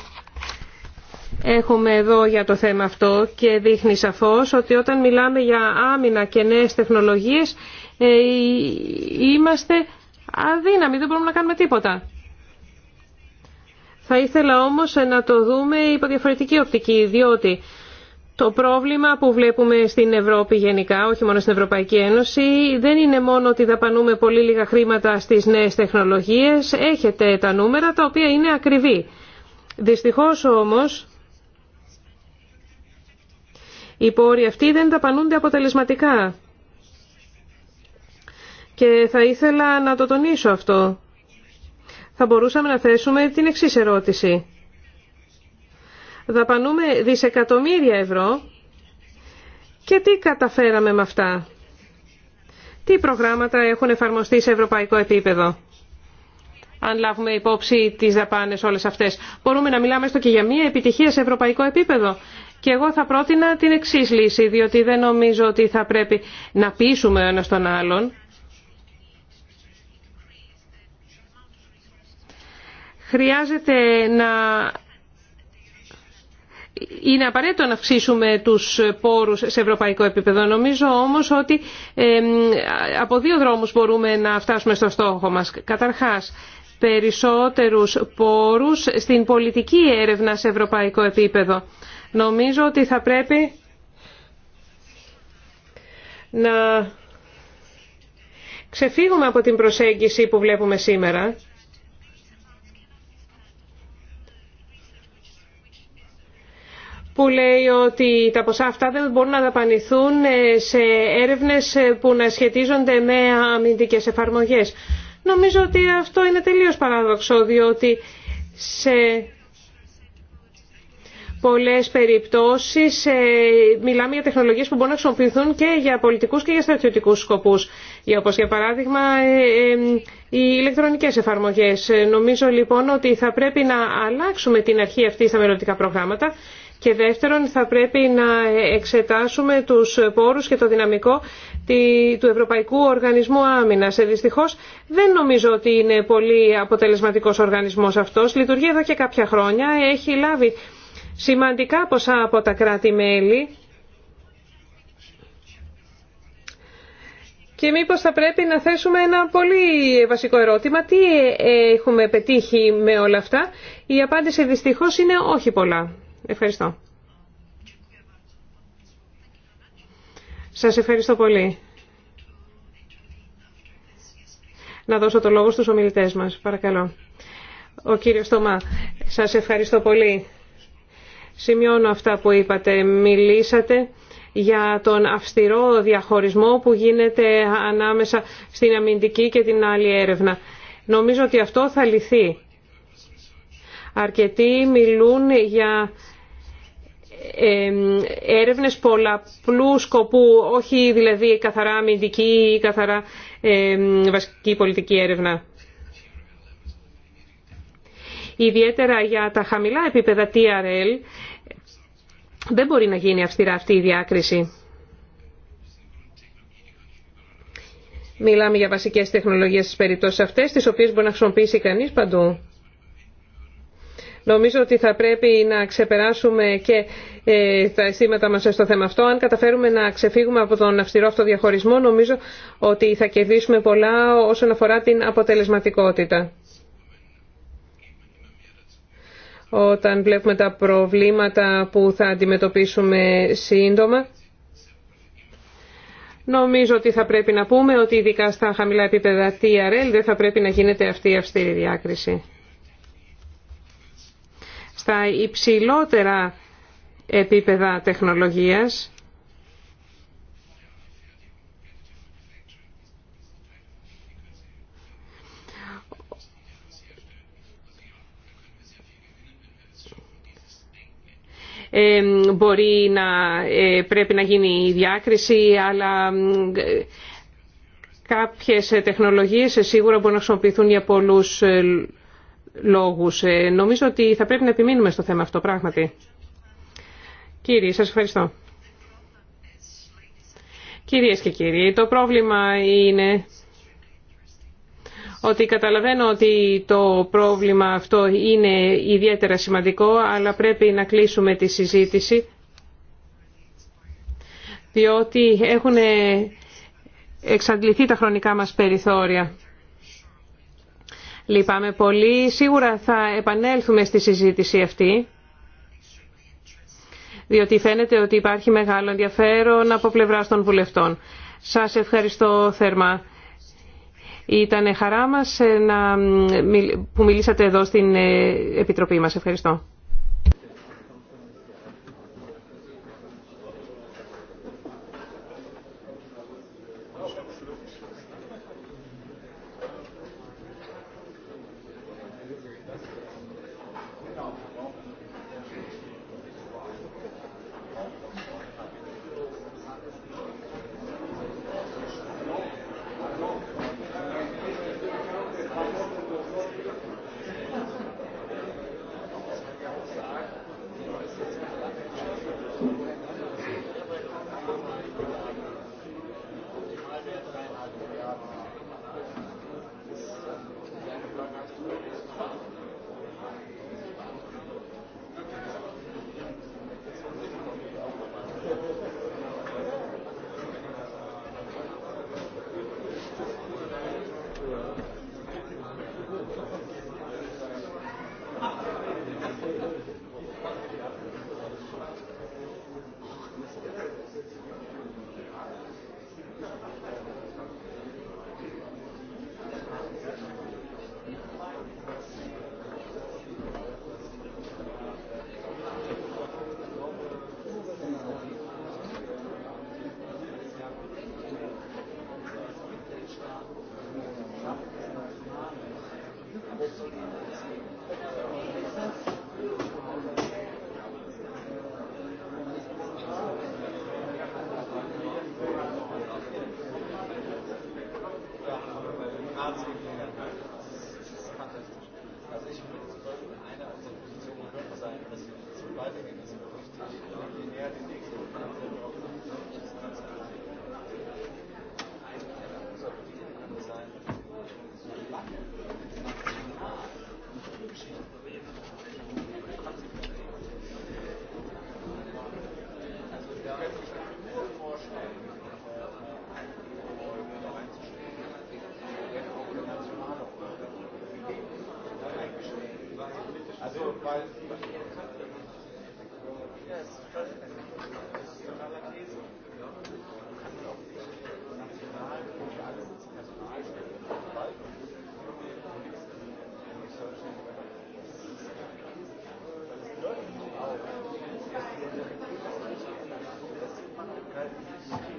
έχουμε εδώ για το θέμα αυτό και δείχνει σαφώς ότι όταν μιλάμε για άμυνα και νέες τεχνολογίες ε, είμαστε αδύναμοι, δεν μπορούμε να κάνουμε τίποτα. Θα ήθελα όμως να το δούμε υπό διαφορετική οπτική, διότι το πρόβλημα που βλέπουμε στην Ευρώπη γενικά, όχι μόνο στην Ευρωπαϊκή Ένωση, δεν είναι μόνο ότι δαπανούμε πολύ λίγα χρήματα στις νέες τεχνολογίες. Έχετε τα νούμερα τα οποία είναι ακριβή. Δυστυχώς όμως, οι πόροι αυτοί δεν δαπανούνται αποτελεσματικά. Και θα ήθελα να το τονίσω αυτό. Θα μπορούσαμε να θέσουμε την εξής ερώτηση. Δαπανούμε δισεκατομμύρια ευρώ και τι καταφέραμε με αυτά. Τι προγράμματα έχουν εφαρμοστεί σε ευρωπαϊκό επίπεδο. Αν λάβουμε υπόψη τις δαπάνες όλες αυτές. Μπορούμε να μιλάμε στο και για μία επιτυχία σε ευρωπαϊκό επίπεδο. Και εγώ θα πρότεινα την εξή λύση, διότι δεν νομίζω ότι θα πρέπει να πείσουμε ο ένας τον άλλον. Χρειάζεται να είναι απαραίτητο να αυξήσουμε τους πόρους σε ευρωπαϊκό επίπεδο. Νομίζω όμως ότι από δύο δρόμους μπορούμε να φτάσουμε στο στόχο μας. Καταρχάς, περισσότερους πόρους στην πολιτική έρευνα σε ευρωπαϊκό επίπεδο. Νομίζω ότι θα πρέπει να ξεφύγουμε από την προσέγγιση που βλέπουμε σήμερα που λέει ότι τα ποσά αυτά δεν μπορούν να δαπανηθούν ε, σε έρευνες ε, που να σχετίζονται με αμυντικές εφαρμογές. Νομίζω ότι αυτό είναι τελείως παράδοξο, διότι σε πολλές περιπτώσεις ε, μιλάμε για τεχνολογίες που μπορούν να χρησιμοποιηθούν και για πολιτικούς και για στρατιωτικούς σκοπούς, για, όπως για παράδειγμα οι ηλεκτρονικές εφαρμογές. Νομίζω λοιπόν ότι θα πρέπει να αλλάξουμε την αρχή αυτή στα μελλοντικά προγράμματα και δεύτερον, θα πρέπει να εξετάσουμε τους πόρους και το δυναμικό του Ευρωπαϊκού Οργανισμού Άμυνας. Ε, δυστυχώς δεν νομίζω ότι είναι πολύ αποτελεσματικός οργανισμός αυτός. Λειτουργεί εδώ και κάποια χρόνια. Έχει λάβει σημαντικά ποσά από τα κράτη-μέλη. Και μήπως θα πρέπει να θέσουμε ένα πολύ βασικό ερώτημα. Τι έχουμε πετύχει με όλα αυτά. Η απάντηση δυστυχώς είναι όχι πολλά. Ευχαριστώ. Σας ευχαριστώ πολύ. Να δώσω το λόγο στους ομιλητές μας. Παρακαλώ. Ο κύριος Στομά, σας ευχαριστώ πολύ. Σημειώνω αυτά που είπατε. Μιλήσατε για τον αυστηρό διαχωρισμό που γίνεται ανάμεσα στην αμυντική και την άλλη έρευνα. Νομίζω ότι αυτό θα λυθεί. Αρκετοί μιλούν για έρευνες πολλαπλού σκοπού, όχι δηλαδή καθαρά αμυντική ή καθαρά βασική πολιτική έρευνα. Ιδιαίτερα για τα χαμηλά επίπεδα TRL δεν μπορεί να γίνει αυστηρά αυτή η διάκριση. Μιλάμε για βασικές τεχνολογίες στις περιπτώσεις αυτές, τις οποίες μπορεί να χρησιμοποιήσει κανείς παντού. Νομίζω ότι θα πρέπει να ξεπεράσουμε και ε, τα αισθήματα μας στο θέμα αυτό. Αν καταφέρουμε να ξεφύγουμε από τον αυστηρό αυτό διαχωρισμό, νομίζω ότι θα κερδίσουμε πολλά όσον αφορά την αποτελεσματικότητα. Όταν βλέπουμε τα προβλήματα που θα αντιμετωπίσουμε σύντομα, Νομίζω ότι θα πρέπει να πούμε ότι ειδικά στα χαμηλά επίπεδα TRL δεν θα πρέπει να γίνεται αυτή η αυστηρή διάκριση στα υψηλότερα επίπεδα τεχνολογίας ε, μπορεί να ε, πρέπει να γίνει η διάκριση, αλλά κάποιες τεχνολογίες ε, σίγουρα μπορούν να χρησιμοποιηθούν για πολλούς λόγους. Ε, νομίζω ότι θα πρέπει να επιμείνουμε στο θέμα αυτό πράγματι. Κύριε, σας ευχαριστώ. Κυρίες και κύριοι, το πρόβλημα είναι ότι καταλαβαίνω ότι το πρόβλημα αυτό είναι ιδιαίτερα σημαντικό, αλλά πρέπει να κλείσουμε τη συζήτηση, διότι έχουν εξαντληθεί τα χρονικά μας περιθώρια. Λυπάμαι πολύ. Σίγουρα θα επανέλθουμε στη συζήτηση αυτή, διότι φαίνεται ότι υπάρχει μεγάλο ενδιαφέρον από πλευρά των βουλευτών. Σας ευχαριστώ θερμά. Ήταν χαρά μας ε, που μιλήσατε εδώ στην ε, Επιτροπή μας. Ευχαριστώ.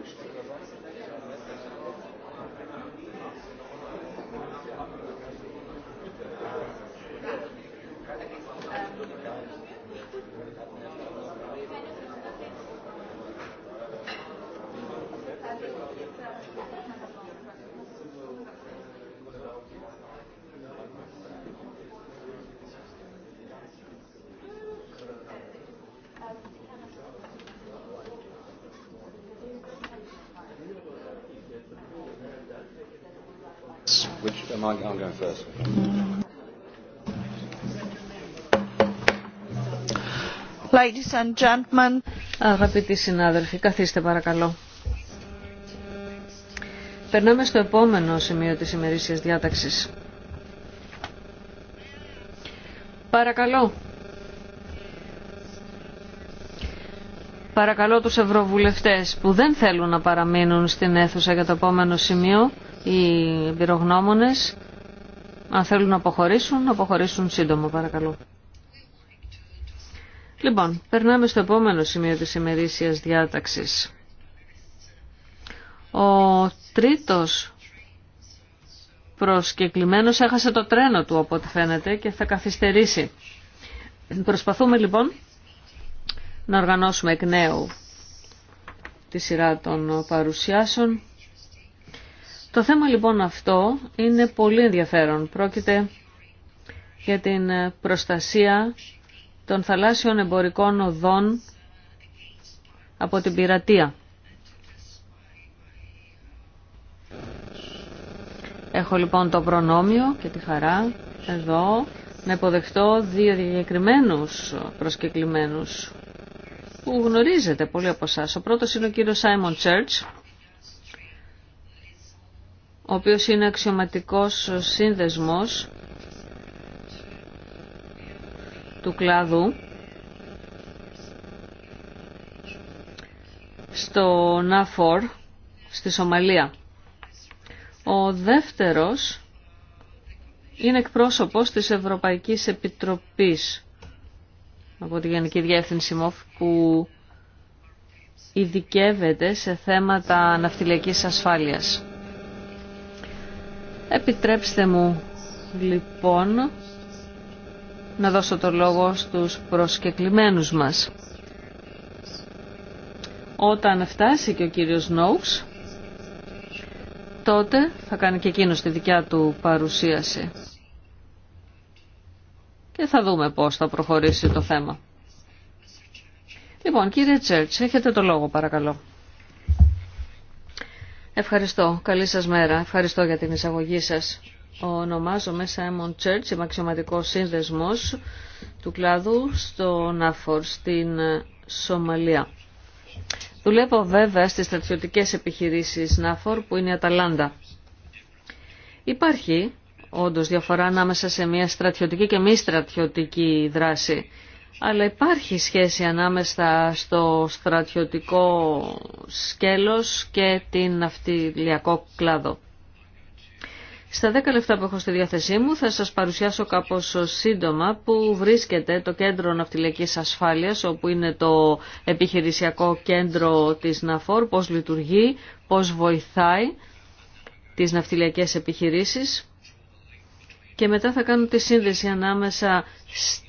Ευχαριστώ. I'm going first. Ladies and gentlemen. Αγαπητοί συνάδελφοι, καθίστε παρακαλώ. Περνάμε στο επόμενο σημείο της ημερήσιας διάταξης. Παρακαλώ. Παρακαλώ τους ευρωβουλευτές που δεν θέλουν να παραμείνουν στην αίθουσα για το επόμενο σημείο οι εμπειρογνώμονες αν θέλουν να αποχωρήσουν, να αποχωρήσουν σύντομα παρακαλώ. Λοιπόν, περνάμε στο επόμενο σημείο της ημερήσιας διάταξης. Ο τρίτος προσκεκλημένος έχασε το τρένο του από ό,τι φαίνεται και θα καθυστερήσει. Προσπαθούμε λοιπόν να οργανώσουμε εκ νέου τη σειρά των παρουσιάσεων. Το θέμα λοιπόν αυτό είναι πολύ ενδιαφέρον. Πρόκειται για την προστασία των θαλάσσιων εμπορικών οδών από την πειρατεία. Έχω λοιπόν το προνόμιο και τη χαρά εδώ να υποδεχτώ δύο διακεκριμένους προσκεκλημένους που γνωρίζετε πολύ από εσά. Ο πρώτος είναι ο κύριος Σάιμον Church, ο οποίος είναι αξιωματικός σύνδεσμος του κλάδου στο ΝΑΦΟΡ στη Σομαλία. Ο δεύτερος είναι εκπρόσωπος της Ευρωπαϊκής Επιτροπής από τη Γενική Διεύθυνση ΜΟΦ που ειδικεύεται σε θέματα ναυτιλιακής ασφάλειας. Επιτρέψτε μου λοιπόν να δώσω το λόγο στους προσκεκλημένους μας. Όταν φτάσει και ο κύριος Νόουξ, τότε θα κάνει και εκείνο τη δικιά του παρουσίαση. Και θα δούμε πώς θα προχωρήσει το θέμα. Λοιπόν, κύριε Τσέρτς, έχετε το λόγο παρακαλώ. Ευχαριστώ. Καλή σας μέρα. Ευχαριστώ για την εισαγωγή σας. Ονομάζομαι Simon Church, είμαι αξιωματικό σύνδεσμος του κλάδου στο Νάφορ, στην Σομαλία. Δουλεύω βέβαια στις στρατιωτικές επιχειρήσεις Νάφορ που είναι η Αταλάντα. Υπάρχει όντως διαφορά ανάμεσα σε μια στρατιωτική και μη στρατιωτική δράση αλλά υπάρχει σχέση ανάμεσα στο στρατιωτικό σκέλος και την ναυτιλιακό κλάδο. Στα 10 λεπτά που έχω στη διάθεσή μου θα σας παρουσιάσω κάπως σύντομα που βρίσκεται το κέντρο ναυτιλιακής ασφάλειας όπου είναι το επιχειρησιακό κέντρο της ΝΑΦΟΡ, πώς λειτουργεί, πώς βοηθάει τις ναυτιλιακές επιχειρήσεις και μετά θα κάνω τη σύνδεση ανάμεσα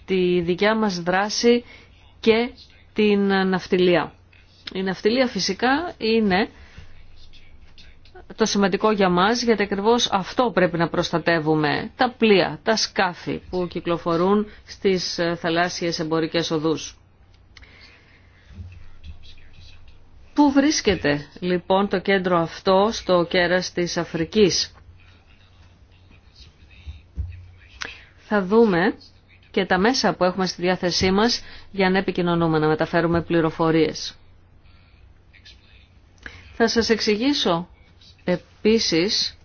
τη δικιά μας δράση και την ναυτιλία. Η ναυτιλία φυσικά είναι το σημαντικό για μας, γιατί ακριβώ αυτό πρέπει να προστατεύουμε. Τα πλοία, τα σκάφη που κυκλοφορούν στις θαλάσσιες εμπορικές οδούς. Πού βρίσκεται λοιπόν το κέντρο αυτό στο κέρας της Αφρικής. Θα δούμε και τα μέσα που έχουμε στη διάθεσή μας για να επικοινωνούμε, να μεταφέρουμε πληροφορίες. Θα σας εξηγήσω επίσης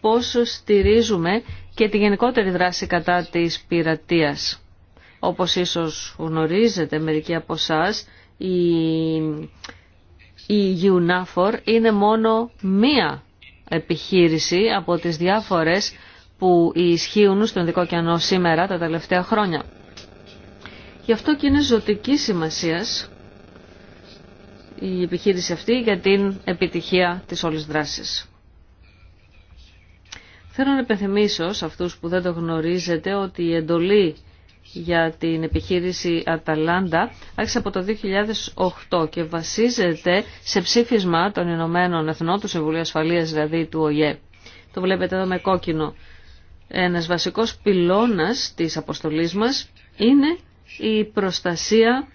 πώς στηρίζουμε και τη γενικότερη δράση κατά της πειρατείας. Όπως ίσως γνωρίζετε μερικοί από εσά, η, η UNAFOR είναι μόνο μία επιχείρηση από τις διάφορες που ισχύουν στον Δικό Κιανό σήμερα τα τελευταία χρόνια. Γι' αυτό και είναι ζωτική σημασία η επιχείρηση αυτή για την επιτυχία της όλης δράσης. Θέλω να επενθυμίσω σε αυτούς που δεν το γνωρίζετε ότι η εντολή για την επιχείρηση Αταλάντα άρχισε από το 2008 και βασίζεται σε ψήφισμα των Ηνωμένων Εθνών του Συμβουλίου Ασφαλείας δηλαδή του ΟΙΕ. Το βλέπετε εδώ με κόκκινο ένας βασικός πυλώνας της αποστολής μας είναι η προστασία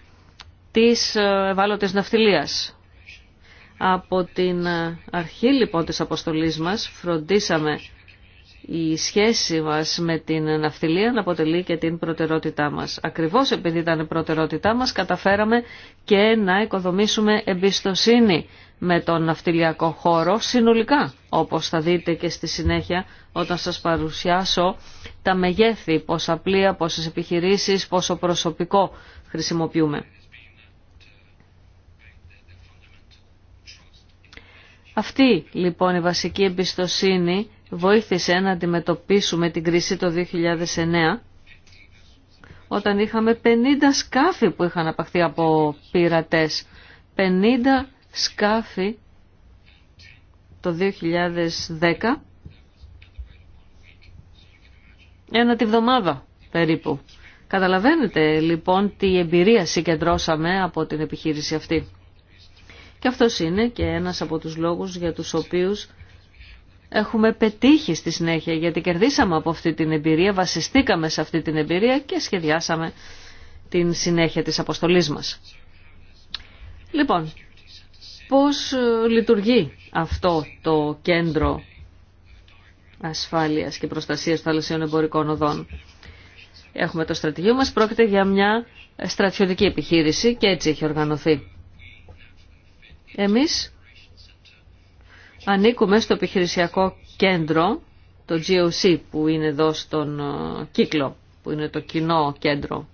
της ευάλωτης ναυτιλίας. Από την αρχή λοιπόν της αποστολής μας φροντίσαμε η σχέση μας με την ναυτιλία να αποτελεί και την προτερότητά μας. Ακριβώς επειδή ήταν προτερότητά μας καταφέραμε και να οικοδομήσουμε εμπιστοσύνη με τον ναυτιλιακό χώρο συνολικά, όπως θα δείτε και στη συνέχεια όταν σας παρουσιάσω τα μεγέθη, πόσα πλοία, πόσες επιχειρήσεις, πόσο προσωπικό χρησιμοποιούμε. Αυτή λοιπόν η βασική εμπιστοσύνη βοήθησε να αντιμετωπίσουμε την κρίση το 2009 όταν είχαμε 50 σκάφη που είχαν απαχθεί από πειρατές. 50 σκάφη το 2010 ένα τη βδομάδα περίπου. Καταλαβαίνετε λοιπόν τι εμπειρία συγκεντρώσαμε από την επιχείρηση αυτή. Και αυτό είναι και ένας από τους λόγους για τους οποίους έχουμε πετύχει στη συνέχεια, γιατί κερδίσαμε από αυτή την εμπειρία, βασιστήκαμε σε αυτή την εμπειρία και σχεδιάσαμε την συνέχεια της αποστολής μας. Λοιπόν, πώς ε, λειτουργεί αυτό το κέντρο ασφάλειας και προστασίας θαλασσίων εμπορικών οδών. Έχουμε το στρατηγείο μας, πρόκειται για μια στρατιωτική επιχείρηση και έτσι έχει οργανωθεί. Εμείς ανήκουμε στο επιχειρησιακό κέντρο, το GOC που είναι εδώ στον ε, κύκλο, που είναι το κοινό κέντρο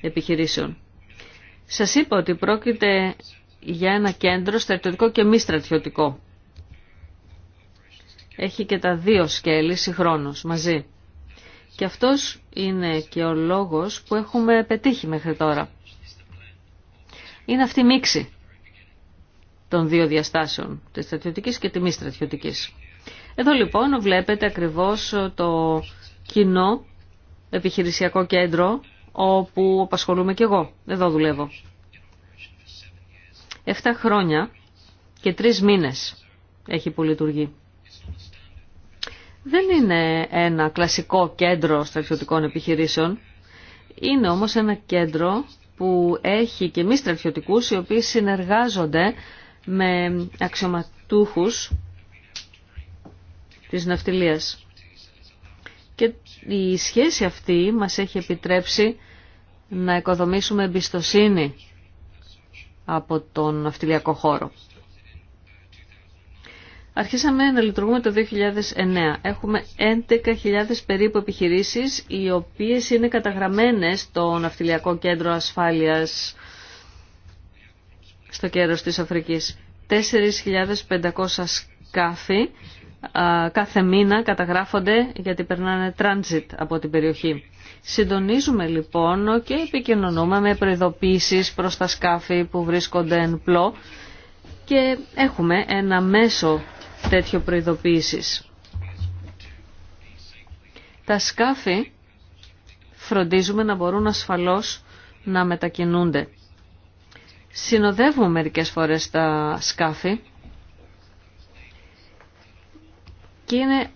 επιχειρήσεων. Σας είπα ότι πρόκειται για ένα κέντρο στρατιωτικό και μη στρατιωτικό έχει και τα δύο σκέλη συγχρόνως μαζί. Και αυτός είναι και ο λόγος που έχουμε πετύχει μέχρι τώρα. Είναι αυτή η μίξη των δύο διαστάσεων, της στρατιωτικής και τη μη στρατιωτικής. Εδώ λοιπόν βλέπετε ακριβώς το κοινό επιχειρησιακό κέντρο όπου απασχολούμαι και εγώ. Εδώ δουλεύω. Εφτά χρόνια και τρεις μήνες έχει που λειτουργεί δεν είναι ένα κλασικό κέντρο στρατιωτικών επιχειρήσεων. Είναι όμως ένα κέντρο που έχει και μη στρατιωτικούς οι οποίοι συνεργάζονται με αξιωματούχους της ναυτιλίας. Και η σχέση αυτή μας έχει επιτρέψει να οικοδομήσουμε εμπιστοσύνη από τον ναυτιλιακό χώρο. Αρχίσαμε να λειτουργούμε το 2009. Έχουμε 11.000 περίπου επιχειρήσεις οι οποίες είναι καταγραμμένες στο Ναυτιλιακό Κέντρο Ασφάλειας στο κέρος της Αφρικής. 4.500 σκάφη κάθε μήνα καταγράφονται γιατί περνάνε transit από την περιοχή. Συντονίζουμε λοιπόν και επικοινωνούμε με προειδοποίησεις προς τα σκάφη που βρίσκονται εν πλώ και έχουμε ένα μέσο τέτοιο προειδοποίησης. Τα σκάφη φροντίζουμε να μπορούν ασφαλώς να μετακινούνται. Συνοδεύουμε μερικές φορές τα σκάφη και είναι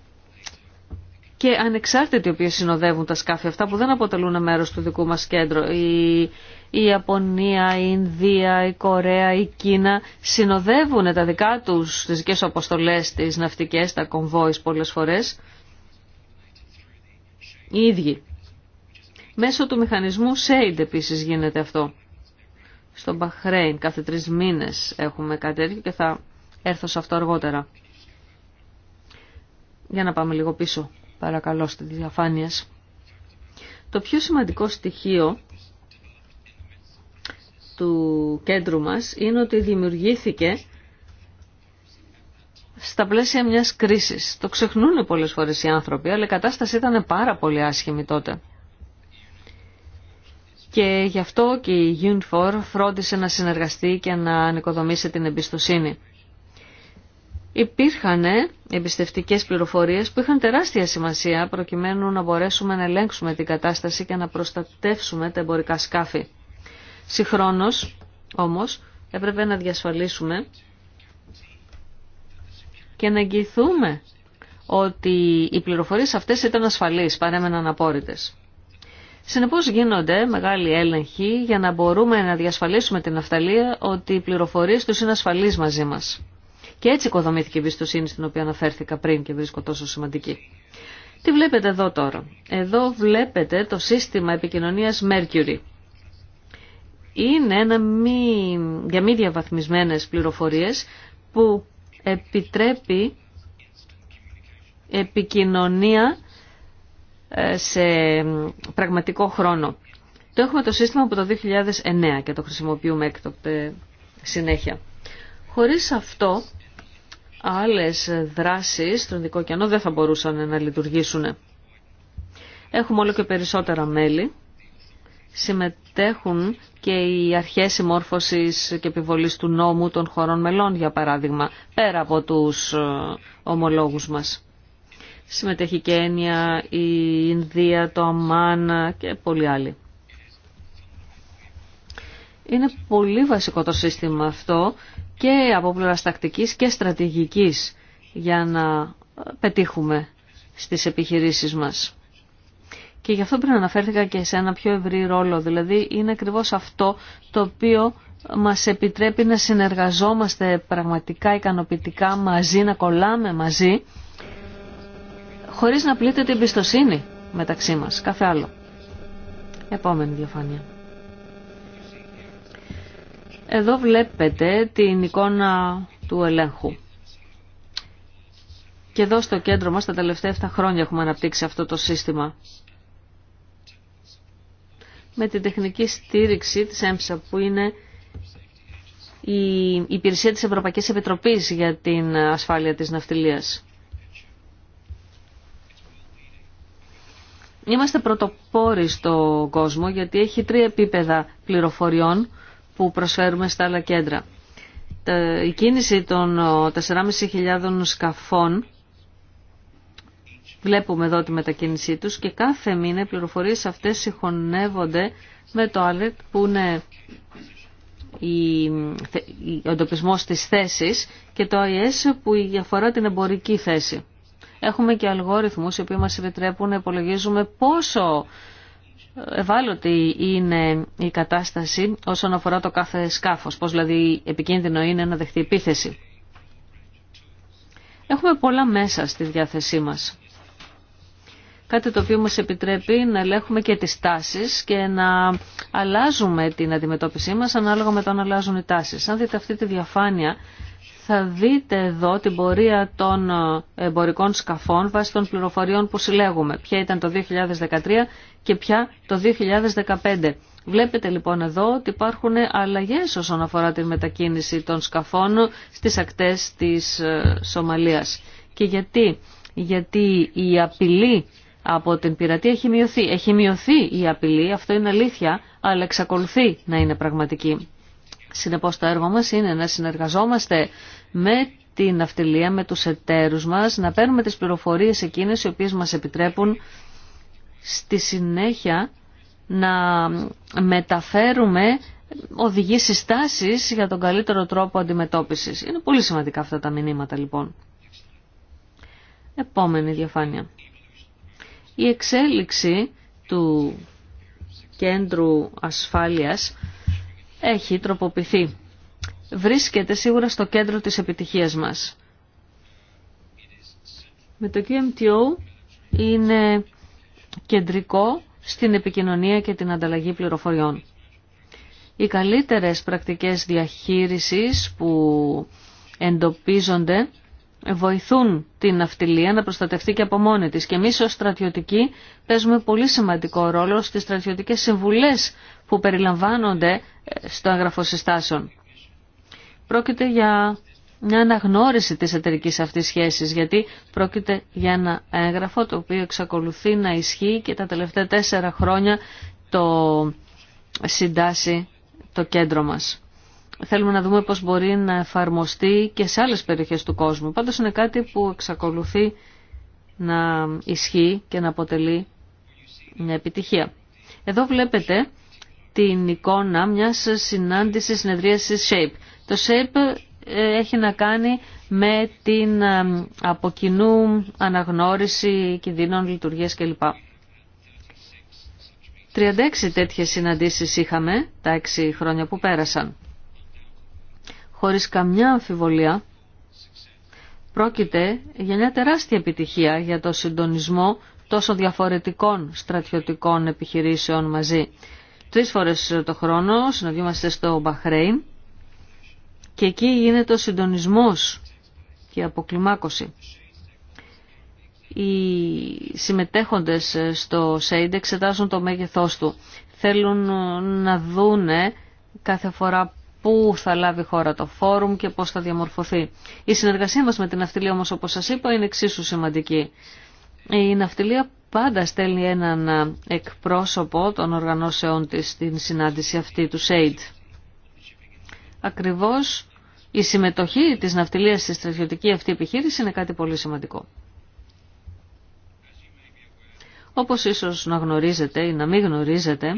και ανεξάρτητοι οι οποίοι συνοδεύουν τα σκάφη αυτά που δεν αποτελούν μέρος του δικού μας κέντρου η Ιαπωνία, η Ινδία, η Κορέα, η Κίνα συνοδεύουν τα δικά τους, τις δικές αποστολές, τις ναυτικές, τα κομβόης πολλές φορές. Οι ίδιοι. Μέσω του μηχανισμού SAID επίσης γίνεται αυτό. Στον Μπαχρέιν κάθε τρεις μήνες έχουμε κάτι και θα έρθω σε αυτό αργότερα. Για να πάμε λίγο πίσω, παρακαλώ, στις διαφάνειες. Το πιο σημαντικό στοιχείο του κέντρου μας είναι ότι δημιουργήθηκε στα πλαίσια μιας κρίσης. Το ξεχνούν πολλές φορές οι άνθρωποι, αλλά η κατάσταση ήταν πάρα πολύ άσχημη τότε. Και γι' αυτό και η UNFOR φρόντισε να συνεργαστεί και να ανοικοδομήσει την εμπιστοσύνη. Υπήρχαν εμπιστευτικέ πληροφορίες που είχαν τεράστια σημασία προκειμένου να μπορέσουμε να ελέγξουμε την κατάσταση και να προστατεύσουμε τα εμπορικά σκάφη. Συγχρόνως, όμως, έπρεπε να διασφαλίσουμε και να εγγυηθούμε ότι οι πληροφορίες αυτές ήταν ασφαλείς, παρέμεναν απόρριτες. Συνεπώς γίνονται μεγάλοι έλεγχοι για να μπορούμε να διασφαλίσουμε την αυταλία ότι οι πληροφορίες τους είναι ασφαλείς μαζί μας. Και έτσι οικοδομήθηκε η εμπιστοσύνη στην οποία αναφέρθηκα πριν και βρίσκω τόσο σημαντική. Τι βλέπετε εδώ τώρα. Εδώ βλέπετε το σύστημα επικοινωνίας Mercury είναι ένα μη, για μη διαβαθμισμένες πληροφορίες που επιτρέπει επικοινωνία ε, σε πραγματικό χρόνο. Το έχουμε το σύστημα από το 2009 και το χρησιμοποιούμε έκτοτε συνέχεια. Χωρίς αυτό, άλλες δράσεις στον δικό κενό δεν θα μπορούσαν να λειτουργήσουν. Έχουμε όλο και περισσότερα μέλη συμμετέχουν και οι αρχές συμμόρφωσης και επιβολής του νόμου των χωρών μελών, για παράδειγμα, πέρα από τους ε, ομολόγους μας. Συμμετέχει η Κένια, η Ινδία, το Αμάν και πολλοί άλλοι. Είναι πολύ βασικό το σύστημα αυτό και από πλευράς τακτικής και στρατηγικής για να ε, πετύχουμε στις επιχειρήσεις μας. Και γι' αυτό πριν αναφέρθηκα και σε ένα πιο ευρύ ρόλο. Δηλαδή είναι ακριβώς αυτό το οποίο μας επιτρέπει να συνεργαζόμαστε πραγματικά ικανοποιητικά μαζί, να κολλάμε μαζί, χωρίς να πλήττεται την εμπιστοσύνη μεταξύ μας, κάθε άλλο. Επόμενη διαφάνεια. Εδώ βλέπετε την εικόνα του ελέγχου. Και εδώ στο κέντρο μας τα τελευταία 7 χρόνια έχουμε αναπτύξει αυτό το σύστημα με την τεχνική στήριξη της ΕΜΣΑ που είναι η υπηρεσία της Ευρωπαϊκής Επιτροπής για την ασφάλεια της ναυτιλίας. Είμαστε πρωτοπόροι στον κόσμο γιατί έχει τρία επίπεδα πληροφοριών που προσφέρουμε στα άλλα κέντρα. Η κίνηση των 4.500 ε, σκαφών Βλέπουμε εδώ τη μετακίνησή τους και κάθε μήνα οι πληροφορίες αυτές συγχωνεύονται με το Alert που είναι ο εντοπισμό της θέσης και το IS που αφορά την εμπορική θέση. Έχουμε και αλγόριθμους οι οποίοι μας επιτρέπουν να υπολογίζουμε πόσο ευάλωτη είναι η κατάσταση όσον αφορά το κάθε σκάφος, πώς δηλαδή επικίνδυνο είναι να δεχτεί επίθεση. Έχουμε πολλά μέσα στη διάθεσή μας. Κάτι το οποίο μας επιτρέπει να ελέγχουμε και τις τάσεις και να αλλάζουμε την αντιμετώπιση μας ανάλογα με το αν αλλάζουν οι τάσεις. Αν δείτε αυτή τη διαφάνεια θα δείτε εδώ την πορεία των εμπορικών σκαφών βάσει των πληροφοριών που συλλέγουμε. Ποια ήταν το 2013 και ποια το 2015. Βλέπετε λοιπόν εδώ ότι υπάρχουν αλλαγές όσον αφορά τη μετακίνηση των σκαφών στις ακτές της ε, Σομαλίας. Και γιατί, γιατί η απειλή από την πειρατεία έχει μειωθεί. Έχει μειωθεί η απειλή, αυτό είναι αλήθεια, αλλά εξακολουθεί να είναι πραγματική. Συνεπώς το έργο μας είναι να συνεργαζόμαστε με την ναυτιλία, με τους εταίρους μας, να παίρνουμε τις πληροφορίες εκείνες οι οποίες μας επιτρέπουν στη συνέχεια να μεταφέρουμε οδηγίες συστάσεις για τον καλύτερο τρόπο αντιμετώπισης. Είναι πολύ σημαντικά αυτά τα μηνύματα λοιπόν. Επόμενη διαφάνεια. Η εξέλιξη του κέντρου ασφάλειας έχει τροποποιηθεί. Βρίσκεται σίγουρα στο κέντρο της επιτυχίας μας. Με το QMTO είναι κεντρικό στην επικοινωνία και την ανταλλαγή πληροφοριών. Οι καλύτερες πρακτικές διαχείρισης που εντοπίζονται βοηθούν την ναυτιλία να προστατευτεί και από μόνη της. Και εμείς ως στρατιωτικοί παίζουμε πολύ σημαντικό ρόλο στις στρατιωτικές συμβουλές που περιλαμβάνονται ε, στο έγγραφο συστάσεων. Πρόκειται για μια αναγνώριση της εταιρικής αυτής σχέσης, γιατί πρόκειται για ένα έγγραφο το οποίο εξακολουθεί να ισχύει και τα τελευταία τέσσερα χρόνια το συντάσσει το κέντρο μας θέλουμε να δούμε πώς μπορεί να εφαρμοστεί και σε άλλες περιοχές του κόσμου. Πάντως είναι κάτι που εξακολουθεί να ισχύει και να αποτελεί μια επιτυχία. Εδώ βλέπετε την εικόνα μιας συνάντησης συνεδρίασης SHAPE. Το SHAPE ε, έχει να κάνει με την ε, αποκοινού αναγνώριση κινδύνων λειτουργίες κλπ. 36 τέτοιες συναντήσεις είχαμε τα 6 χρόνια που πέρασαν. Χωρίς καμιά αμφιβολία πρόκειται για μια τεράστια επιτυχία για το συντονισμό τόσο διαφορετικών στρατιωτικών επιχειρήσεων μαζί. Τρεις φορές το χρόνο συναντιόμαστε στο Μπαχρέιν και εκεί γίνεται ο συντονισμός και η αποκλιμάκωση. Οι συμμετέχοντες στο ΣΕΙΝΤ εξετάζουν το μέγεθός του. Θέλουν να δούνε κάθε φορά πού θα λάβει χώρα το φόρουμ και πώς θα διαμορφωθεί. Η συνεργασία μας με την ναυτιλία όμως όπως σας είπα είναι εξίσου σημαντική. Η ναυτιλία πάντα στέλνει έναν εκπρόσωπο των οργανώσεών της στην συνάντηση αυτή του ΣΕΙΤ. Ακριβώς η συμμετοχή της ναυτιλίας στη στρατιωτική αυτή επιχείρηση είναι κάτι πολύ σημαντικό. Όπως ίσως να γνωρίζετε ή να μην γνωρίζετε,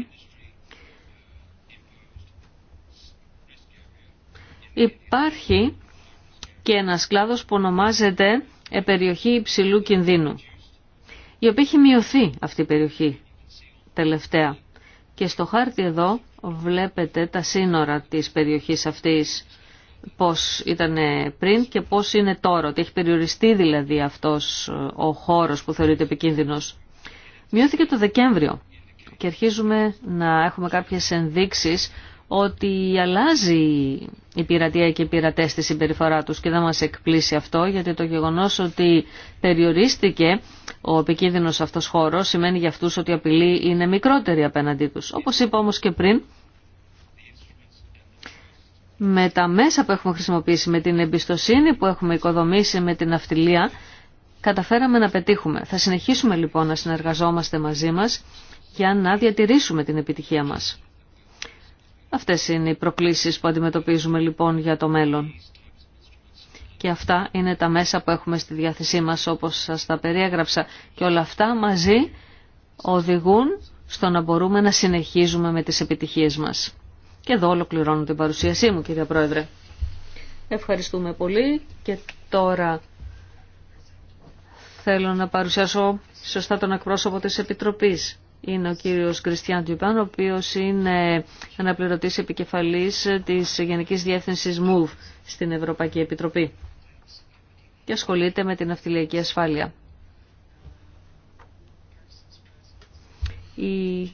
Υπάρχει και ένας κλάδος που ονομάζεται περιοχή υψηλού κινδύνου, η οποία έχει μειωθεί αυτή η περιοχή τελευταία. Και στο χάρτη εδώ βλέπετε τα σύνορα της περιοχής αυτής πώς ήταν πριν και πώς είναι τώρα, ότι έχει περιοριστεί δηλαδή αυτός ε, ο χώρος που θεωρείται επικίνδυνος. Μειώθηκε το Δεκέμβριο και αρχίζουμε να έχουμε κάποιες ενδείξεις ότι αλλάζει η πειρατεία και οι πειρατέ στη συμπεριφορά τους και δεν μας εκπλήσει αυτό γιατί το γεγονός ότι περιορίστηκε ο επικίνδυνος αυτός χώρος σημαίνει για αυτούς ότι η απειλή είναι μικρότερη απέναντί τους. Όπως είπα όμως και πριν, με τα μέσα που έχουμε χρησιμοποιήσει, με την εμπιστοσύνη που έχουμε οικοδομήσει με την αυτιλία, καταφέραμε να πετύχουμε. Θα συνεχίσουμε λοιπόν να συνεργαζόμαστε μαζί μας για να διατηρήσουμε την επιτυχία μας. Αυτές είναι οι προκλήσεις που αντιμετωπίζουμε λοιπόν για το μέλλον. Και αυτά είναι τα μέσα που έχουμε στη διάθεσή μας όπως σας τα περιέγραψα. Και όλα αυτά μαζί οδηγούν στο να μπορούμε να συνεχίζουμε με τις επιτυχίες μας. Και εδώ ολοκληρώνω την παρουσίασή μου κύριε Πρόεδρε. Ευχαριστούμε πολύ και τώρα θέλω να παρουσιάσω σωστά τον εκπρόσωπο της Επιτροπής είναι ο κύριος Κριστιαν Τιουπάν, ο οποίος είναι αναπληρωτής επικεφαλής της Γενικής Διεύθυνσης MOVE στην Ευρωπαϊκή Επιτροπή και ασχολείται με την αυτιλιακή ασφάλεια. Η...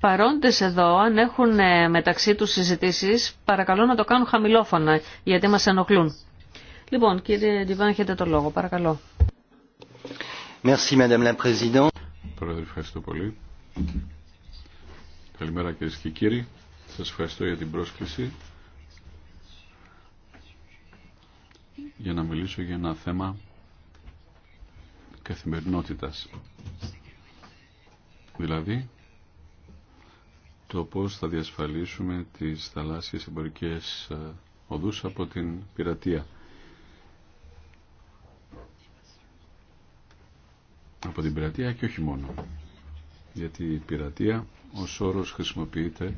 Παρόντες εδώ, αν έχουν μεταξύ τους συζητήσεις, παρακαλώ να το κάνουν χαμηλόφωνα, γιατί μας ενοχλούν. Λοιπόν, κύριε Ντιβάν, έχετε το λόγο, παρακαλώ. Merci, Πρόεδρε, ευχαριστώ πολύ. Καλημέρα κυρίε και κύριοι. σα ευχαριστώ για την πρόσκληση για να μιλήσω για ένα θέμα καθημερινότητας. Δηλαδή, το πώς θα διασφαλίσουμε τις θαλάσσιες εμπορικές ε, οδούς από την πειρατεία. από την πειρατεία και όχι μόνο. Γιατί η πειρατεία ω όρος χρησιμοποιείται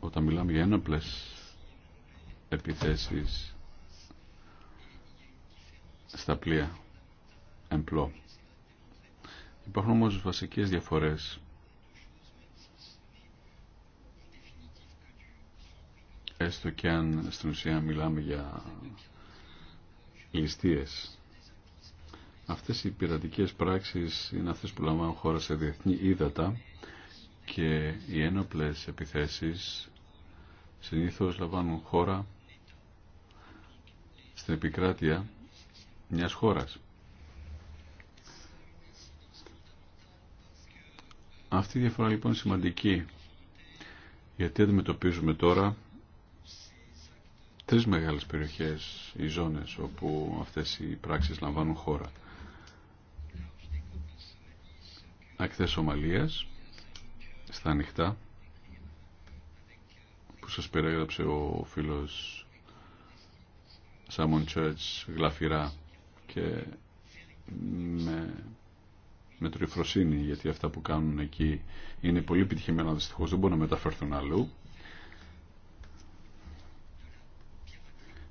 όταν μιλάμε για ένοπλε επιθέσεις στα πλοία εμπλό. Υπάρχουν όμως βασικές διαφορές έστω και αν στην ουσία μιλάμε για ληστείες Αυτές οι πειρατικές πράξεις είναι αυτές που λαμβάνουν χώρα σε διεθνή ύδατα και οι ένοπλες επιθέσεις συνήθως λαμβάνουν χώρα στην επικράτεια μιας χώρας. Αυτή η διαφορά λοιπόν είναι σημαντική γιατί αντιμετωπίζουμε τώρα τρεις μεγάλες περιοχές, οι ζώνες όπου αυτές οι πράξεις λαμβάνουν χώρα. ακτές Ομαλίας στα ανοιχτά που σας περιέγραψε ο φίλος Σάμον Τσέρτς γλαφυρά και με, με τρυφροσύνη γιατί αυτά που κάνουν εκεί είναι πολύ επιτυχημένα δυστυχώ. δεν μπορούν να μεταφερθούν αλλού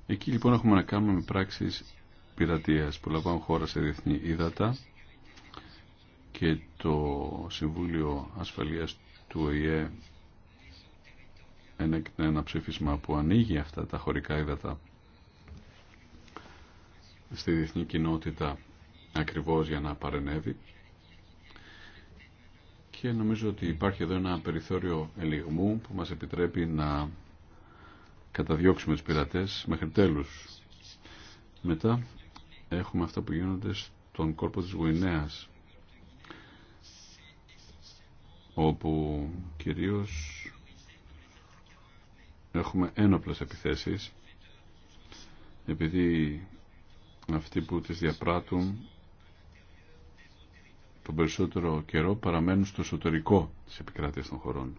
Εκεί λοιπόν έχουμε να κάνουμε με πράξεις πειρατείας που λαμβάνουν χώρα σε διεθνή ύδατα και το Συμβούλιο Ασφαλείας του ΟΗΕ ένα, ένα ψήφισμα που ανοίγει αυτά τα χωρικά ύδατα στη διεθνή κοινότητα ακριβώς για να παρενέβει και νομίζω ότι υπάρχει εδώ ένα περιθώριο ελιγμού που μας επιτρέπει να καταδιώξουμε τους πειρατές μέχρι τέλους. Μετά έχουμε αυτά που γίνονται στον κόρπο της Γουινέας όπου κυρίως έχουμε ένοπλες επιθέσεις επειδή αυτοί που τις διαπράττουν τον περισσότερο καιρό παραμένουν στο εσωτερικό της επικράτειας των χωρών.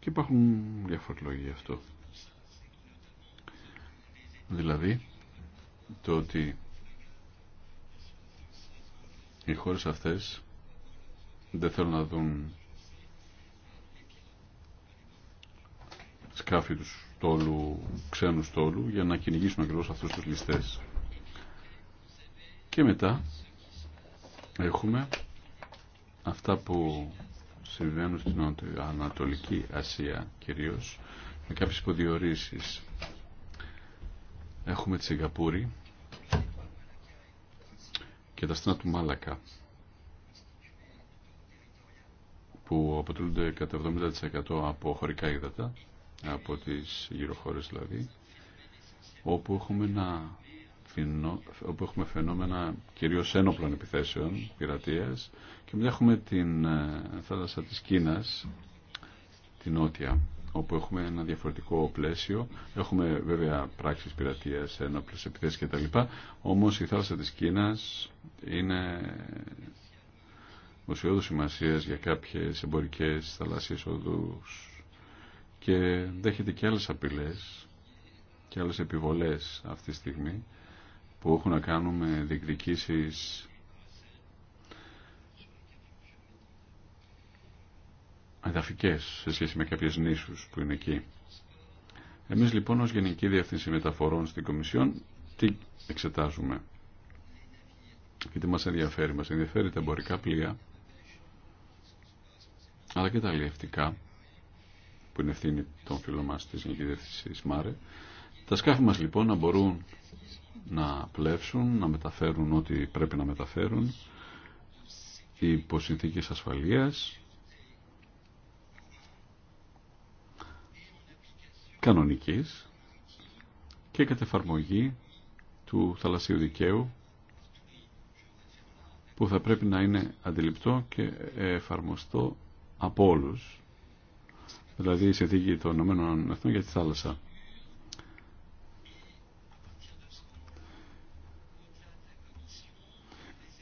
Και υπάρχουν διαφορετικοί λόγοι γι' αυτό. Δηλαδή, το ότι οι χώρες αυτές δεν θέλουν να δουν σκάφη του στόλου, ξένου στόλου για να κυνηγήσουν ακριβώ αυτούς τους ληστέ. Και μετά έχουμε αυτά που συμβαίνουν στην Ανατολική Ασία κυρίως με κάποιες υποδιορίσει. Έχουμε τη Σιγκαπούρη και τα στενά του Μάλακα που αποτελούνται κατά 70% από χωρικά ύδατα, από τις γύρω χώρες δηλαδή, όπου έχουμε, όπου έχουμε φαινόμενα κυρίως ένοπλων επιθέσεων, πειρατείας, και μετά έχουμε την ε, θάλασσα της Κίνας, την νότια, όπου έχουμε ένα διαφορετικό πλαίσιο. Έχουμε βέβαια πράξεις πειρατείας, ένοπλες επιθέσεις κτλ. Όμως η θάλασσα της Κίνας είναι ουσιώδου σημασία για κάποιε εμπορικέ θαλάσσιε οδού και δέχεται και άλλε απειλέ και άλλες επιβολές αυτή τη στιγμή που έχουν να κάνουν με διεκδικήσει εδαφικέ σε σχέση με κάποιε νήσους που είναι εκεί. Εμείς λοιπόν ως Γενική Διεύθυνση Μεταφορών στην Κομισιόν τι εξετάζουμε. Γιατί μας ενδιαφέρει. Μας ενδιαφέρει τα εμπορικά πλοία αλλά και τα αλλιευτικά που είναι ευθύνη των φίλων μας της Γενικής ΜΑΡΕ. Τα σκάφη μας λοιπόν να μπορούν να πλέψουν, να μεταφέρουν ό,τι πρέπει να μεταφέρουν υπό συνθήκες ασφαλείας κανονικής και κατ' εφαρμογή του θαλασσίου δικαίου που θα πρέπει να είναι αντιληπτό και εφαρμοστό από όλου. δηλαδή η συνθήκη των Ηνωμένων για τη θάλασσα.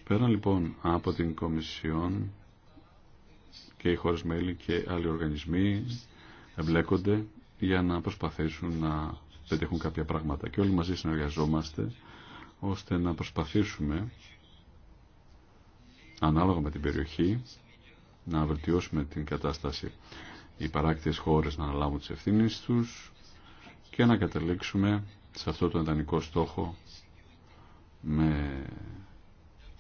Πέραν λοιπόν από την Κομισιόν και οι χώρες μέλη και άλλοι οργανισμοί εμπλέκονται για να προσπαθήσουν να πετύχουν κάποια πράγματα και όλοι μαζί συνεργαζόμαστε ώστε να προσπαθήσουμε ανάλογα με την περιοχή να βελτιώσουμε την κατάσταση. Οι παράκτιες χώρες να αναλάβουν τις ευθύνες τους και να καταλήξουμε σε αυτό το εντανικό στόχο με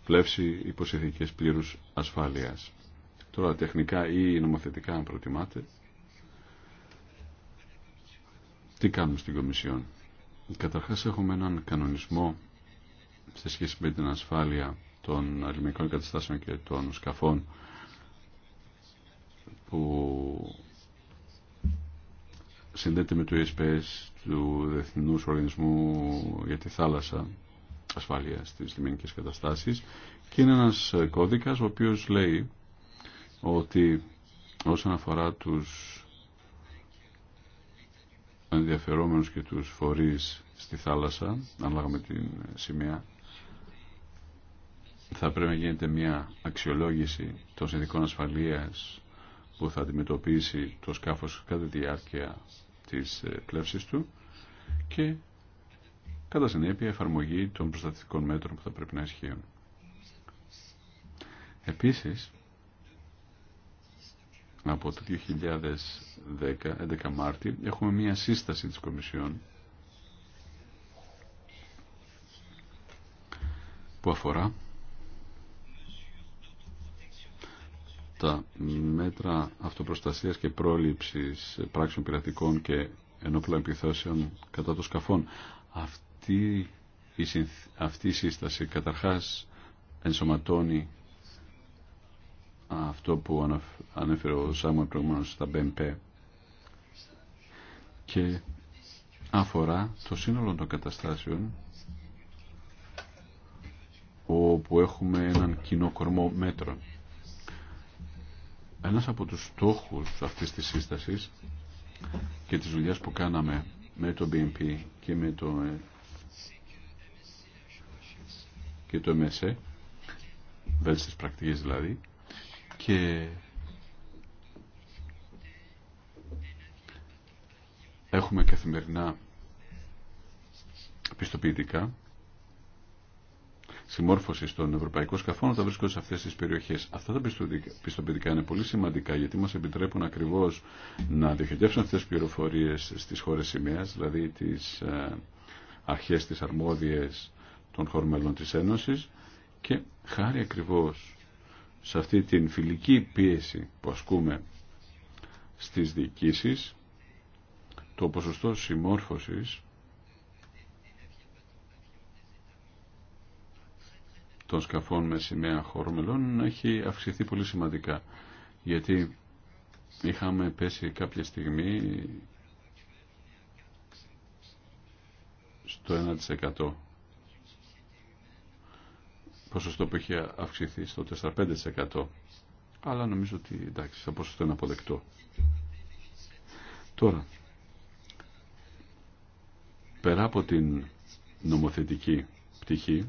πλεύση υποσυνθήκες πλήρους ασφάλειας. Τώρα τεχνικά ή νομοθετικά αν προτιμάτε, τι κάνουμε στην Κομισιόν. Καταρχάς έχουμε έναν κανονισμό σε σχέση με την ασφάλεια των αλληλικών καταστάσεων και των σκαφών που συνδέεται με το ESPS του διεθνού Οργανισμού για τη Θάλασσα Ασφάλεια στις λιμενικέ καταστάσεις και είναι ένας κώδικας ο οποίος λέει ότι όσον αφορά τους ενδιαφερόμενους και τους φορείς στη θάλασσα, ανάλογα με την σημαία, θα πρέπει να γίνεται μια αξιολόγηση των συνδικών ασφαλείας που θα αντιμετωπίσει το σκάφος κατά τη διάρκεια της πλεύσης ε, του και κατά συνέπεια εφαρμογή των προστατευτικών μέτρων που θα πρέπει να ισχύουν. Επίσης, από το 2010, 11 Μάρτη, έχουμε μία σύσταση της Κομισιόν που αφορά τα μέτρα αυτοπροστασίας και πρόληψης πράξεων πειρατικών και ενόπλων επιθέσεων κατά των σκαφών. Αυτή η, συνθ... σύσταση καταρχάς ενσωματώνει αυτό που ανέφερε ο Σάμουελ προηγουμένως στα ΜΠΕ και αφορά το σύνολο των καταστάσεων όπου έχουμε έναν κοινό κορμό μέτρων. Ένας από τους στόχους αυτής της σύστασης και της δουλειάς που κάναμε με το BNP και με το, ε, και το MSE, βέλτιστες πρακτικές δηλαδή, και έχουμε καθημερινά πιστοποιητικά συμμόρφωση των ευρωπαϊκών σκαφών θα βρίσκονται σε αυτέ τι περιοχέ. Αυτά τα πιστοποιητικά είναι πολύ σημαντικά γιατί μα επιτρέπουν ακριβώ να διοχετεύσουν αυτέ τι πληροφορίε στι χώρε σημαία, δηλαδή τι ε, αρχέ, τι αρμόδιε των χωρών μελών τη Ένωση και χάρη ακριβώ σε αυτή την φιλική πίεση που ασκούμε στις διοικήσεις το ποσοστό συμμόρφωσης των σκαφών με σημαία χώρου μελών έχει αυξηθεί πολύ σημαντικά. Γιατί είχαμε πέσει κάποια στιγμή στο 1% ποσοστό που είχε αυξηθεί στο 4-5% αλλά νομίζω ότι εντάξει το ποσοστό είναι αποδεκτό. Τώρα, πέρα από την νομοθετική πτυχή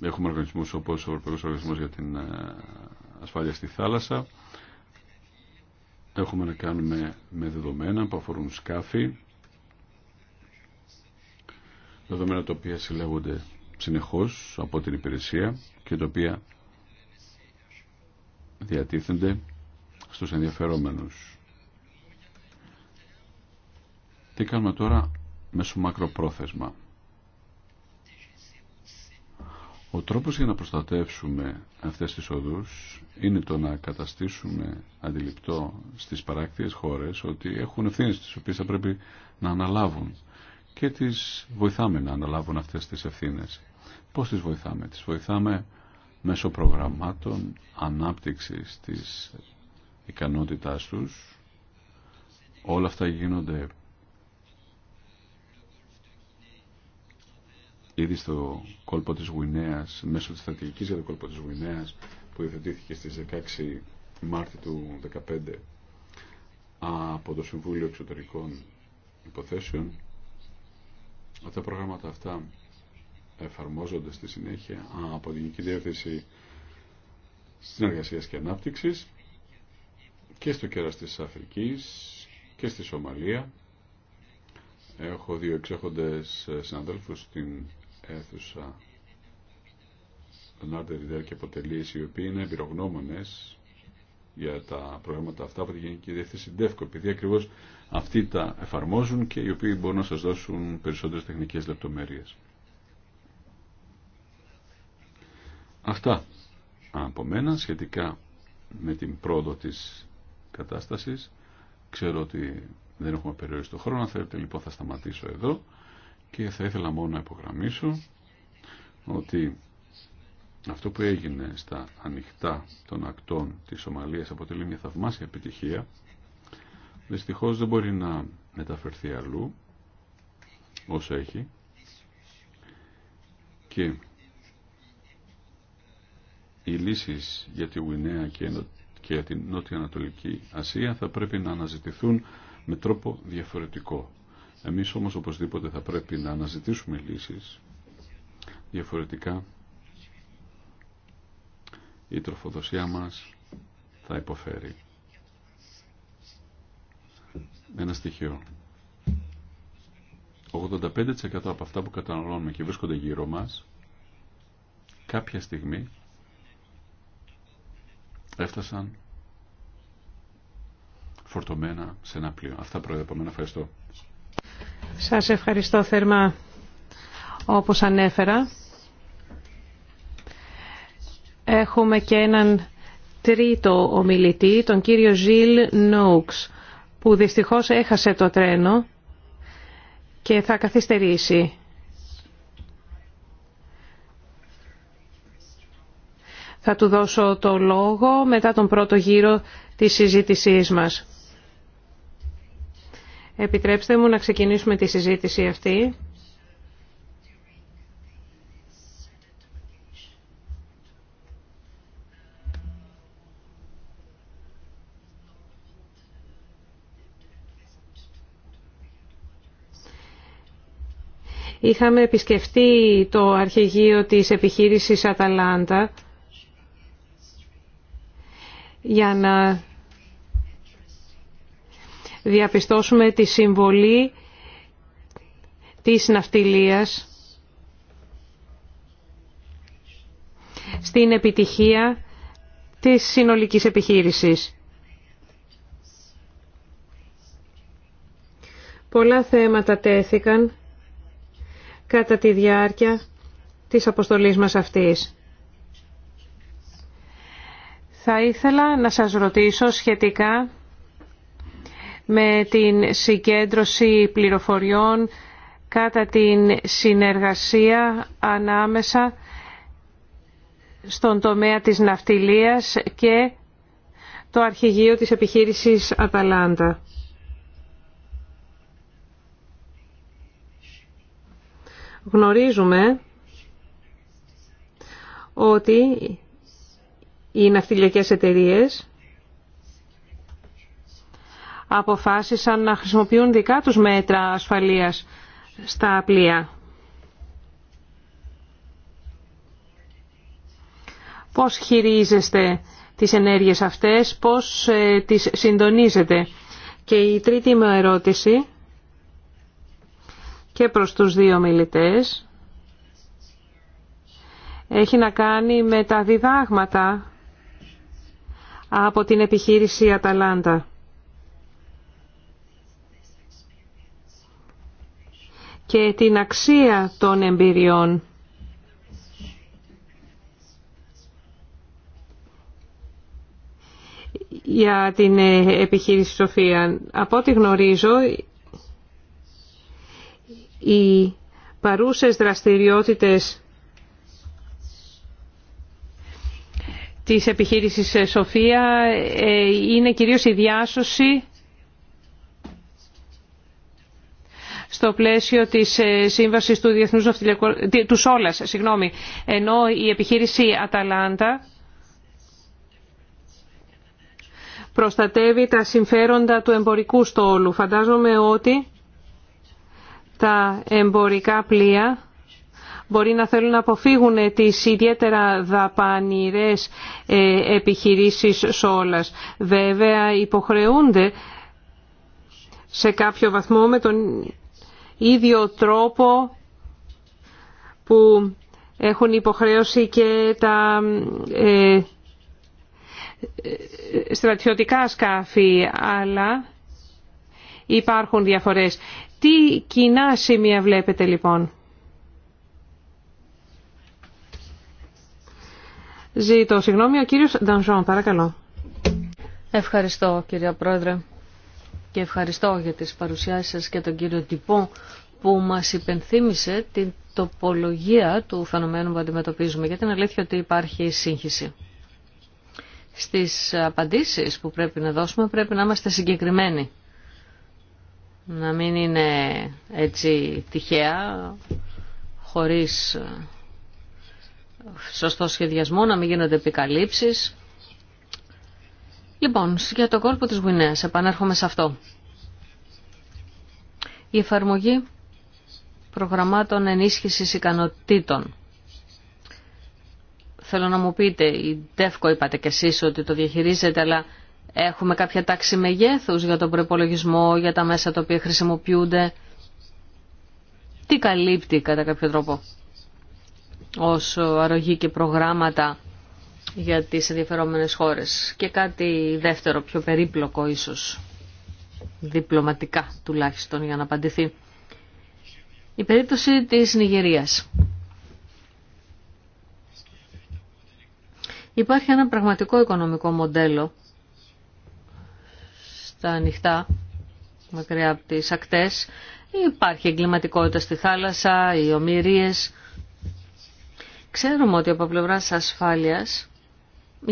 Έχουμε οργανισμούς όπως ο Ευρωπαϊκός Οργανισμός για την ε, Ασφάλεια στη Θάλασσα. Έχουμε να κάνουμε με δεδομένα που αφορούν σκάφη, δεδομένα τα οποία συλλέγονται συνεχώς από την υπηρεσία και τα οποία διατίθενται στους ενδιαφερόμενους. Τι κάνουμε τώρα μέσω μακροπρόθεσμα. Ο τρόπος για να προστατεύσουμε αυτές τις οδούς είναι το να καταστήσουμε αντιληπτό στις παράκτιες χώρες ότι έχουν ευθύνες τις οποίες θα πρέπει να αναλάβουν και τις βοηθάμε να αναλάβουν αυτές τις ευθύνες. Πώς τις βοηθάμε. Τις βοηθάμε μέσω προγραμμάτων ανάπτυξης της ικανότητάς τους. Όλα αυτά γίνονται ήδη στο κόλπο της Γουινέας, μέσω της στρατηγικής για το κόλπο της Γουινέας, που υιοθετήθηκε στις 16 Μάρτη του 2015 από το Συμβούλιο Εξωτερικών Υποθέσεων, τα προγράμματα αυτά εφαρμόζονται στη συνέχεια από την Γενική Διεύθυνση Συνεργασίας και Ανάπτυξης και στο κέρας της Αφρικής και στη Σομαλία. Έχω δύο εξέχοντες συναδέλφους στην αίθουσα τον Άρτερ Ιδέα και αποτελεί οι οποίοι είναι εμπειρογνώμονες για τα προγράμματα αυτά από τη Γενική Διεύθυνση ΔΕΦΚΟ, επειδή ακριβώς αυτοί τα εφαρμόζουν και οι οποίοι μπορούν να σας δώσουν περισσότερες τεχνικές λεπτομέρειες. Αυτά από μένα σχετικά με την πρόοδο της κατάστασης. Ξέρω ότι δεν έχουμε περιορίσει το χρόνο, θέλετε λοιπόν θα σταματήσω εδώ και θα ήθελα μόνο να υπογραμμίσω ότι αυτό που έγινε στα ανοιχτά των ακτών της Σομαλίας αποτελεί μια θαυμάσια επιτυχία. Δυστυχώς δεν μπορεί να μεταφερθεί αλλού όσο έχει και οι λύσεις για τη Γουινέα και για την Νότια Ανατολική Ασία θα πρέπει να αναζητηθούν με τρόπο διαφορετικό εμείς όμως οπωσδήποτε θα πρέπει να αναζητήσουμε λύσεις διαφορετικά η τροφοδοσία μας θα υποφέρει. Ένα στοιχείο. 85% από αυτά που καταναλώνουμε και βρίσκονται γύρω μας κάποια στιγμή έφτασαν φορτωμένα σε ένα πλοίο. Αυτά ένα Ευχαριστώ. Σας ευχαριστώ θερμά όπως ανέφερα. Έχουμε και έναν τρίτο ομιλητή, τον κύριο Ζιλ Νόουξ, που δυστυχώς έχασε το τρένο και θα καθυστερήσει. Θα του δώσω το λόγο μετά τον πρώτο γύρο της συζήτησής μας. Επιτρέψτε μου να ξεκινήσουμε τη συζήτηση αυτή. Είχαμε επισκεφτεί το αρχηγείο της επιχείρησης Αταλάντα για να διαπιστώσουμε τη συμβολή της ναυτιλίας στην επιτυχία της συνολικής επιχείρησης. Πολλά θέματα τέθηκαν κατά τη διάρκεια της αποστολής μας αυτής. Θα ήθελα να σας ρωτήσω σχετικά με την συγκέντρωση πληροφοριών κατά την συνεργασία ανάμεσα στον τομέα της ναυτιλίας και το αρχηγείο της επιχείρησης Αταλάντα. Γνωρίζουμε ότι οι ναυτιλιακές εταιρείες αποφάσισαν να χρησιμοποιούν δικά τους μέτρα ασφαλείας στα πλοία. Πώς χειρίζεστε τις ενέργειες αυτές, πώς ε, τις συντονίζετε. Και η τρίτη μου ερώτηση και προς τους δύο μιλητές έχει να κάνει με τα διδάγματα από την επιχείρηση Αταλάντα. και την αξία των εμπειριών. για την ε, επιχείρηση Σοφία. Από ό,τι γνωρίζω, οι παρούσες δραστηριότητες της επιχείρησης Σοφία ε, είναι κυρίως η διάσωση στο πλαίσιο της ε, σύμβασης του Διεθνούς Ναυτιλιακού... του Σόλας, συγγνώμη, ενώ η επιχείρηση Αταλάντα προστατεύει τα συμφέροντα του εμπορικού στόλου. Φαντάζομαι ότι τα εμπορικά πλοία μπορεί να θέλουν να αποφύγουν τις ιδιαίτερα δαπανηρές ε, επιχειρήσεις σόλας. Βέβαια υποχρεούνται σε κάποιο βαθμό με τον ίδιο τρόπο που έχουν υποχρέωση και τα ε, στρατιωτικά σκάφη, αλλά υπάρχουν διαφορές. Τι κοινά σημεία βλέπετε λοιπόν. Ζήτω συγγνώμη, ο κύριος Ντανζόν, παρακαλώ. Ευχαριστώ κύριε Πρόεδρε και ευχαριστώ για τις παρουσιάσεις σας και τον κύριο Τυπό που μας υπενθύμησε την τοπολογία του φαινομένου που αντιμετωπίζουμε για την αλήθεια ότι υπάρχει σύγχυση. Στις απαντήσεις που πρέπει να δώσουμε πρέπει να είμαστε συγκεκριμένοι. Να μην είναι έτσι τυχαία, χωρίς σωστό σχεδιασμό, να μην γίνονται επικαλύψεις. Λοιπόν, για τον κόλπο της Γουινέας, επανέρχομαι σε αυτό. Η εφαρμογή προγραμμάτων ενίσχυσης ικανοτήτων. Θέλω να μου πείτε, η ΤΕΦΚΟ είπατε κι εσείς ότι το διαχειρίζετε, αλλά έχουμε κάποια τάξη μεγέθους για τον προπολογισμό, για τα μέσα τα οποία χρησιμοποιούνται. Τι καλύπτει κατά κάποιο τρόπο ως αρρωγή και προγράμματα για τις ενδιαφερόμενες χώρες. Και κάτι δεύτερο, πιο περίπλοκο ίσως, διπλωματικά τουλάχιστον για να απαντηθεί. Η περίπτωση της Νιγηρίας. Υπάρχει ένα πραγματικό οικονομικό μοντέλο στα ανοιχτά, μακριά από τις ακτές. Υπάρχει εγκληματικότητα στη θάλασσα, οι ομοιρίες. Ξέρουμε ότι από πλευράς ασφάλειας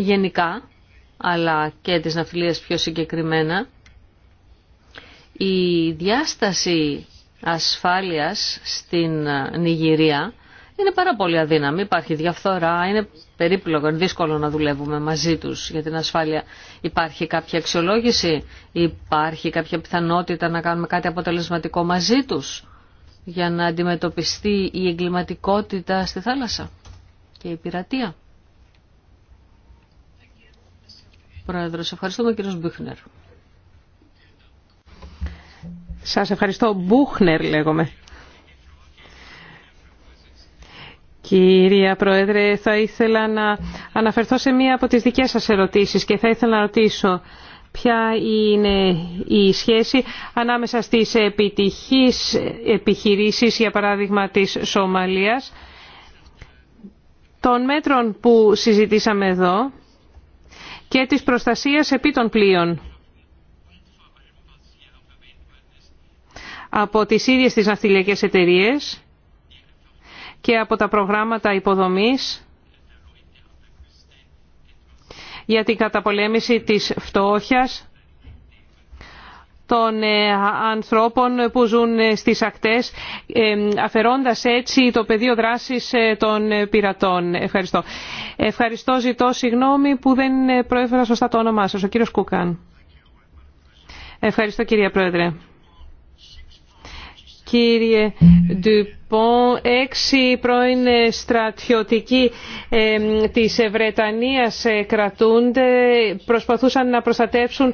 γενικά, αλλά και τις ναυτιλίες πιο συγκεκριμένα, η διάσταση ασφάλειας στην Νιγηρία είναι πάρα πολύ αδύναμη, υπάρχει διαφθορά, είναι περίπλοκο, είναι δύσκολο να δουλεύουμε μαζί τους για την ασφάλεια. Υπάρχει κάποια αξιολόγηση, υπάρχει κάποια πιθανότητα να κάνουμε κάτι αποτελεσματικό μαζί τους για να αντιμετωπιστεί η εγκληματικότητα στη θάλασσα και η πειρατεία. Πρόεδρος, ευχαριστούμε κύριος Μπουχνέρ. Σας ευχαριστώ. Μπούχνερ λέγομαι. Κυρία Πρόεδρε, θα ήθελα να αναφερθώ σε μία από τις δικές σας ερωτήσεις και θα ήθελα να ρωτήσω ποια είναι η σχέση ανάμεσα στις επιτυχείς επιχειρήσεις, για παράδειγμα της Σομαλίας, των μέτρων που συζητήσαμε εδώ και της προστασίας επί των πλοίων. Από τις ίδιες τις ναυτιλιακές εταιρείες και από τα προγράμματα υποδομής για την καταπολέμηση της φτώχειας των ε, ανθρώπων που ζουν ε, στις ακτές, ε, αφαιρώντας έτσι το πεδίο δράσης των πειρατών. Ευχαριστώ. Ευχαριστώ, ζητώ συγγνώμη που δεν προέφερα σωστά το όνομά σας, ο κύριος Κούκαν. Ευχαριστώ κυρία Πρόεδρε. Κύριε Ντουπον, έξι πρώην στρατιωτικοί της Βρετανίας κρατούνται, προσπαθούσαν να προστατεύσουν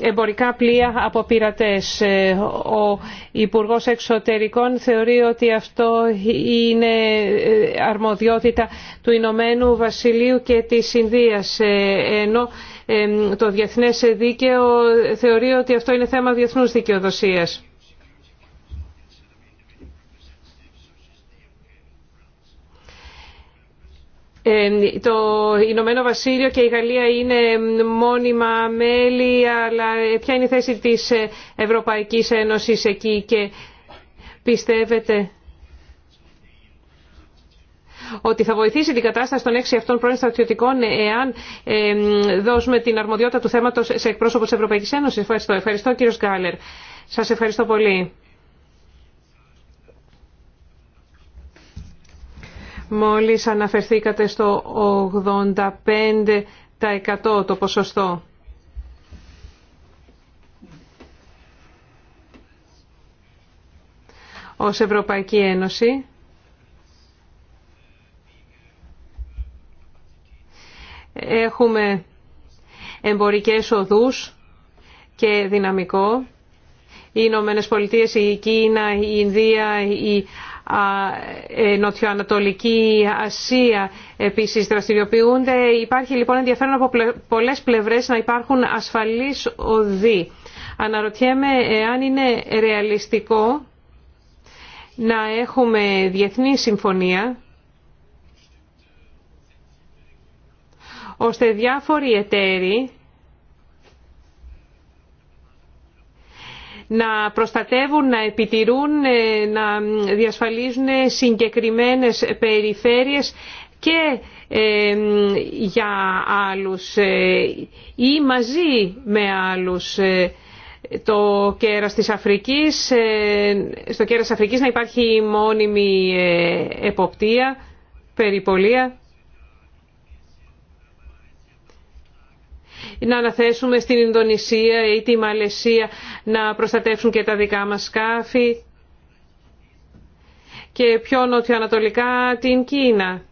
εμπορικά πλοία από πειρατές. Ε, ο Υπουργός Εξωτερικών θεωρεί ότι αυτό είναι ε, αρμοδιότητα του Ηνωμένου Βασιλείου και της Ινδίας, ε, ενώ το διεθνές δίκαιο θεωρεί ότι αυτό είναι θέμα διεθνούς δικαιοδοσίας. Ε, το Ηνωμένο Βασίλειο και η Γαλλία είναι μόνιμα μέλη, αλλά ποια είναι η θέση της Ευρωπαϊκής Ένωσης εκεί και πιστεύετε ότι θα βοηθήσει την κατάσταση των έξι αυτών πρώην στρατιωτικών εάν δώσουμε την αρμοδιότητα του θέματος σε εκπρόσωπο της Ευρωπαϊκής Ένωσης. Ευχαριστώ, ευχαριστώ κύριο Γκάλερ. Σας ευχαριστώ πολύ. Μόλις αναφερθήκατε στο 85% το ποσοστό. Ως Ευρωπαϊκή Ένωση έχουμε εμπορικές οδούς και δυναμικό. Οι Ηνωμένε Πολιτείε, η Κίνα, η Ινδία, η ε, Νοτιοανατολική Ασία επίσης δραστηριοποιούνται. Υπάρχει λοιπόν ενδιαφέρον από πολλές πλευρές να υπάρχουν ασφαλείς οδοί. Αναρωτιέμαι αν είναι ρεαλιστικό να έχουμε διεθνή συμφωνία ώστε διάφοροι εταίροι να προστατεύουν, να επιτηρούν, ε, να διασφαλίζουν συγκεκριμένες περιφέρειες και ε, για άλλους ε, ή μαζί με άλλους το κέρας της Αφρικής, στο κέρας της Αφρικής να υπάρχει μόνιμη εποπτεία, περιπολία. να αναθέσουμε στην Ινδονησία ή τη Μαλαισία να προστατεύσουν και τα δικά μας σκάφη και πιο νοτιοανατολικά την Κίνα.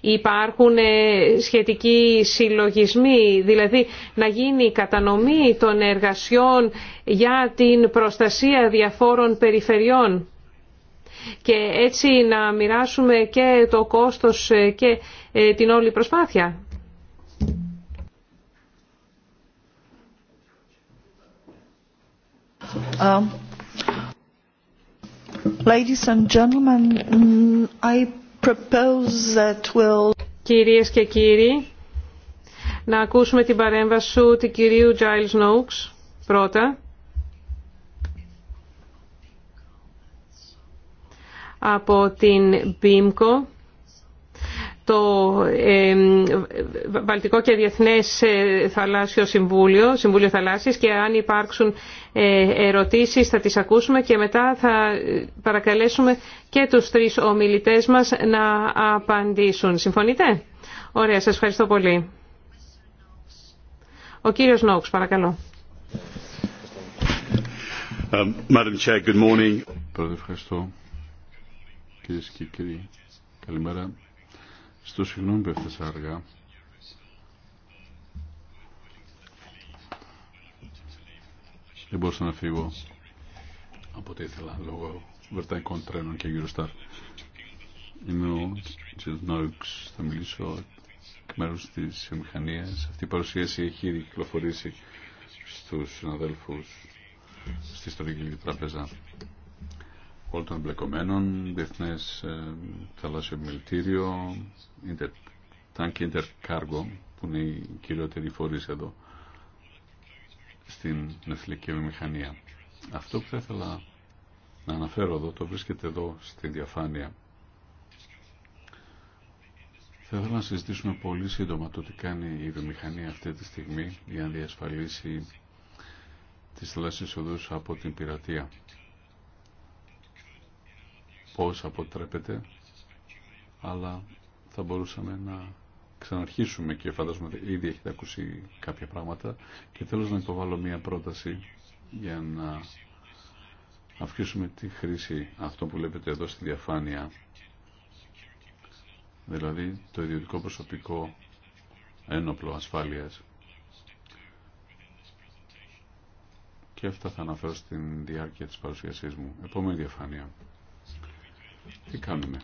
Υπάρχουν ε, σχετικοί συλλογισμοί, δηλαδή να γίνει κατανομή των εργασιών για την προστασία διαφόρων περιφερειών και έτσι να μοιράσουμε και το κόστος ε, και ε, την όλη προσπάθεια. Um, ladies mm, Κυρίες και κύριοι, να ακούσουμε την παρέμβαση του κυρίου Giles Noakes πρώτα. από την BIMCO το Βαλτικό και Διεθνές ε, Θαλάσσιο Συμβούλιο, Συμβούλιο Θαλάσσης και αν υπάρξουν ε, ερωτήσεις θα τις ακούσουμε και μετά θα ε, παρακαλέσουμε και τους τρεις ομιλητές μας να απαντήσουν. Συμφωνείτε? Ωραία, σας ευχαριστώ πολύ. Ο κύριος Νόξ, παρακαλώ. Um, Madam Chair, good morning. ευχαριστώ. Κυρίες και κύριοι, καλημέρα. Στο συγγνώμη που έφτασα αργά. Δεν μπορούσα να φύγω από ό,τι ήθελα λόγω βρετανικών τρένων και γύρω σταρ. Είμαι ο Τζιλ Νόριξ, θα μιλήσω εκ μέρου τη βιομηχανία. Αυτή η παρουσίαση έχει ήδη κυκλοφορήσει στου συναδέλφου στη Ιστορική Τράπεζα όλων των εμπλεκομένων, διεθνέ ε, Θαλάσσιο τάγκ Tank Intercargo, που είναι οι κυριότεροι φορεί εδώ στην εθνική βιομηχανία. Αυτό που θα ήθελα να αναφέρω εδώ, το βρίσκεται εδώ στη διαφάνεια. Θα ήθελα να συζητήσουμε πολύ σύντομα το τι κάνει η βιομηχανία αυτή τη στιγμή για να διασφαλίσει τις θαλάσσιες οδούς από την πειρατεία πώς αποτρέπεται, αλλά θα μπορούσαμε να ξαναρχίσουμε και φαντάζομαι ήδη έχετε ακούσει κάποια πράγματα και τέλος να υποβάλω μία πρόταση για να αυξήσουμε τη χρήση αυτό που βλέπετε εδώ στη διαφάνεια δηλαδή το ιδιωτικό προσωπικό ένοπλο ασφάλειας και αυτά θα αναφέρω στην διάρκεια της παρουσίασής μου. Επόμενη διαφάνεια. Τι κάνουμε.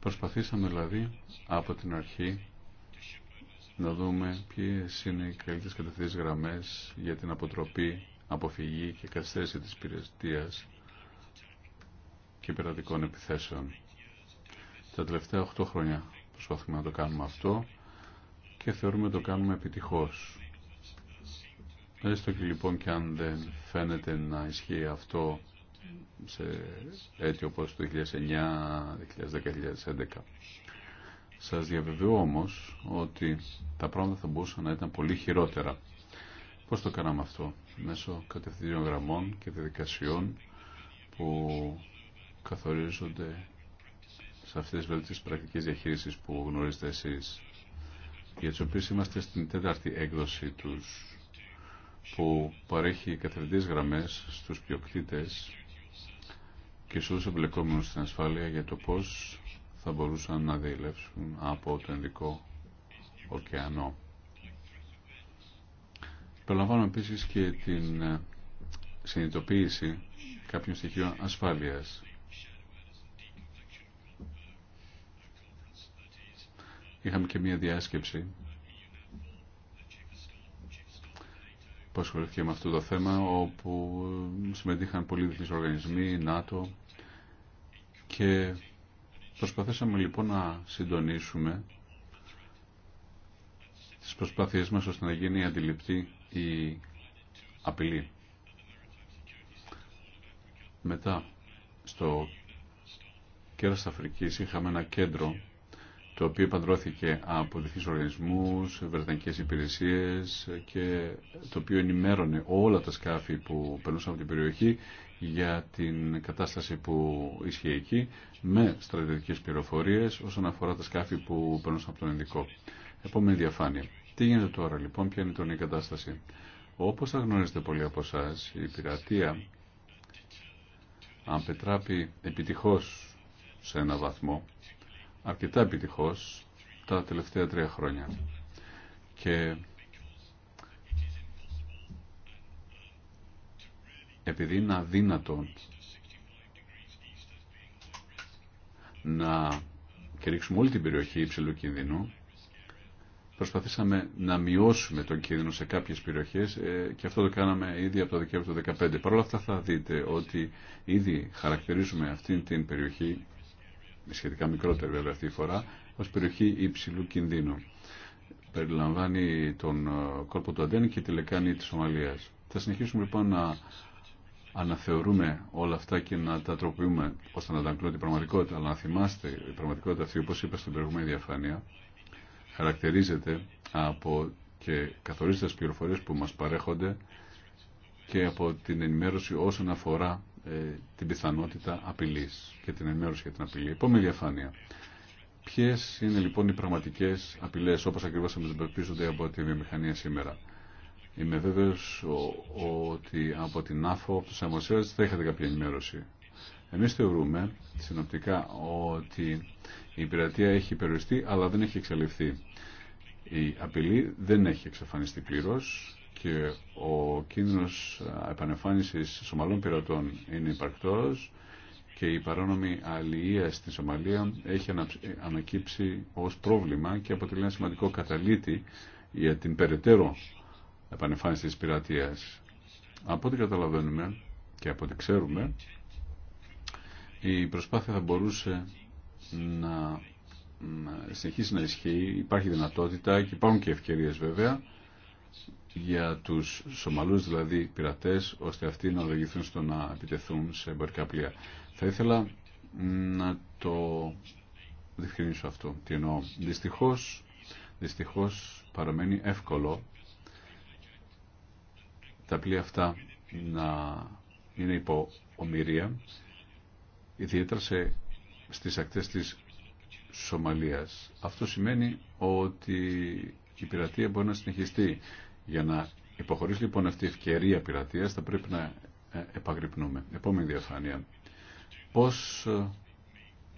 Προσπαθήσαμε δηλαδή από την αρχή να δούμε ποιες είναι οι καλύτερες κατευθύνσεις γραμμές για την αποτροπή, αποφυγή και καθυστέρηση της πυρεστίας και περατικών επιθέσεων. Τα τελευταία 8 χρόνια προσπαθούμε να το κάνουμε αυτό και θεωρούμε το κάνουμε επιτυχώς. Έστω και λοιπόν και αν δεν φαίνεται να ισχύει αυτό σε έτη όπως το 2009, 2010, 2011. Σας διαβεβαιώ όμως ότι τα πράγματα θα μπορούσαν να ήταν πολύ χειρότερα. Πώς το κάναμε αυτό, μέσω κατευθυντήριων γραμμών και διαδικασιών που καθορίζονται σε αυτές τις βελτίες πρακτικές διαχείρισεις που γνωρίζετε εσείς, για τις οποίες είμαστε στην τέταρτη έκδοση τους που παρέχει καθαριτές γραμμές στους πιοκτήτες και στους εμπλεκόμενους στην ασφάλεια για το πώς θα μπορούσαν να διελεύσουν από το Ενδικό Ωκεανό. Περιλαμβάνω επίσης και την ε, συνειδητοποίηση κάποιων στοιχείων ασφάλειας. Είχαμε και μία διάσκεψη που ασχολήθηκε με αυτό το θέμα, όπου συμμετείχαν πολλοί διεθνεί οργανισμοί, ΝΑΤΟ και προσπαθήσαμε λοιπόν να συντονίσουμε τις προσπάθειές μας ώστε να γίνει αντιληπτή η απειλή. Μετά, στο κέρας Αφρικής είχαμε ένα κέντρο το οποίο παντρώθηκε από διεθνείς οργανισμούς, βρετανικές υπηρεσίες και το οποίο ενημέρωνε όλα τα σκάφη που περνούσαν από την περιοχή για την κατάσταση που ισχύει εκεί με στρατιωτικέ πληροφορίε όσον αφορά τα σκάφη που περνούσαν από τον ειδικό. Επόμενη διαφάνεια. Τι γίνεται τώρα λοιπόν, ποια είναι η κατάσταση. Όπω θα γνωρίζετε πολλοί από εσά, η πειρατεία αν πετράπει επιτυχώς σε ένα βαθμό αρκετά επιτυχώς τα τελευταία τρία χρόνια. Και επειδή είναι αδύνατο να κηρύξουμε όλη την περιοχή υψηλού κινδύνου, προσπαθήσαμε να μειώσουμε τον κίνδυνο σε κάποιες περιοχές ε, και αυτό το κάναμε ήδη από το Δεκέμβριο του 2015. Παρ' όλα αυτά θα δείτε ότι ήδη χαρακτηρίζουμε αυτή την περιοχή σχετικά μικρότερη βέβαια αυτή τη φορά, ως περιοχή υψηλού κινδύνου. Περιλαμβάνει τον ε, κόλπο του Αντέν και τη λεκάνη της Σομαλίας. Θα συνεχίσουμε λοιπόν να αναθεωρούμε όλα αυτά και να τα τροποποιούμε ώστε να αντανακλούν την πραγματικότητα. Αλλά να θυμάστε, η πραγματικότητα αυτή, όπως είπα στην προηγούμενη διαφάνεια, χαρακτηρίζεται από και καθορίζεται τις πληροφορίες που μας παρέχονται και από την ενημέρωση όσον αφορά ε, την πιθανότητα απειλής και την ενημέρωση για την απειλή. Επόμενη διαφάνεια. Ποιε είναι λοιπόν οι πραγματικέ απειλέ όπω ακριβώ αντιμετωπίζονται από τη βιομηχανία σήμερα. Είμαι βέβαιο ότι από την ΑΦΟ, από του Αμοσέρε, θα είχατε κάποια ενημέρωση. Εμεί θεωρούμε συνοπτικά ότι η πειρατεία έχει περιοριστεί αλλά δεν έχει εξαλειφθεί. Η απειλή δεν έχει εξαφανιστεί πλήρω ο κίνδυνος επανεμφάνισης Σομαλών πειρατών είναι υπαρκτός και η παρόνομη αλληλεία στη Σομαλία έχει ανακύψει ως πρόβλημα και αποτελεί ένα σημαντικό καταλήτη για την περαιτέρω επανεμφάνιση της πειρατείας. Από ό,τι καταλαβαίνουμε και από ό,τι ξέρουμε, η προσπάθεια θα μπορούσε να συνεχίσει να ισχύει, υπάρχει δυνατότητα και υπάρχουν και ευκαιρίες βέβαια, για τους Σομαλούς δηλαδή πειρατές ώστε αυτοί να οδηγηθούν στο να επιτεθούν σε εμπορικά πλοία. Θα ήθελα να το διευκρινίσω αυτό. Τι εννοώ. Δυστυχώς, δυστυχώς παραμένει εύκολο τα πλοία αυτά να είναι υπό ομοιρία ιδιαίτερα σε, στις ακτές της Σομαλίας. Αυτό σημαίνει ότι η πειρατεία μπορεί να συνεχιστεί για να υποχωρήσει λοιπόν αυτή η ευκαιρία πειρατείας θα πρέπει να ε, επαγρυπνούμε. Επόμενη διαφάνεια. Πώς ε,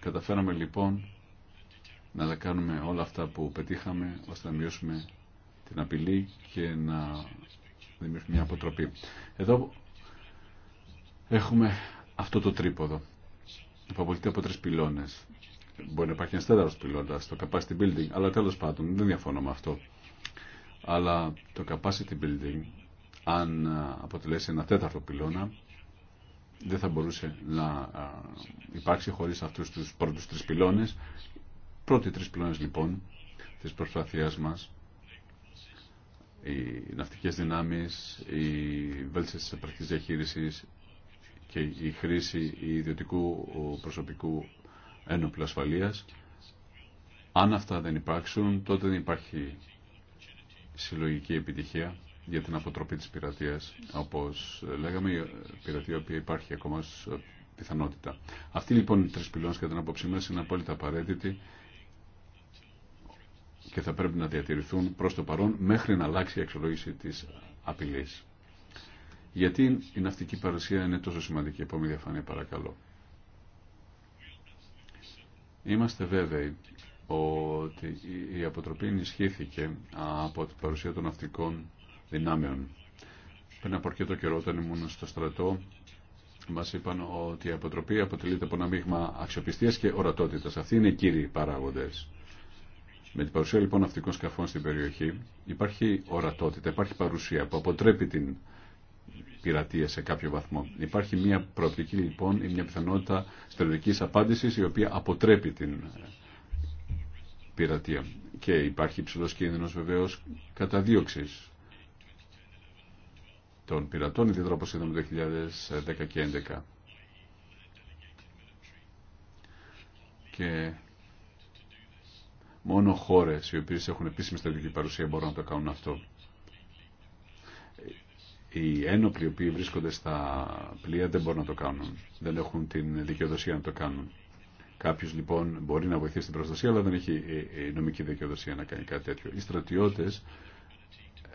καταφέραμε λοιπόν να τα κάνουμε όλα αυτά που πετύχαμε ώστε να μειώσουμε την απειλή και να δημιουργήσουμε μια αποτροπή. Εδώ έχουμε αυτό το τρίποδο που από τρεις πυλώνες. Μπορεί να υπάρχει ένα τέταρτο πυλώνα, το capacity building, αλλά τέλος πάντων δεν διαφωνώ με αυτό αλλά το capacity building, αν αποτελέσει ένα τέταρτο πυλώνα, δεν θα μπορούσε να υπάρξει χωρίς αυτούς τους πρώτους τρεις πυλώνες. Πρώτοι τρεις πυλώνες λοιπόν της προσπαθίας μας, οι ναυτικές δυνάμεις, οι βέλτιστες της επαρκής διαχείρισης και η χρήση ιδιωτικού προσωπικού ένοπλου ασφαλείας. Αν αυτά δεν υπάρξουν, τότε δεν υπάρχει συλλογική επιτυχία για την αποτροπή της πειρατείας, όπως λέγαμε, η πειρατεία που υπάρχει ακόμα ως ε, πιθανότητα. Αυτή λοιπόν οι τρεις πυλώνες κατά την απόψη μας είναι απόλυτα απαραίτητη και θα πρέπει να διατηρηθούν προς το παρόν μέχρι να αλλάξει η αξιολόγηση της απειλής. Γιατί η ναυτική παρουσία είναι τόσο σημαντική. Επόμενη διαφάνεια παρακαλώ. Είμαστε βέβαιοι ότι η αποτροπή ενισχύθηκε από την παρουσία των ναυτικών δυνάμεων. Πριν από αρκετό καιρό, όταν ήμουν στο στρατό, μα είπαν ότι η αποτροπή αποτελείται από ένα μείγμα αξιοπιστία και ορατότητα. Αυτοί είναι οι κύριοι παράγοντε. Με την παρουσία λοιπόν ναυτικών σκαφών στην περιοχή υπάρχει ορατότητα, υπάρχει παρουσία που αποτρέπει την πειρατεία σε κάποιο βαθμό. Υπάρχει μια προοπτική λοιπόν ή μια πιθανότητα στρατιωτική απάντηση η οποία αποτρέπει την πειρατεία. Και υπάρχει υψηλό κίνδυνο βεβαίω καταδίωξη των πειρατών, ιδιαίτερα όπω είδαμε το 2010 και 2011. Και μόνο χώρε οι οποίε έχουν επίσημη στρατηγική παρουσία μπορούν να το κάνουν αυτό. Οι ένοπλοι οι οποίοι βρίσκονται στα πλοία δεν μπορούν να το κάνουν. Δεν έχουν την δικαιοδοσία να το κάνουν. Κάποιο λοιπόν μπορεί να βοηθήσει στην προστασία, αλλά δεν έχει νομική δικαιοδοσία να κάνει κάτι τέτοιο. Οι στρατιώτε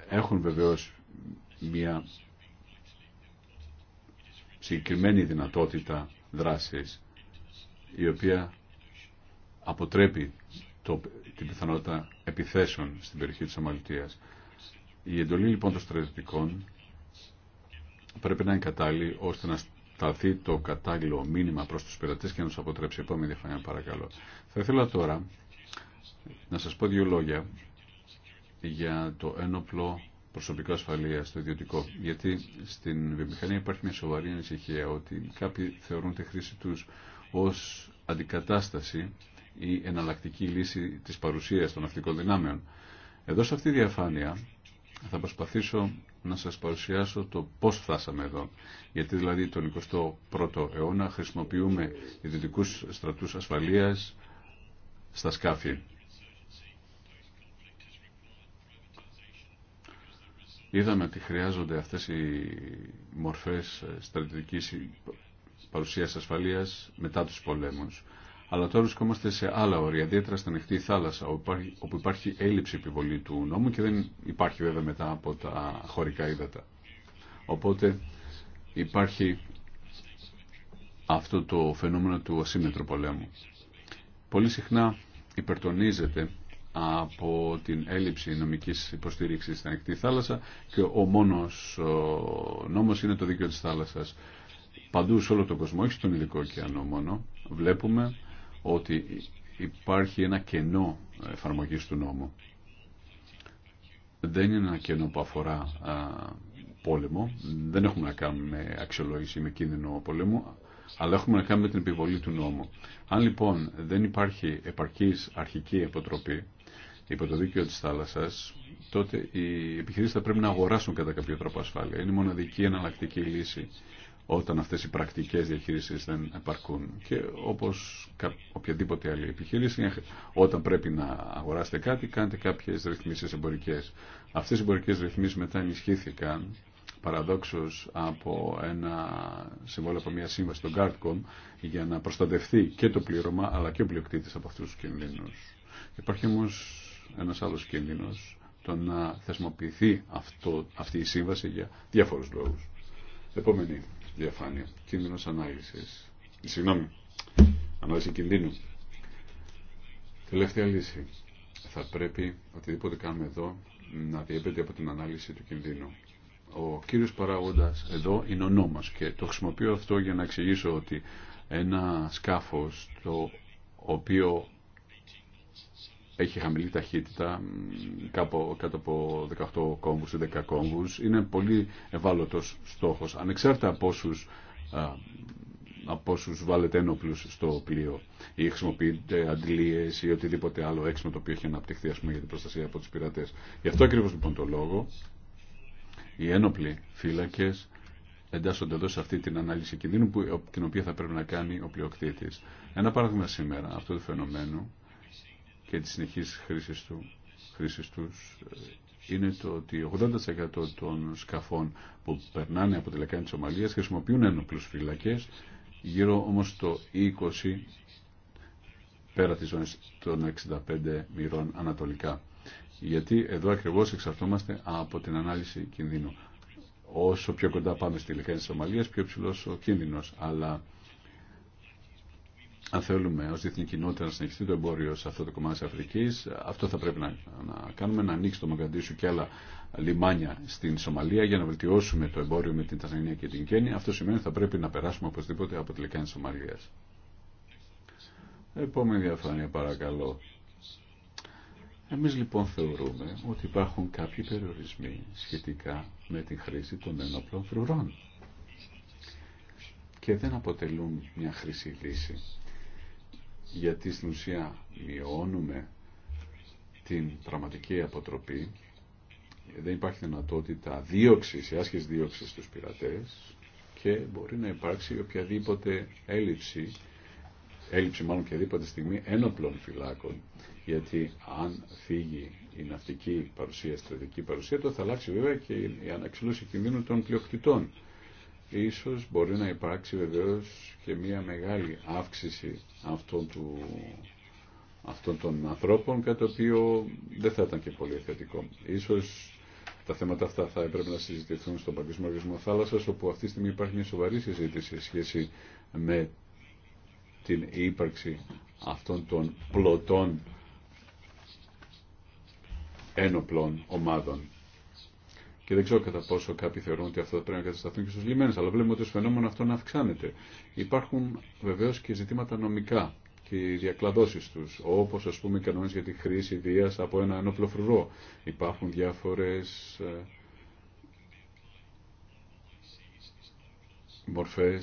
έχουν βεβαίω μια συγκεκριμένη δυνατότητα δράση, η οποία αποτρέπει το, την πιθανότητα επιθέσεων στην περιοχή της Αμαλτίας. Η εντολή λοιπόν των στρατιωτικών πρέπει να είναι κατάλληλη ώστε να σταθεί το κατάλληλο μήνυμα προς τους πειρατές και να του αποτρέψει. Επόμενη διαφάνεια παρακαλώ. Θα ήθελα τώρα να σα πω δύο λόγια για το ένοπλο προσωπικό ασφαλεία στο ιδιωτικό. Γιατί στην βιομηχανία υπάρχει μια σοβαρή ανησυχία ότι κάποιοι θεωρούν τη χρήση του ω αντικατάσταση ή εναλλακτική λύση τη παρουσία των ναυτικών δυνάμεων. Εδώ σε αυτή τη διαφάνεια θα προσπαθήσω να σας παρουσιάσω το πώς φτάσαμε εδώ. Γιατί δηλαδή τον 21ο αιώνα χρησιμοποιούμε ιδιωτικούς στρατούς ασφαλείας στα σκάφη. Είδαμε ότι χρειάζονται αυτές οι μορφές στρατηγικής παρουσίας ασφαλείας μετά τους πολέμους. Αλλά τώρα βρισκόμαστε σε άλλα όρια, ιδιαίτερα στα ανοιχτή θάλασσα, όπου υπάρχει έλλειψη επιβολή του νόμου και δεν υπάρχει βέβαια μετά από τα χωρικά ύδατα. Οπότε υπάρχει αυτό το φαινόμενο του ασύμετρου πολέμου. Πολύ συχνά υπερτονίζεται από την έλλειψη νομικής υποστήριξης στην ανοιχτή θάλασσα και ο μόνος νόμος είναι το δίκαιο της θάλασσας. Παντού σε όλο τον κόσμο, όχι στον ειδικό ωκεανό μόνο, βλέπουμε ότι υπάρχει ένα κενό εφαρμογή του νόμου. Δεν είναι ένα κενό που αφορά πόλεμο. Δεν έχουμε να κάνουμε αξιολόγηση με κίνδυνο πόλεμο, αλλά έχουμε να κάνουμε την επιβολή του νόμου. Αν λοιπόν δεν υπάρχει επαρκής αρχική αποτροπή υπό το δίκαιο της θάλασσας, τότε οι επιχειρήσεις θα πρέπει να αγοράσουν κατά κάποιο τρόπο ασφάλεια. Είναι μοναδική εναλλακτική λύση όταν αυτές οι πρακτικές διαχείρισεις δεν επαρκούν. Και όπως οποιαδήποτε άλλη επιχείρηση, όταν πρέπει να αγοράσετε κάτι, κάνετε κάποιες ρυθμίσεις εμπορικές. Αυτές οι εμπορικές ρυθμίσεις μετά ενισχύθηκαν παραδόξως από ένα συμβόλαιο από μια σύμβαση των Guardcom για να προστατευτεί και το πλήρωμα αλλά και ο πλειοκτήτης από αυτούς τους κινδύνους. Υπάρχει όμως ένας άλλος κίνδυνος το να θεσμοποιηθεί αυτό, αυτή η σύμβαση για διάφορους λόγους. Επόμενη διαφάνεια. Κίνδυνο ανάλυση. Συγγνώμη. Ανάλυση κινδύνου. Τελευταία λύση. Θα πρέπει οτιδήποτε κάνουμε εδώ να διέπεται από την ανάλυση του κινδύνου. Ο κύριος παράγοντα εδώ είναι ο νόμος και το χρησιμοποιώ αυτό για να εξηγήσω ότι ένα σκάφος το οποίο έχει χαμηλή ταχύτητα, κάπου, κάτω από 18 κόμβους ή 10 κόμβους. Είναι πολύ ευάλωτος στόχος, ανεξάρτητα από όσους, από όσους βάλετε ένοπλους στο πλοίο ή χρησιμοποιείτε αντιλίες ή οτιδήποτε άλλο έξιμο το οποίο έχει αναπτυχθεί για την προστασία από τους πειρατές. Γι' αυτό ακριβώς λοιπόν το λόγο οι ένοπλοι φύλακες εντάσσονται εδώ σε αυτή την ανάλυση κινδύνου που, την οποία θα πρέπει να κάνει ο πλειοκτήτης. Ένα παράδειγμα σήμερα αυτού του φαινομένου και τη συνεχή χρήση του, τους ε, είναι το ότι 80% των σκαφών που περνάνε από τη λεκάνη τη Ομαλία, χρησιμοποιούν ένοπλου φυλακέ, γύρω όμω το 20% πέρα τη ζώνη των 65 μοιρών ανατολικά. Γιατί εδώ ακριβώς εξαρτώμαστε από την ανάλυση κινδύνου. Όσο πιο κοντά πάμε στη λεκάνη της Ομαλία, πιο ψηλός ο κίνδυνος. Αλλά αν θέλουμε ω διεθνή κοινότητα να συνεχιστεί το εμπόριο σε αυτό το κομμάτι της Αφρικής, αυτό θα πρέπει να, να κάνουμε, να ανοίξει το Μαγκαντήσου και άλλα λιμάνια στην Σομαλία για να βελτιώσουμε το εμπόριο με την Τανζανία και την Κένια. Αυτό σημαίνει ότι θα πρέπει να περάσουμε οπωσδήποτε από τη λεκάνη Σομαλία. Σομαλίας. Επόμενη διαφάνεια παρακαλώ. Εμεί λοιπόν θεωρούμε ότι υπάρχουν κάποιοι περιορισμοί σχετικά με τη χρήση των ενόπλων φρουρών και δεν αποτελούν μια χρήση λύση γιατί στην ουσία μειώνουμε την πραγματική αποτροπή δεν υπάρχει δυνατότητα δίωξη η άσκηση δίωξης στους πειρατές και μπορεί να υπάρξει οποιαδήποτε έλλειψη, έλλειψη μάλλον οποιαδήποτε στιγμή ένοπλων φυλάκων. Γιατί αν φύγει η ναυτική παρουσία, η στρατηγική παρουσία, το θα αλλάξει βέβαια και η αναξύλωση κινδύνου των πλειοκτητών. Ίσως μπορεί να υπάρξει βεβαίως και μια μεγάλη αύξηση αυτών, του, αυτών των ανθρώπων, κάτι το οποίο δεν θα ήταν και πολύ θετικό. Ίσως τα θέματα αυτά θα έπρεπε να συζητηθούν στον Παγκόσμιο Οργανισμό Θάλασσα, όπου αυτή τη στιγμή υπάρχει μια σοβαρή συζήτηση σε σχέση με την ύπαρξη αυτών των πλωτών ένοπλων ομάδων. Και δεν ξέρω κατά πόσο κάποιοι θεωρούν ότι αυτό πρέπει να κατασταθούν και στου λιμένε, αλλά βλέπουμε ότι το φαινόμενο αυτό να αυξάνεται. Υπάρχουν βεβαίω και ζητήματα νομικά και οι διακλαδώσει του, όπω α πούμε οι κανόνε για τη χρήση βία από ένα ενόπλο φρουρό. Υπάρχουν διάφορε ε, μορφέ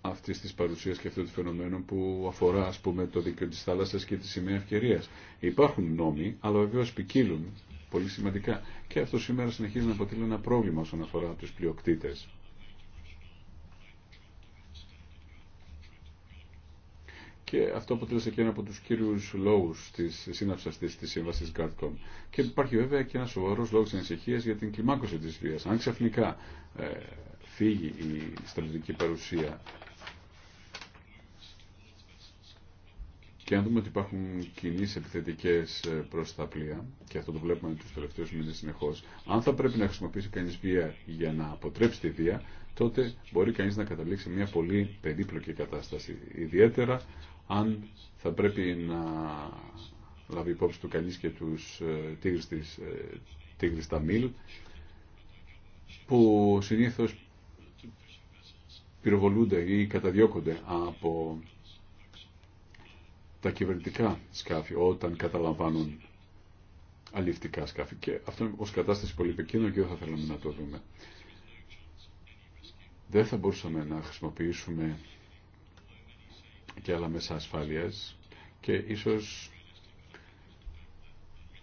αυτή τη παρουσία και αυτού του φαινομένου που αφορά, α πούμε, το δίκαιο τη θάλασσα και τη σημαία ευκαιρία. Υπάρχουν νόμοι, αλλά βεβαίω ποικίλουν πολύ σημαντικά και αυτό σήμερα συνεχίζει να αποτελεί ένα πρόβλημα όσον αφορά τους πλειοκτήτες. και αυτό αποτέλεσε και ένα από τους κύριους λόγους της σύναψης αυτής της σύμβασης GATCOM. Και υπάρχει βέβαια και ένα σοβαρός λόγος ανησυχίας για την κλιμάκωση της βίας. Αν ξαφνικά ε, φύγει η στρατιωτική παρουσία και αν δούμε ότι υπάρχουν κινήσεις επιθετικές ε, προς τα πλοία, και αυτό το βλέπουμε τους τελευταίους μήνες συνεχώς, αν θα πρέπει να χρησιμοποιήσει κανείς βία για να αποτρέψει τη βία, τότε μπορεί κανείς να καταλήξει μια πολύ περίπλοκη κατάσταση. Ιδιαίτερα αν θα πρέπει να λάβει υπόψη του κανείς και τους ε, ε, τίγρες τα Μίλ, που συνήθως πυροβολούνται ή καταδιώκονται από τα κυβερνητικά σκάφη όταν καταλαμβάνουν αληφτικά σκάφη. Και αυτό είναι ως κατάσταση πολύ επικίνδυνο και δεν θα θέλαμε να το δούμε. Δεν θα μπορούσαμε να χρησιμοποιήσουμε και άλλα μέσα ασφάλειας και ίσως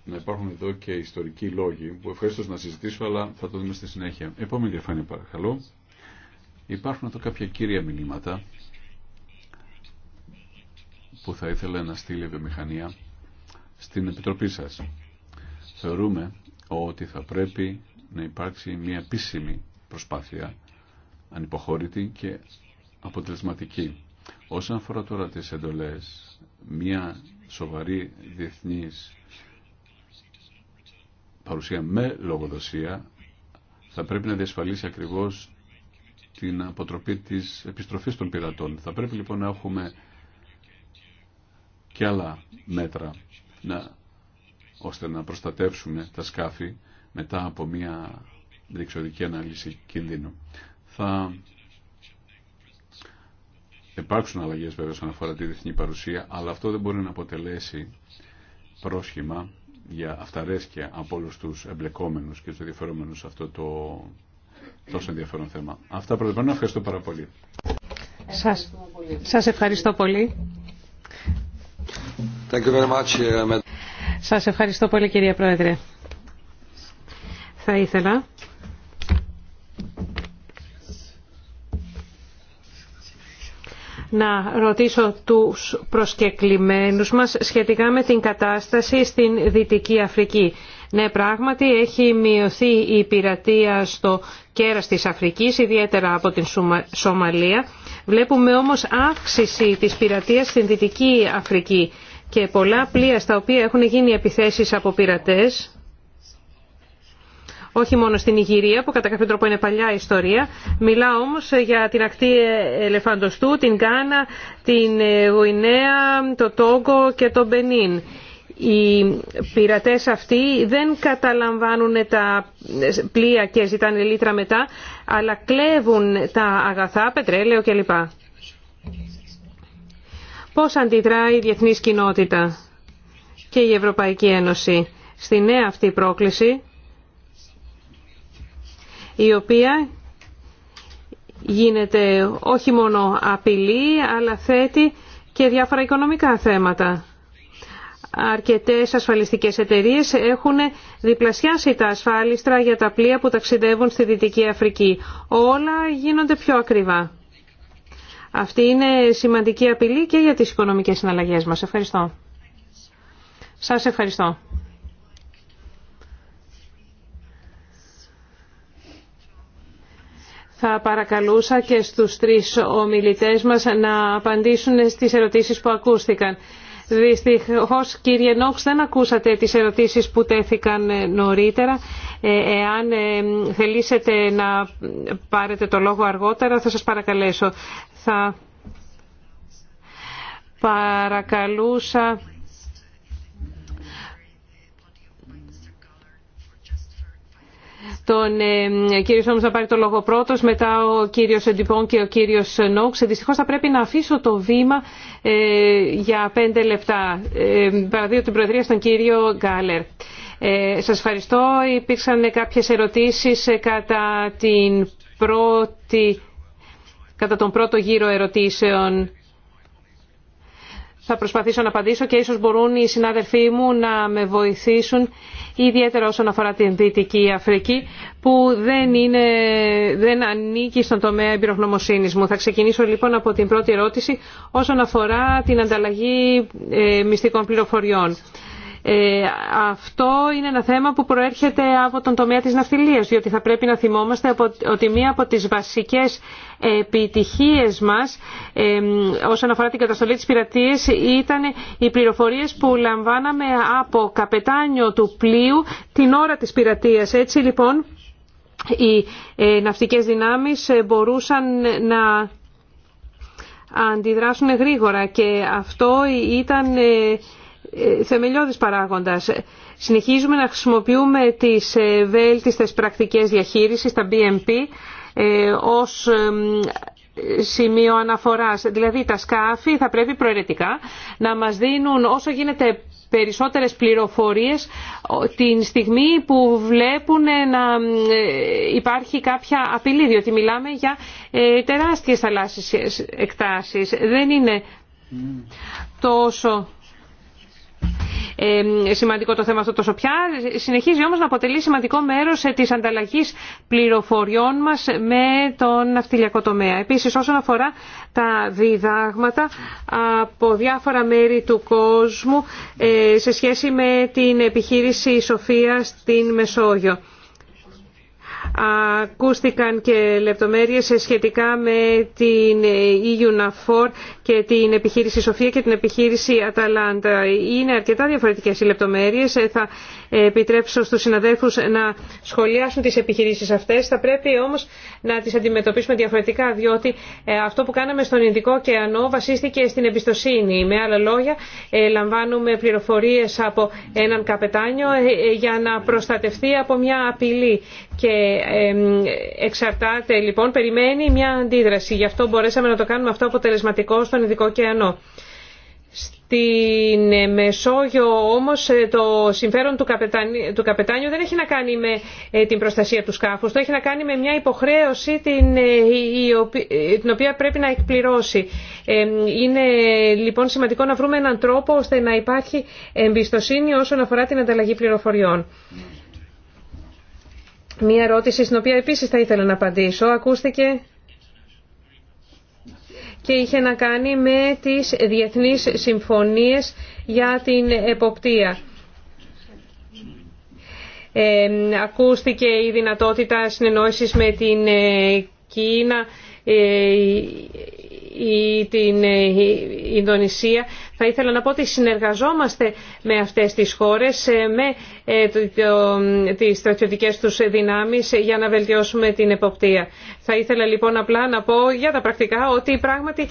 να υπάρχουν εδώ και ιστορικοί λόγοι που ευχαριστώ να συζητήσω αλλά θα το δούμε στη συνέχεια. Επόμενη διαφάνεια παρακαλώ. Υπάρχουν εδώ κάποια κύρια μηνύματα που θα ήθελε να στείλει η βιομηχανία στην Επιτροπή σας. Θεωρούμε ότι θα πρέπει να υπάρξει μια επίσημη προσπάθεια, ανυποχώρητη και αποτελεσματική. Όσον αφορά τώρα τις εντολές, μια σοβαρή διεθνής παρουσία με λογοδοσία θα πρέπει να διασφαλίσει ακριβώς την αποτροπή της επιστροφής των πειρατών. Θα πρέπει λοιπόν να έχουμε και άλλα μέτρα να, ώστε να προστατεύσουμε τα σκάφη μετά από μια διεξοδική ανάλυση κινδύνου. Θα υπάρξουν αλλαγές βέβαια σαν αφορά τη διεθνή παρουσία, αλλά αυτό δεν μπορεί να αποτελέσει πρόσχημα για αυταρέσκεια από όλου τους εμπλεκόμενους και του ενδιαφερόμενους σε αυτό το τόσο ενδιαφέρον θέμα. Αυτά προηγουμένως. Ευχαριστώ πάρα πολύ. Σας, ευχαριστώ πολύ. Uh, Σας ευχαριστώ πολύ κυρία Πρόεδρε. Θα ήθελα να ρωτήσω τους προσκεκλημένους μας σχετικά με την κατάσταση στην Δυτική Αφρική. Ναι, πράγματι έχει μειωθεί η πειρατεία στο κέρας της Αφρικής, ιδιαίτερα από την Σομαλία. Βλέπουμε όμως αύξηση της πειρατείας στην Δυτική Αφρική και πολλά πλοία στα οποία έχουν γίνει επιθέσεις από πειρατές όχι μόνο στην Ιγυρία που κατά κάποιο τρόπο είναι παλιά ιστορία μιλάω όμως για την ακτή Ελεφαντοστού, την Γκάνα, την ε, Γουινέα, το Τόγκο και το Μπενίν. Οι πειρατές αυτοί δεν καταλαμβάνουν τα ε, πλοία και ζητάνε λίτρα μετά αλλά κλέβουν τα αγαθά, πετρέλαιο κλπ πώς αντιδρά η διεθνής κοινότητα και η Ευρωπαϊκή Ένωση στη νέα αυτή πρόκληση, η οποία γίνεται όχι μόνο απειλή, αλλά θέτει και διάφορα οικονομικά θέματα. Αρκετές ασφαλιστικές εταιρείες έχουν διπλασιάσει τα ασφάλιστρα για τα πλοία που ταξιδεύουν στη Δυτική Αφρική. Όλα γίνονται πιο ακριβά. Αυτή είναι σημαντική απειλή και για τις οικονομικές συναλλαγές μας. Ευχαριστώ. Σας ευχαριστώ. Θα παρακαλούσα και στους τρεις ομιλητές μας να απαντήσουν στις ερωτήσεις που ακούστηκαν. Δυστυχώς κύριε Νόξ δεν ακούσατε τις ερωτήσεις που τέθηκαν νωρίτερα. Ε, εάν ε, θελήσετε να πάρετε το λόγο αργότερα θα σας παρακαλέσω θα παρακαλούσα τον ε, κύριο Σόμος να πάρει το λόγο πρώτος, μετά ο κύριος Εντυπών και ο κύριος Νόξ. Ε, δυστυχώς θα πρέπει να αφήσω το βήμα ε, για πέντε λεπτά. Ε, την Προεδρία στον κύριο Γκάλερ. Ε, σας ευχαριστώ. Υπήρξαν κάποιες ερωτήσεις κατά την πρώτη κατά τον πρώτο γύρο ερωτήσεων. Θα προσπαθήσω να απαντήσω και ίσως μπορούν οι συνάδελφοί μου να με βοηθήσουν ιδιαίτερα όσον αφορά την Δυτική Αφρική που δεν, είναι, δεν ανήκει στον τομέα εμπειρογνωμοσύνης μου. Θα ξεκινήσω λοιπόν από την πρώτη ερώτηση όσον αφορά την ανταλλαγή ε, μυστικών πληροφοριών. Ε, αυτό είναι ένα θέμα που προέρχεται από τον τομέα της ναυτιλίας, διότι θα πρέπει να θυμόμαστε ότι μία από τις βασικές επιτυχίες μας ε, όσον αφορά την καταστολή της πειρατείας ήταν οι πληροφορίες που λαμβάναμε από καπετάνιο του πλοίου την ώρα της πειρατείας. Έτσι λοιπόν οι ε, ναυτικές δυνάμεις μπορούσαν να αντιδράσουν γρήγορα και αυτό ήταν θεμελιώδης παράγοντας. Συνεχίζουμε να χρησιμοποιούμε τις ε, βέλτιστες πρακτικές διαχείρισης, τα BMP, ε, ως σημείο αναφοράς. Δηλαδή τα σκάφη θα πρέπει προαιρετικά να μας δίνουν όσο γίνεται περισσότερες πληροφορίες την στιγμή που βλέπουν ε, να υπάρχει κάποια απειλή, διότι μιλάμε για τεράστιες θαλάσσιες εκτάσεις. Δεν είναι mm. τόσο σημαντικό το θέμα αυτό τόσο πια. Συνεχίζει όμως να αποτελεί σημαντικό μέρος ε, της ανταλλαγής πληροφοριών μας με τον ναυτιλιακό τομέα. Επίσης όσον αφορά τα διδάγματα από διάφορα μέρη του κόσμου ε, σε σχέση με την επιχείρηση Σοφία στην Μεσόγειο. Ακούστηκαν και λεπτομέρειες σχετικά με την EUNAFOR και την επιχείρηση Σοφία και την επιχείρηση Αταλάντα. Είναι αρκετά διαφορετικές οι λεπτομέρειες. Ε, θα επιτρέψω στους συναδέλφους να σχολιάσουν τις επιχειρήσεις αυτές. Θα πρέπει όμως να τις αντιμετωπίσουμε διαφορετικά, διότι ε, αυτό που κάναμε στον Ινδικό ωκεανό βασίστηκε στην εμπιστοσύνη. Με άλλα λόγια, ε, λαμβάνουμε πληροφορίες από έναν καπετάνιο για να προστατευτεί από μια απειλή. Και εξαρτάται λοιπόν, περιμένει μια αντίδραση. Γι' αυτό μπορέσαμε να το κάνουμε αυτό αποτελεσματικό στον Ειδικό ωκεανό. Στην Μεσόγειο όμως το συμφέρον του, καπετάνιου δεν έχει να κάνει με ε, την προστασία του σκάφους, το έχει να κάνει με μια υποχρέωση την, ε, ε, την οποία πρέπει να εκπληρώσει. Είναι λοιπόν σημαντικό να βρούμε έναν τρόπο ώστε να υπάρχει εμπιστοσύνη όσον αφορά την ανταλλαγή πληροφοριών. Μία ερώτηση στην οποία επίσης θα ήθελα να απαντήσω. Ακούστηκε και είχε να κάνει με τις διεθνείς συμφωνίες για την εποπτεία. Ε, ακούστηκε η δυνατότητα συνεννόησης με την ε, Κίνα ε, ή την ε, Ινδονησία. Θα ήθελα να πω ότι συνεργαζόμαστε με αυτές τις χώρες, ε, με ε, τις στρατιωτικές τους δυνάμεις για να βελτιώσουμε την εποπτεία. Θα ήθελα λοιπόν απλά να πω για τα πρακτικά ότι πράγματι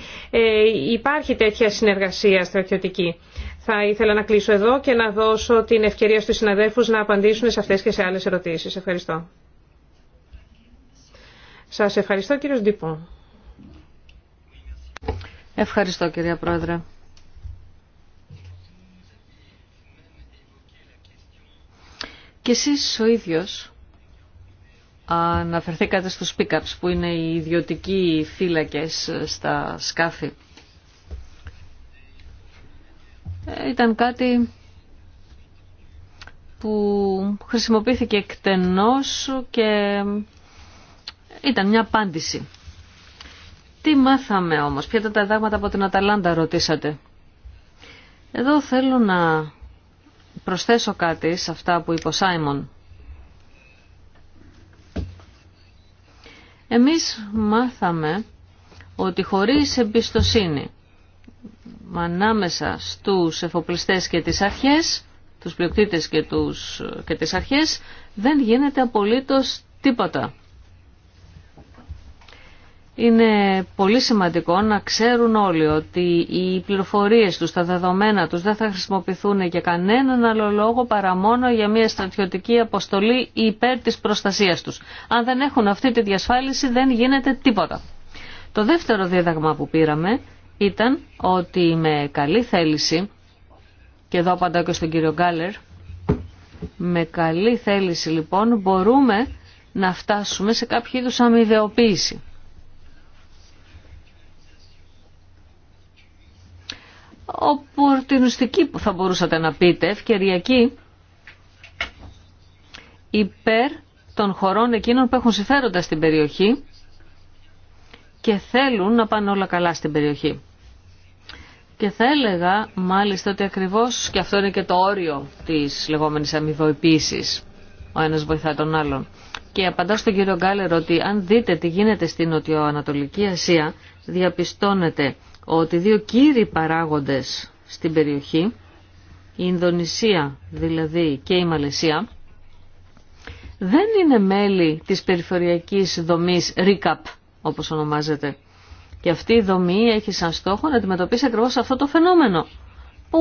υπάρχει τέτοια συνεργασία στρατιωτική. Θα ήθελα να κλείσω εδώ και να δώσω την ευκαιρία στους συναδέλφους να απαντήσουν σε αυτές και σε άλλες ερωτήσεις. Ευχαριστώ. Σας ευχαριστώ κύριο Ντυπών. Ευχαριστώ κυρία Πρόεδρε. Και εσείς ο ίδιος αναφερθήκατε στους pickups που είναι οι ιδιωτικοί φύλακες στα σκάφη. Ε, ήταν κάτι που χρησιμοποιήθηκε εκτενώς και ήταν μια απάντηση τι μάθαμε όμως, ποια ήταν τα δάγματα από την Αταλάντα ρωτήσατε. Εδώ θέλω να προσθέσω κάτι σε αυτά που είπε ο Σάιμον. Εμείς μάθαμε ότι χωρίς εμπιστοσύνη ανάμεσα στους εφοπλιστές και τις αρχές, τους πλειοκτήτες και, τους, και τις αρχές, δεν γίνεται απολύτως τίποτα. Είναι πολύ σημαντικό να ξέρουν όλοι ότι οι πληροφορίες τους, τα δεδομένα τους δεν θα χρησιμοποιηθούν για κανέναν άλλο λόγο παρά μόνο για μια στρατιωτική αποστολή υπέρ της προστασίας τους. Αν δεν έχουν αυτή τη διασφάλιση δεν γίνεται τίποτα. Το δεύτερο δίδαγμα που πήραμε ήταν ότι με καλή θέληση, και εδώ απαντάω και στον κύριο Γκάλερ, με καλή θέληση λοιπόν μπορούμε να φτάσουμε σε κάποιο είδους αμοιβεοποίηση. οπορτινουστική που θα μπορούσατε να πείτε, ευκαιριακή, υπέρ των χωρών εκείνων που έχουν συμφέροντα στην περιοχή και θέλουν να πάνε όλα καλά στην περιοχή. Και θα έλεγα μάλιστα ότι ακριβώς και αυτό είναι και το όριο της λεγόμενης αμοιβοποίησης. Ο ένας βοηθά τον άλλον. Και απαντάω στον κύριο Γκάλερ ότι αν δείτε τι γίνεται στην Νοτιοανατολική Ασία, διαπιστώνετε ότι δύο κύριοι παράγοντες στην περιοχή, η Ινδονησία δηλαδή και η Μαλαισία, δεν είναι μέλη της περιφερειακής δομής RICAP, όπως ονομάζεται. Και αυτή η δομή έχει σαν στόχο να αντιμετωπίσει ακριβώς αυτό το φαινόμενο, που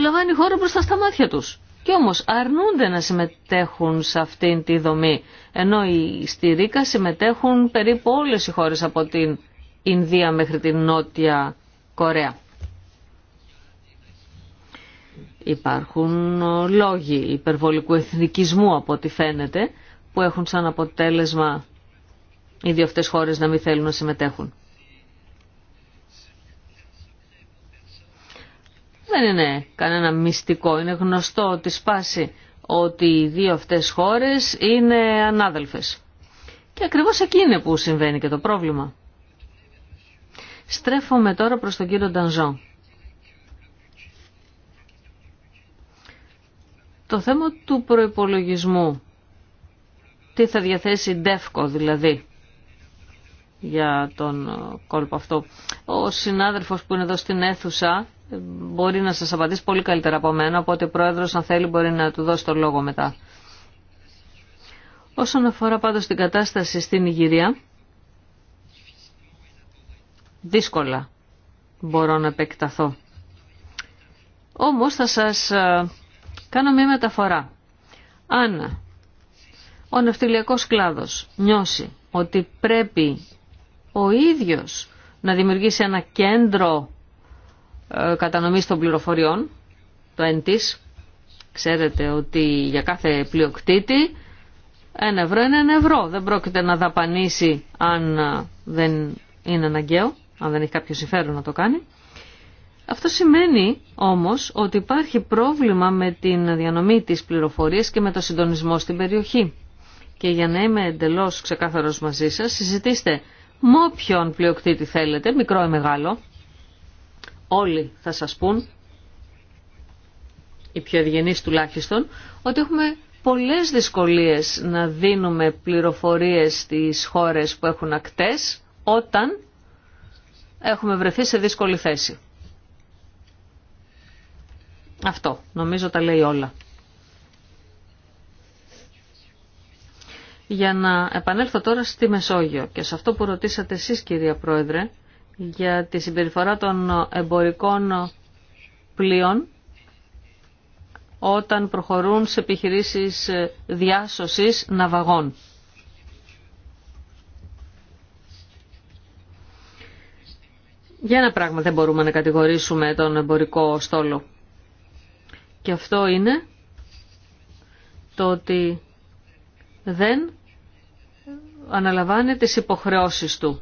λαμβάνει η χώρα μπροστά στα μάτια τους. Και όμως αρνούνται να συμμετέχουν σε αυτήν τη δομή, ενώ στη ρίκα συμμετέχουν περίπου όλες οι χώρες από την Ινδία μέχρι την Νότια Κορέα. Υπάρχουν λόγοι υπερβολικού εθνικισμού από ό,τι φαίνεται που έχουν σαν αποτέλεσμα οι δύο αυτές χώρες να μην θέλουν να συμμετέχουν. Δεν είναι κανένα μυστικό, είναι γνωστό ότι σπάσει ότι οι δύο αυτές χώρες είναι ανάδελφες. Και ακριβώς εκεί είναι που συμβαίνει και το πρόβλημα. Στρέφομαι τώρα προς τον κύριο Ντανζό. Το θέμα του προϋπολογισμού, τι θα διαθέσει ντεύκο δηλαδή για τον κόλπο αυτό. Ο συνάδελφος που είναι εδώ στην αίθουσα μπορεί να σας απαντήσει πολύ καλύτερα από μένα, οπότε ο πρόεδρος αν θέλει μπορεί να του δώσει τον λόγο μετά. Όσον αφορά πάντως την κατάσταση στην Ιγυρία, δύσκολα μπορώ να επεκταθώ. Όμως θα σας ε, κάνω μία μεταφορά. Αν ο νευτιλιακός κλάδος νιώσει ότι πρέπει ο ίδιος να δημιουργήσει ένα κέντρο ε, κατανομής των πληροφοριών, το ΕΝΤΙΣ, ξέρετε ότι για κάθε πλειοκτήτη ένα ευρώ είναι ένα ευρώ, δεν πρόκειται να δαπανίσει αν ε, δεν είναι αναγκαίο αν δεν έχει κάποιο συμφέρον να το κάνει. Αυτό σημαίνει όμως ότι υπάρχει πρόβλημα με την διανομή της πληροφορίας και με το συντονισμό στην περιοχή. Και για να είμαι εντελώ ξεκάθαρος μαζί σας, συζητήστε με όποιον πλειοκτήτη θέλετε, μικρό ή μεγάλο. Όλοι θα σας πούν, οι πιο ευγενείς τουλάχιστον, ότι έχουμε πολλές δυσκολίες να δίνουμε πληροφορίες στις χώρες που έχουν ακτές, όταν έχουμε βρεθεί σε δύσκολη θέση. Αυτό νομίζω τα λέει όλα. Για να επανέλθω τώρα στη Μεσόγειο και σε αυτό που ρωτήσατε εσείς κυρία Πρόεδρε για τη συμπεριφορά των εμπορικών πλοίων όταν προχωρούν σε επιχειρήσεις διάσωσης ναυαγών. Για ένα πράγμα δεν μπορούμε να κατηγορήσουμε τον εμπορικό στόλο. Και αυτό είναι το ότι δεν αναλαμβάνει τις υποχρεώσεις του.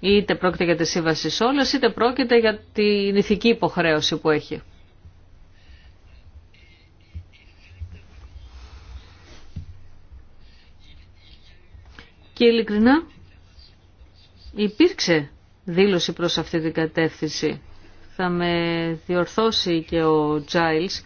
Είτε πρόκειται για τη σύμβαση όλες είτε πρόκειται για την ηθική υποχρέωση που έχει. Και ειλικρινά υπήρξε δήλωση προς αυτή την κατεύθυνση. Θα με διορθώσει και ο Giles.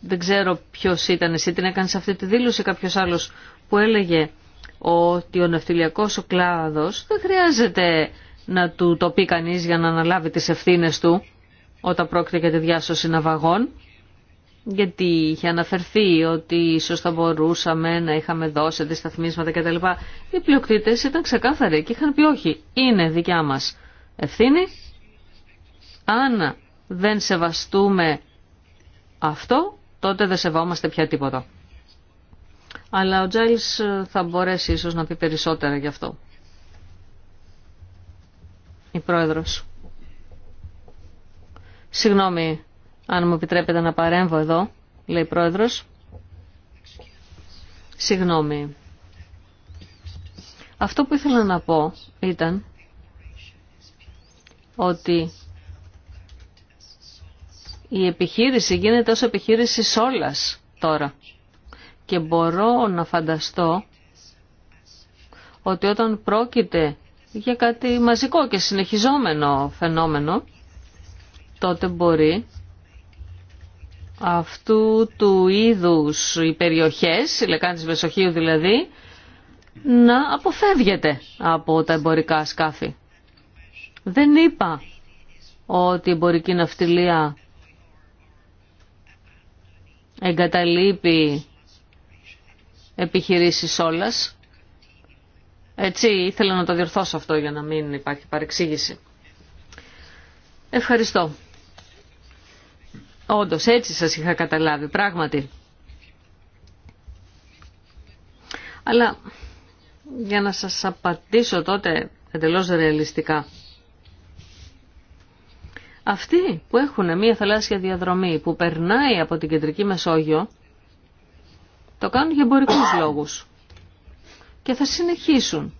Δεν ξέρω ποιος ήταν εσύ, την έκανε αυτή τη δήλωση κάποιος άλλος που έλεγε ότι ο νευτιλιακός ο κλάδος δεν χρειάζεται να του το πει κανείς για να αναλάβει τις ευθύνες του όταν πρόκειται για τη διάσωση ναυαγών γιατί είχε αναφερθεί ότι ίσως θα μπορούσαμε να είχαμε δώσει αντισταθμίσματα κτλ. Οι πλειοκτήτες ήταν ξεκάθαροι και είχαν πει όχι, είναι δικιά μας ευθύνη. Αν δεν σεβαστούμε αυτό, τότε δεν σεβόμαστε πια τίποτα. Αλλά ο Τζάιλς θα μπορέσει ίσως να πει περισσότερα γι' αυτό. Η πρόεδρος. Συγγνώμη, αν μου επιτρέπετε να παρέμβω εδώ, λέει πρόεδρος. Συγγνώμη. Αυτό που ήθελα να πω ήταν ότι η επιχείρηση γίνεται ως επιχείρηση σόλας τώρα. Και μπορώ να φανταστώ ότι όταν πρόκειται για κάτι μαζικό και συνεχιζόμενο φαινόμενο, τότε μπορεί αυτού του είδους οι περιοχές, η λεκάνη της δηλαδή, να αποφεύγεται από τα εμπορικά σκάφη. Δεν είπα ότι η εμπορική ναυτιλία εγκαταλείπει επιχειρήσεις όλας. Έτσι, ήθελα να το διορθώσω αυτό για να μην υπάρχει παρεξήγηση. Ευχαριστώ. Όντως έτσι σας είχα καταλάβει, πράγματι. Αλλά για να σας απαντήσω τότε εντελώς ρεαλιστικά. Αυτοί που έχουν μια θαλάσσια διαδρομή που περνάει από την κεντρική Μεσόγειο, το κάνουν για εμπορικούς λόγους. Και θα συνεχίσουν.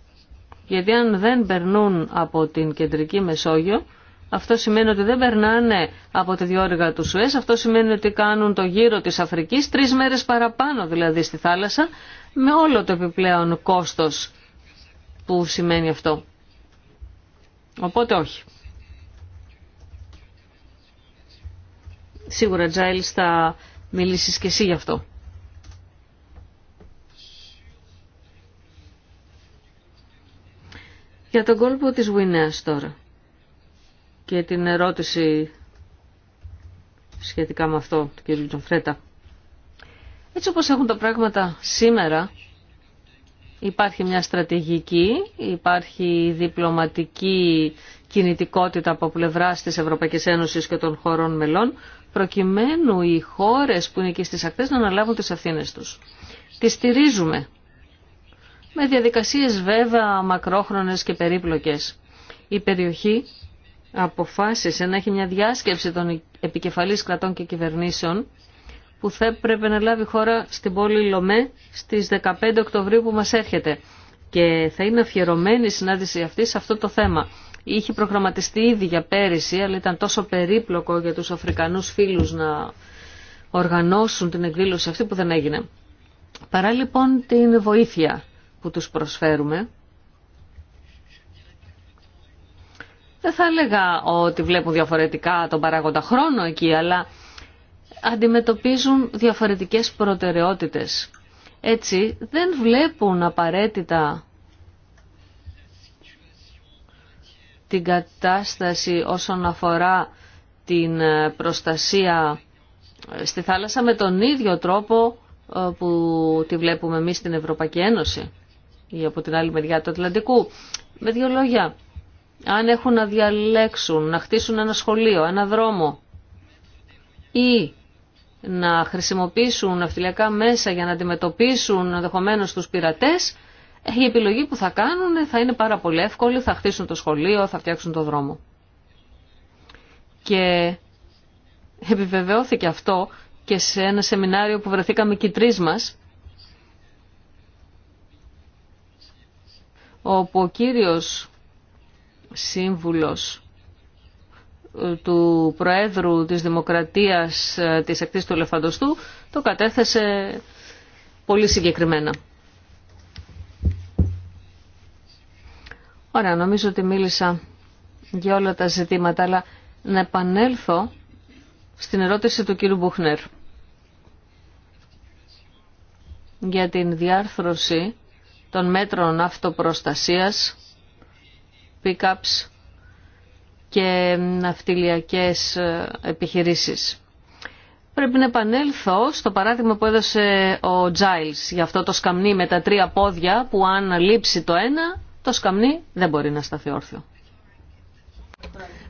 Γιατί αν δεν περνούν από την κεντρική Μεσόγειο, αυτό σημαίνει ότι δεν περνάνε από τη διόρυγα του Σουές, αυτό σημαίνει ότι κάνουν το γύρο της Αφρικής τρεις μέρες παραπάνω δηλαδή στη θάλασσα με όλο το επιπλέον κόστος που σημαίνει αυτό. Οπότε όχι. Σίγουρα Τζάιλ θα μιλήσεις και εσύ γι' αυτό. Για τον κόλπο της Γουινέας τώρα και την ερώτηση σχετικά με αυτό του κ. Τζοφρέτα. Έτσι όπως έχουν τα πράγματα σήμερα, υπάρχει μια στρατηγική, υπάρχει διπλωματική κινητικότητα από πλευράς της Ευρωπαϊκής Ένωσης και των χωρών μελών, προκειμένου οι χώρες που είναι εκεί στις ακτές να αναλάβουν τις ευθύνε τους. Τις στηρίζουμε με διαδικασίες βέβαια μακρόχρονες και περίπλοκες. Η περιοχή αποφάσισε να έχει μια διάσκεψη των επικεφαλής κρατών και κυβερνήσεων που θα έπρεπε να λάβει χώρα στην πόλη Λομέ στις 15 Οκτωβρίου που μας έρχεται. Και θα είναι αφιερωμένη η συνάντηση αυτή σε αυτό το θέμα. Είχε προγραμματιστεί ήδη για πέρυσι, αλλά ήταν τόσο περίπλοκο για τους Αφρικανούς φίλους να οργανώσουν την εκδήλωση αυτή που δεν έγινε. Παρά λοιπόν την βοήθεια που τους προσφέρουμε, δεν θα έλεγα ότι βλέπουν διαφορετικά τον παράγοντα χρόνο εκεί, αλλά αντιμετωπίζουν διαφορετικές προτεραιότητες. Έτσι δεν βλέπουν απαραίτητα την κατάσταση όσον αφορά την ε, προστασία ε, στη θάλασσα με τον ίδιο τρόπο ε, που τη βλέπουμε εμείς στην Ευρωπαϊκή Ένωση ή από την άλλη μεριά του Ατλαντικού. Με δύο λόγια, αν έχουν να διαλέξουν, να χτίσουν ένα σχολείο, ένα δρόμο ή να χρησιμοποιήσουν ναυτιλιακά μέσα για να αντιμετωπίσουν ενδεχομένω τους πειρατές, η επιλογή που θα κάνουν θα είναι πάρα πολύ εύκολη, θα χτίσουν το σχολείο, θα φτιάξουν το δρόμο. Και επιβεβαιώθηκε αυτό και σε ένα σεμινάριο που βρεθήκαμε και οι μας, όπου ο κύριος σύμβουλος ε, του Προέδρου της Δημοκρατίας ε, της Εκτής του Ελεφαντοστού το κατέθεσε πολύ συγκεκριμένα. Ωραία, νομίζω ότι μίλησα για όλα τα ζητήματα, αλλά να επανέλθω στην ερώτηση του κύριου Μπουχνέρ για την διάρθρωση των μέτρων αυτοπροστασίας pickups και ναυτιλιακές ε, επιχειρήσεις. Πρέπει να επανέλθω στο παράδειγμα που έδωσε ο Τζάιλς για αυτό το σκαμνί με τα τρία πόδια που αν λείψει το ένα, το σκαμνί δεν μπορεί να σταθεί όρθιο.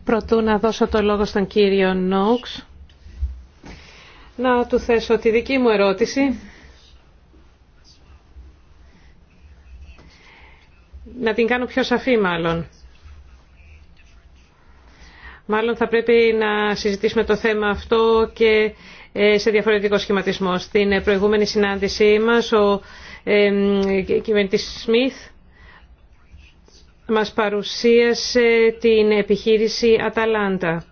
Προτού να δώσω το λόγο στον κύριο Νόξ, να του θέσω τη δική μου ερώτηση. Να την κάνω πιο σαφή μάλλον. Μάλλον θα πρέπει να συζητήσουμε το θέμα αυτό και ε, σε διαφορετικό σχηματισμό. Στην ε, προηγούμενη συνάντησή μας ο κυβερνητής Σμιθ μας παρουσίασε την επιχείρηση Αταλάντα.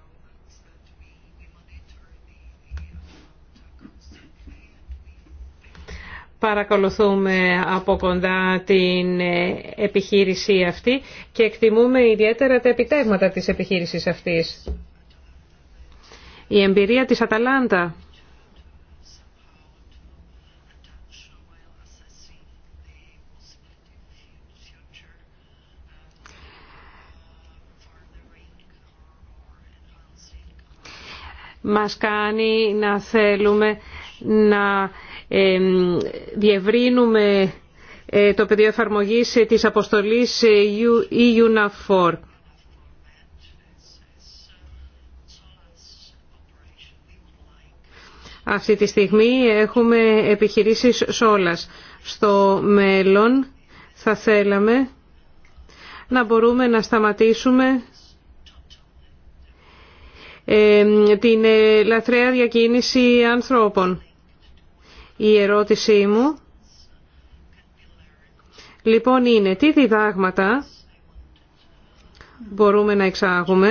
παρακολουθούμε από κοντά την ε, επιχείρηση αυτή και εκτιμούμε ιδιαίτερα τα επιτεύγματα της επιχείρησης αυτής. Η εμπειρία της Αταλάντα μας κάνει να θέλουμε να διευρύνουμε ε, το πεδίο εφαρμογής της αποστολής ε, EUNAFOR. Αυτή τη στιγμή έχουμε επιχειρήσεις σόλας. Στο μέλλον θα θέλαμε να μπορούμε να σταματήσουμε την ε, λαθρέα διακίνηση ανθρώπων η ερώτησή μου λοιπόν είναι τι διδάγματα μπορούμε να εξάγουμε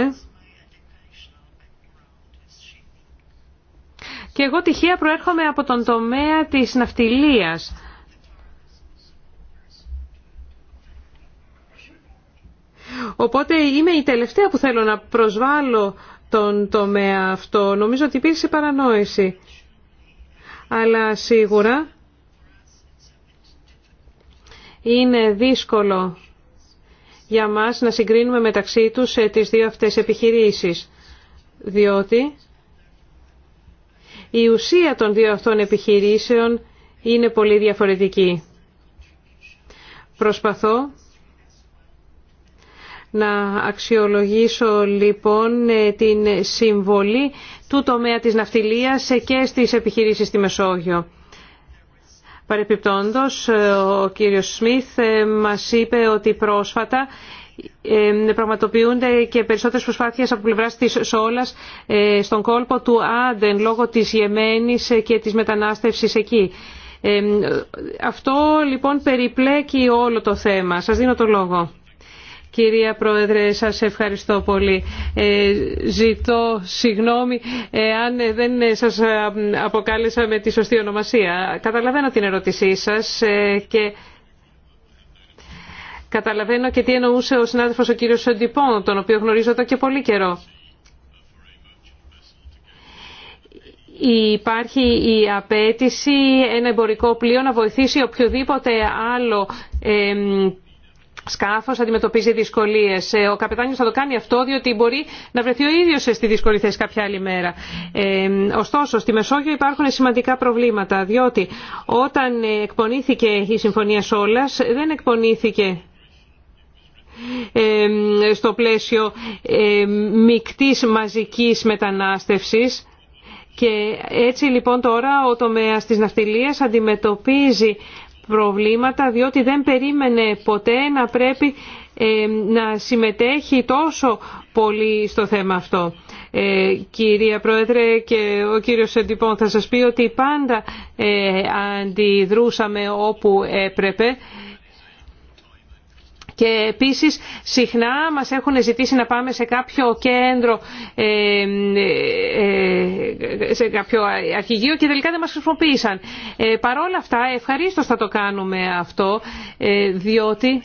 και εγώ τυχαία προέρχομαι από τον τομέα της ναυτιλίας Οπότε είμαι η τελευταία που θέλω να προσβάλλω τον τομέα αυτό. Νομίζω ότι υπήρξε παρανόηση αλλά σίγουρα είναι δύσκολο για μας να συγκρίνουμε μεταξύ τους ε, τις δύο αυτές επιχειρήσεις, διότι η ουσία των δύο αυτών επιχειρήσεων είναι πολύ διαφορετική. Προσπαθώ να αξιολογήσω λοιπόν ε, την συμβολή του τομέα της ναυτιλίας και στις επιχειρήσεις στη Μεσόγειο. Παρεπιπτόντος, ο κύριος Σμιθ ε, μας είπε ότι πρόσφατα ε, πραγματοποιούνται και περισσότερες προσπάθειες από πλευρά της Σόλας ε, στον κόλπο του Άντεν λόγω της Γεμένης και της μετανάστευσης εκεί. Αυτό λοιπόν περιπλέκει όλο το θέμα. Σας δίνω το λόγο. Κυρία Πρόεδρε, σας ευχαριστώ πολύ. Ε, ζητώ συγγνώμη αν δεν σας ε, αποκάλεσα με τη σωστή ονομασία. Καταλαβαίνω την ερώτησή σας ε, και καταλαβαίνω και τι εννοούσε ο συνάδελφος ο κύριος Σοντιπών, τον οποίο γνωρίζω εδώ και πολύ καιρό. Υπάρχει η απέτηση ένα εμπορικό πλοίο να βοηθήσει οποιοδήποτε άλλο σκάφος αντιμετωπίζει δυσκολίες. Ε, ο καπετάνιος θα το κάνει αυτό διότι μπορεί να βρεθεί ο ίδιο στη δύσκολη θέση κάποια άλλη μέρα. Ε, ωστόσο, στη Μεσόγειο υπάρχουν σημαντικά προβλήματα διότι όταν εκπονήθηκε η Συμφωνία Σόλας δεν εκπονήθηκε στο πλαίσιο ε, μικτής μαζικής μετανάστευσης και έτσι λοιπόν τώρα ο τομέας της ναυτιλίας αντιμετωπίζει προβλήματα διότι δεν περίμενε ποτέ να πρέπει ε, να συμμετέχει τόσο πολύ στο θέμα αυτό. Ε, κυρία Πρόεδρε και ο κύριος Σεντυπών θα σας πει ότι πάντα ε, αντιδρούσαμε όπου έπρεπε και επίσης συχνά μας έχουν ζητήσει να πάμε σε κάποιο κέντρο, ε, ε, σε κάποιο αρχηγείο και τελικά δεν μας χρησιμοποίησαν. Ε, Παρ' όλα αυτά ευχαρίστως θα το κάνουμε αυτό, διότι...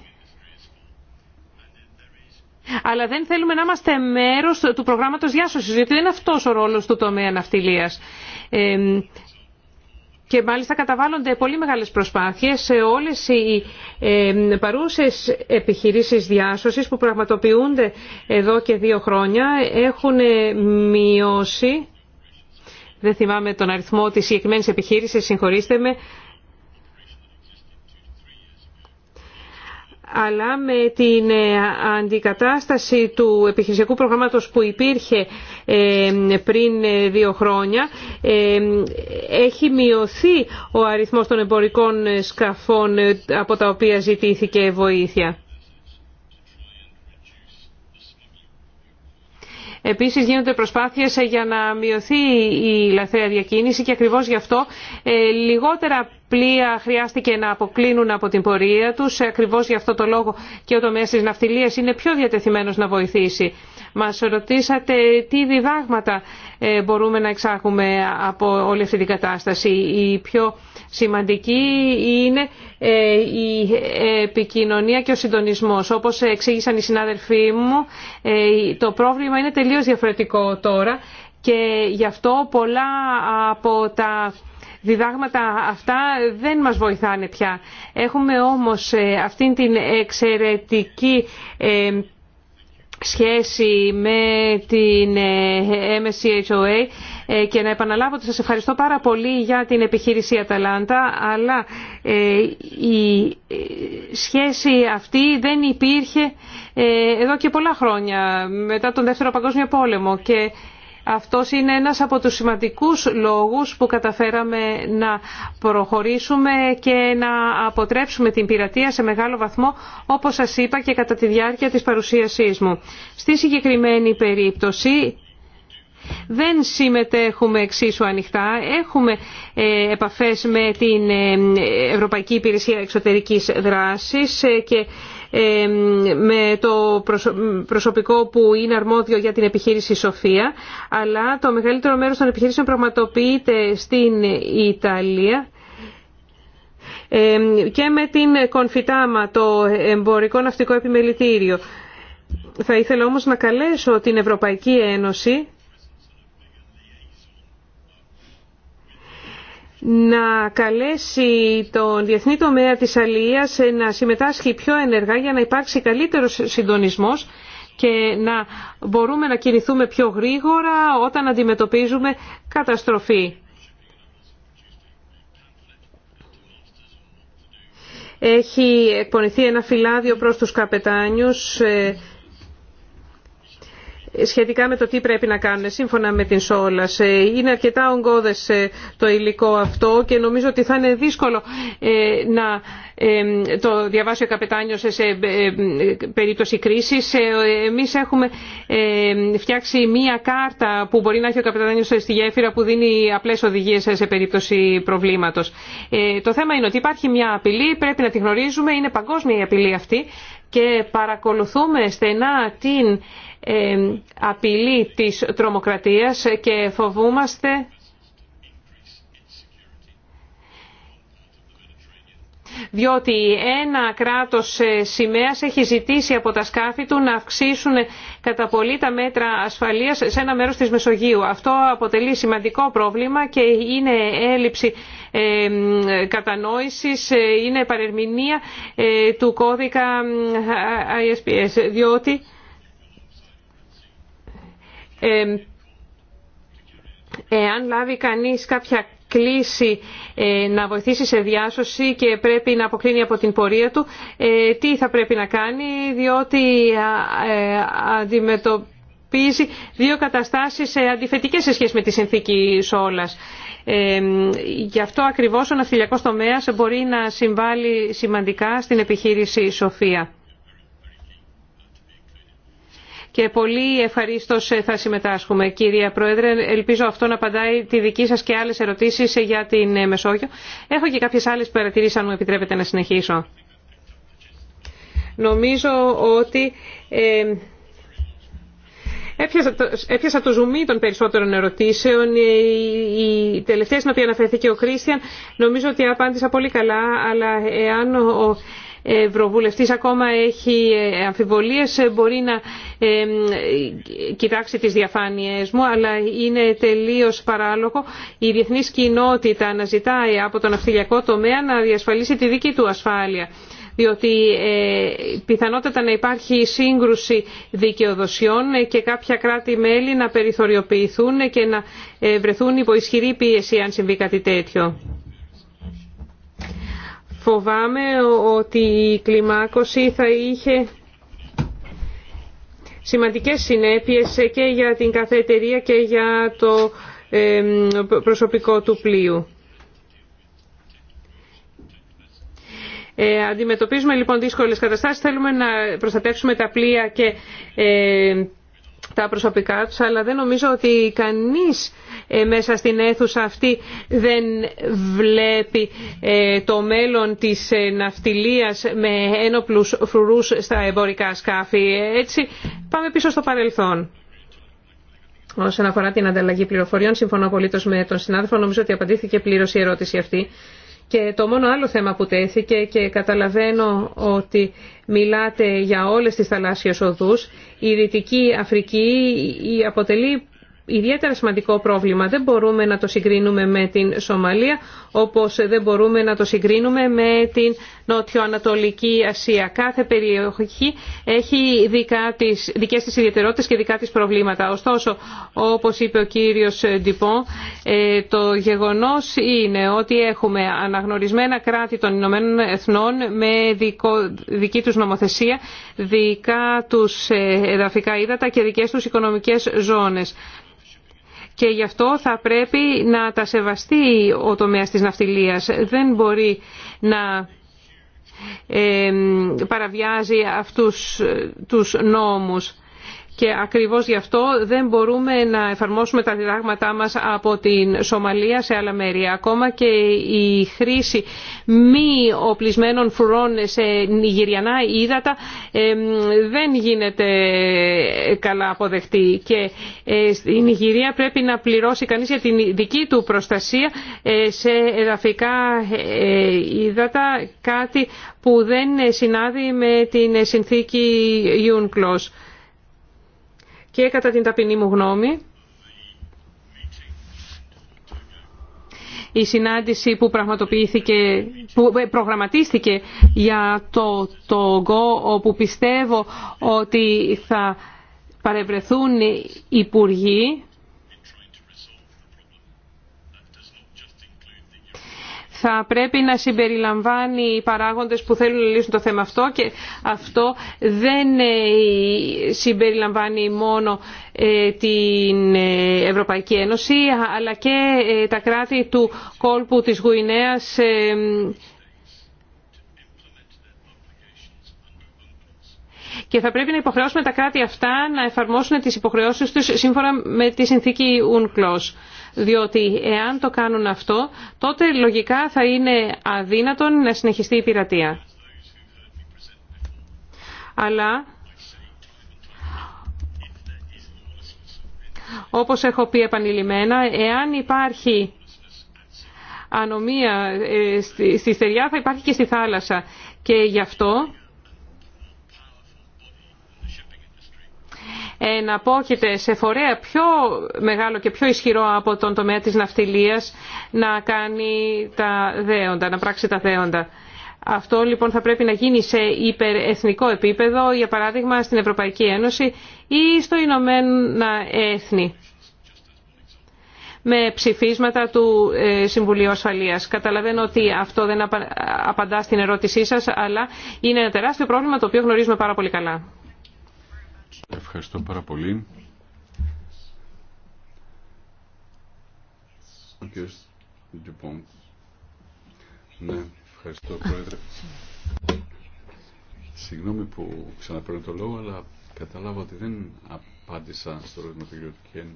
Αλλά δεν θέλουμε να είμαστε μέρος του προγράμματος διάσωσης, διότι δεν είναι αυτός ο ρόλος του τομέα ναυτιλίας και μάλιστα καταβάλλονται πολύ μεγάλες προσπάθειες σε όλες οι ε, παρούσες επιχειρήσεις διάσωσης που πραγματοποιούνται εδώ και δύο χρόνια έχουν ε, μειώσει, δεν θυμάμαι τον αριθμό της συγκεκριμένη επιχείρησης, συγχωρήστε με, αλλά με την ε, αντικατάσταση του επιχειρησιακού προγράμματος που υπήρχε ε, πριν ε, δύο χρόνια έχει μειωθεί ο αριθμός των εμπορικών σκαφών από τα οποία ζητήθηκε βοήθεια. Επίσης γίνονται προσπάθειες για να μειωθεί η λαθρέα διακίνηση και ακριβώς γι' αυτό λιγότερα πλοία χρειάστηκε να αποκλίνουν από την πορεία τους. Ακριβώς γι' αυτό το λόγο και ο τομέας της ναυτιλίας είναι πιο διατεθειμένος να βοηθήσει. Μας ρωτήσατε τι διδάγματα ε, μπορούμε να εξάγουμε από όλη αυτή την κατάσταση. Η πιο σημαντική είναι ε, η επικοινωνία και ο συντονισμός. Όπως εξήγησαν οι συνάδελφοί μου, ε, το πρόβλημα είναι τελείως διαφορετικό τώρα και γι' αυτό πολλά από τα διδάγματα αυτά δεν μας βοηθάνε πια. Έχουμε όμως ε, αυτήν την εξαιρετική ε, σχέση με την ε, MSCHOA και να επαναλάβω ότι σας ευχαριστώ πάρα πολύ για την επιχείρηση Αταλάντα αλλά η σχέση αυτή δεν υπήρχε εδώ και πολλά χρόνια μετά τον Δεύτερο Παγκόσμιο Πόλεμο και αυτός είναι ένας από τους σημαντικούς λόγους που καταφέραμε να προχωρήσουμε και να αποτρέψουμε την πειρατεία σε μεγάλο βαθμό, όπως σας είπα και κατά τη διάρκεια της παρουσίασής μου. Στη συγκεκριμένη περίπτωση δεν συμμετέχουμε εξίσου ανοιχτά. Έχουμε ε, επαφές με την ε, Ευρωπαϊκή Υπηρεσία Εξωτερικής Δράσης ε, και με το προσωπικό που είναι αρμόδιο για την επιχείρηση Σοφία, αλλά το μεγαλύτερο μέρος των επιχειρήσεων πραγματοποιείται στην Ιταλία και με την Κονφιτάμα, το εμπορικό ναυτικό επιμελητήριο. Θα ήθελα όμως να καλέσω την Ευρωπαϊκή Ένωση να καλέσει τον διεθνή τομέα της αλίας να συμμετάσχει πιο ενεργά για να υπάρξει καλύτερος συντονισμός και να μπορούμε να κινηθούμε πιο γρήγορα όταν αντιμετωπίζουμε καταστροφή. Έχει εκπονηθεί ένα φυλάδιο προς τους καπετάνιους ε, σχετικά με το τι πρέπει να κάνουν σύμφωνα με την Σόλας. Είναι αρκετά ογκώδες ε, το υλικό αυτό και νομίζω ότι θα είναι δύσκολο ε, να ε, το διαβάσει ο καπετάνιος σε περίπτωση κρίσης. Εμείς έχουμε φτιάξει μία κάρτα που μπορεί να έχει ο καπετάνιος στη γέφυρα που δίνει απλές οδηγίες σε περίπτωση προβλήματος. Το θέμα είναι ότι υπάρχει μια απειλή, πρέπει να τη γνωρίζουμε, είναι παγκόσμια η απειλή αυτή και παρακολουθούμε στενά την ε, απειλή της τρομοκρατίας και φοβούμαστε διότι ένα κράτος ε, σημαίας έχει ζητήσει από τα σκάφη του να αυξήσουν κατά πολύ τα μέτρα ασφαλείας σε ένα μέρος της Μεσογείου. Αυτό αποτελεί σημαντικό πρόβλημα και είναι έλλειψη ε, κατανόησης, είναι παρερμηνία του κώδικα ISPS, διότι εάν λάβει κανείς κάποια κλίση ε, να βοηθήσει σε διάσωση και πρέπει να αποκλίνει από την πορεία του, ε, τι θα πρέπει να κάνει, διότι ε, αντιμετωπίζει δύο καταστάσεις αντιφετικές σε σχέση με τη συνθήκη Σόλας. Γι' αυτό ακριβώς ο ναυτιλιακός τομέας μπορεί να συμβάλλει σημαντικά στην επιχείρηση Σοφία και πολύ ευχαρίστω ε, θα συμμετάσχουμε. Κυρία Πρόεδρε, ελπίζω αυτό να απαντάει τη δική σα και άλλε ερωτήσει ε, για την ε, Μεσόγειο. Έχω και κάποιε άλλε παρατηρήσει, αν μου επιτρέπετε να συνεχίσω. Νομίζω ότι ε, έπιασα, το, έπιασα ζουμί των περισσότερων ερωτήσεων. Οι τελευταία στην οποία αναφέρθηκε ο Κρίστιαν, νομίζω ότι απάντησα πολύ καλά, αλλά ευρωβουλευτής ακόμα έχει ε, αμφιβολίες ε, μπορεί να ε, κοιτάξει τις διαφάνειές μου αλλά είναι τελείως παράλογο η διεθνής κοινότητα να ζητάει από τον αυτιλιακό τομέα να διασφαλίσει τη δική του ασφάλεια διότι πιθανότατα να υπάρχει σύγκρουση δικαιοδοσιών και κάποια κράτη-μέλη να περιθωριοποιηθούν και να βρεθούν υπό ισχυρή πίεση αν συμβεί κάτι τέτοιο. Φοβάμαι ότι η κλιμάκωση θα είχε σημαντικές συνέπειες και για την καθετερία και για το προσωπικό του πλοίου. Ε, αντιμετωπίζουμε λοιπόν δύσκολες καταστάσεις. Θέλουμε να προστατεύσουμε τα πλοία και ε, προσωπικά τους, αλλά δεν νομίζω ότι κανείς ε, μέσα στην αίθουσα αυτή δεν βλέπει ε, το μέλλον της ε, ναυτιλίας με ένοπλους φρουρούς στα εμπορικά σκάφη. Έτσι πάμε πίσω στο παρελθόν. Όσον αφορά την ανταλλαγή πληροφοριών, συμφωνώ πολύ με τον συνάδελφο. Νομίζω ότι απαντήθηκε πλήρω η ερώτηση αυτή. Και το μόνο άλλο θέμα που τέθηκε και καταλαβαίνω ότι μιλάτε για όλες τις θαλάσσιες οδούς, η Δυτική Αφρική αποτελεί ιδιαίτερα σημαντικό πρόβλημα. Δεν μπορούμε να το συγκρίνουμε με την Σομαλία, όπως δεν μπορούμε να το συγκρίνουμε με την Νότιο-Ανατολική Ασία. Κάθε περιοχή έχει δικά της, δικές της ιδιαιτερότητες και δικά της προβλήματα. Ωστόσο, όπως είπε ο κύριος Ντυπον, ε, το γεγονός είναι ότι έχουμε αναγνωρισμένα κράτη των Ηνωμένων Εθνών με δική τους νομοθεσία, δικά τους ε, εδαφικά ύδατα και δικές τους οικονομικές ζώνες και γι' αυτό θα πρέπει να τα σεβαστεί ο τομέας της ναυτιλίας. Δεν μπορεί να ε, παραβιάζει αυτούς ε, τους νόμους και ακριβώς γι' αυτό δεν μπορούμε να εφαρμόσουμε τα διδάγματά μας από την Σομαλία σε άλλα μέρη. Ακόμα και η χρήση μη οπλισμένων φρουρών σε νιγηριανά ύδατα δεν γίνεται καλά αποδεκτή και ε, η Νιγηρία πρέπει να πληρώσει κανείς για την δική του προστασία ε, σε εδαφικά ε, ύδατα κάτι που δεν συνάδει με την συνθήκη UNCLOS και κατά την ταπεινή μου γνώμη η συνάντηση που, πραγματοποιήθηκε, που ε, προγραμματίστηκε για το Τόγκο όπου πιστεύω ότι θα παρευρεθούν υπουργοί θα πρέπει να συμπεριλαμβάνει οι παράγοντες που θέλουν να λύσουν το θέμα αυτό και αυτό δεν ε, συμπεριλαμβάνει μόνο ε, την ε, Ευρωπαϊκή Ένωση αλλά και τα κράτη του κόλπου της Γουινέας και θα πρέπει να υποχρεώσουμε τα κράτη αυτά να εφαρμόσουν τις υποχρεώσεις τους σύμφωνα με τη συνθήκη UNCLOS διότι εάν το κάνουν αυτό, τότε λογικά θα είναι αδύνατον να συνεχιστεί η πειρατεία. Αλλά, όπως έχω πει επανειλημμένα, εάν υπάρχει ανομία ε, στη στεριά θα υπάρχει και στη θάλασσα. Και γι' αυτό εναπόκειται σε φορέα πιο μεγάλο και πιο ισχυρό από τον τομέα της ναυτιλίας να κάνει τα δέοντα, να πράξει τα δέοντα. Αυτό λοιπόν θα πρέπει να γίνει σε υπερεθνικό επίπεδο, για παράδειγμα στην Ευρωπαϊκή Ένωση ή στο Ηνωμένα Έθνη με ψηφίσματα του ε, Συμβουλίου Ασφαλείας. Καταλαβαίνω ότι αυτό δεν απαντά στην ερώτησή σας, αλλά είναι ένα τεράστιο πρόβλημα το οποίο γνωρίζουμε πάρα πολύ καλά. Ευχαριστώ πάρα πολύ. Ο κ. Ναι, ευχαριστώ Πρόεδρε. Συγγνώμη που ξαναπαίρνω το λόγο, αλλά κατάλαβα ότι δεν απάντησα στο ερώτημα του κ. Κέν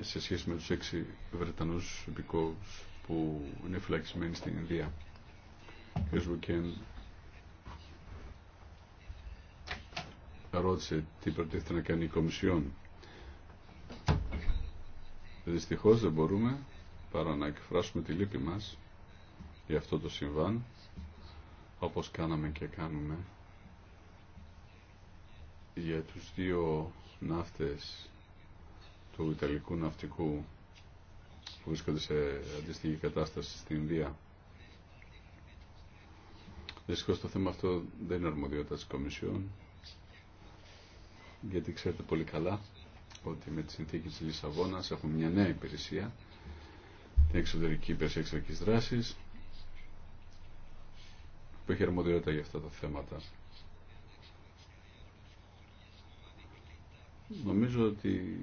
σε σχέση με τους έξι Βρετανούς υπηκόους που είναι φυλακισμένοι στην Ινδία. κ. ρώτησε τι προτίθεται να κάνει η Κομισιόν. Δυστυχώς δεν μπορούμε παρά να εκφράσουμε τη λύπη μας για αυτό το συμβάν όπως κάναμε και κάνουμε για τους δύο ναύτες του Ιταλικού ναυτικού που βρίσκονται σε αντίστοιχη κατάσταση στην Ινδία. Δυστυχώς το θέμα αυτό δεν είναι αρμοδιότητα της Κομισιόν γιατί ξέρετε πολύ καλά ότι με τη συνθήκη της Λισαβόνας έχουμε μια νέα υπηρεσία, την εξωτερική υπηρεσία εξωτερικής δράσης, που έχει αρμοδιότητα για αυτά τα θέματα. Νομίζω ότι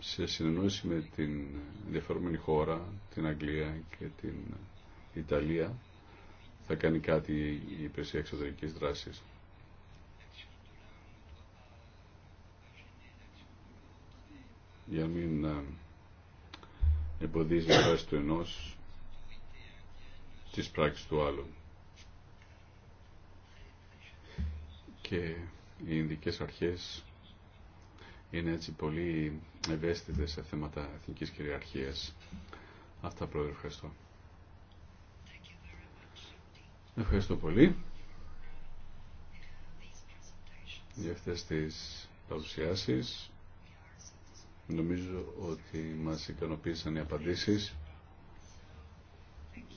σε συνεννόηση με την ενδιαφερόμενη χώρα, την Αγγλία και την Ιταλία, θα κάνει κάτι η υπηρεσία εξωτερικής δράσης. για να μην ε, εμποδίζει η του ενός της πράξης του άλλου. Και οι Ινδικές αρχές είναι έτσι πολύ ευαίσθητες σε θέματα εθνικής κυριαρχίας. Αυτά πρόεδρε, ευχαριστώ. Ευχαριστώ πολύ για αυτές τις παρουσιάσεις. Νομίζω ότι μας ικανοποίησαν οι απαντήσεις.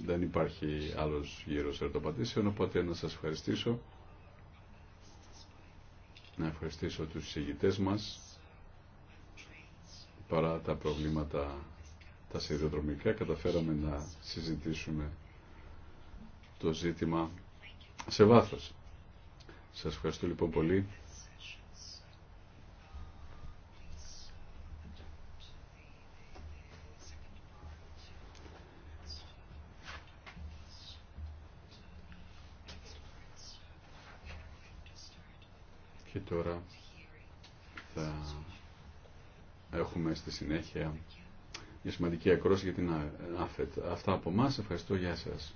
Δεν υπάρχει άλλος γύρος ερωταπαντήσεων, οπότε να σας ευχαριστήσω. Να ευχαριστήσω τους συγγητές μας, παρά τα προβλήματα τα σιδηροδρομικά, καταφέραμε να συζητήσουμε το ζήτημα σε βάθος. Σας ευχαριστώ λοιπόν πολύ. τώρα θα έχουμε στη συνέχεια μια σημαντική ακρόση για την ΑΦΕΤ. Αυτά από εμά. Ευχαριστώ. Γεια σας.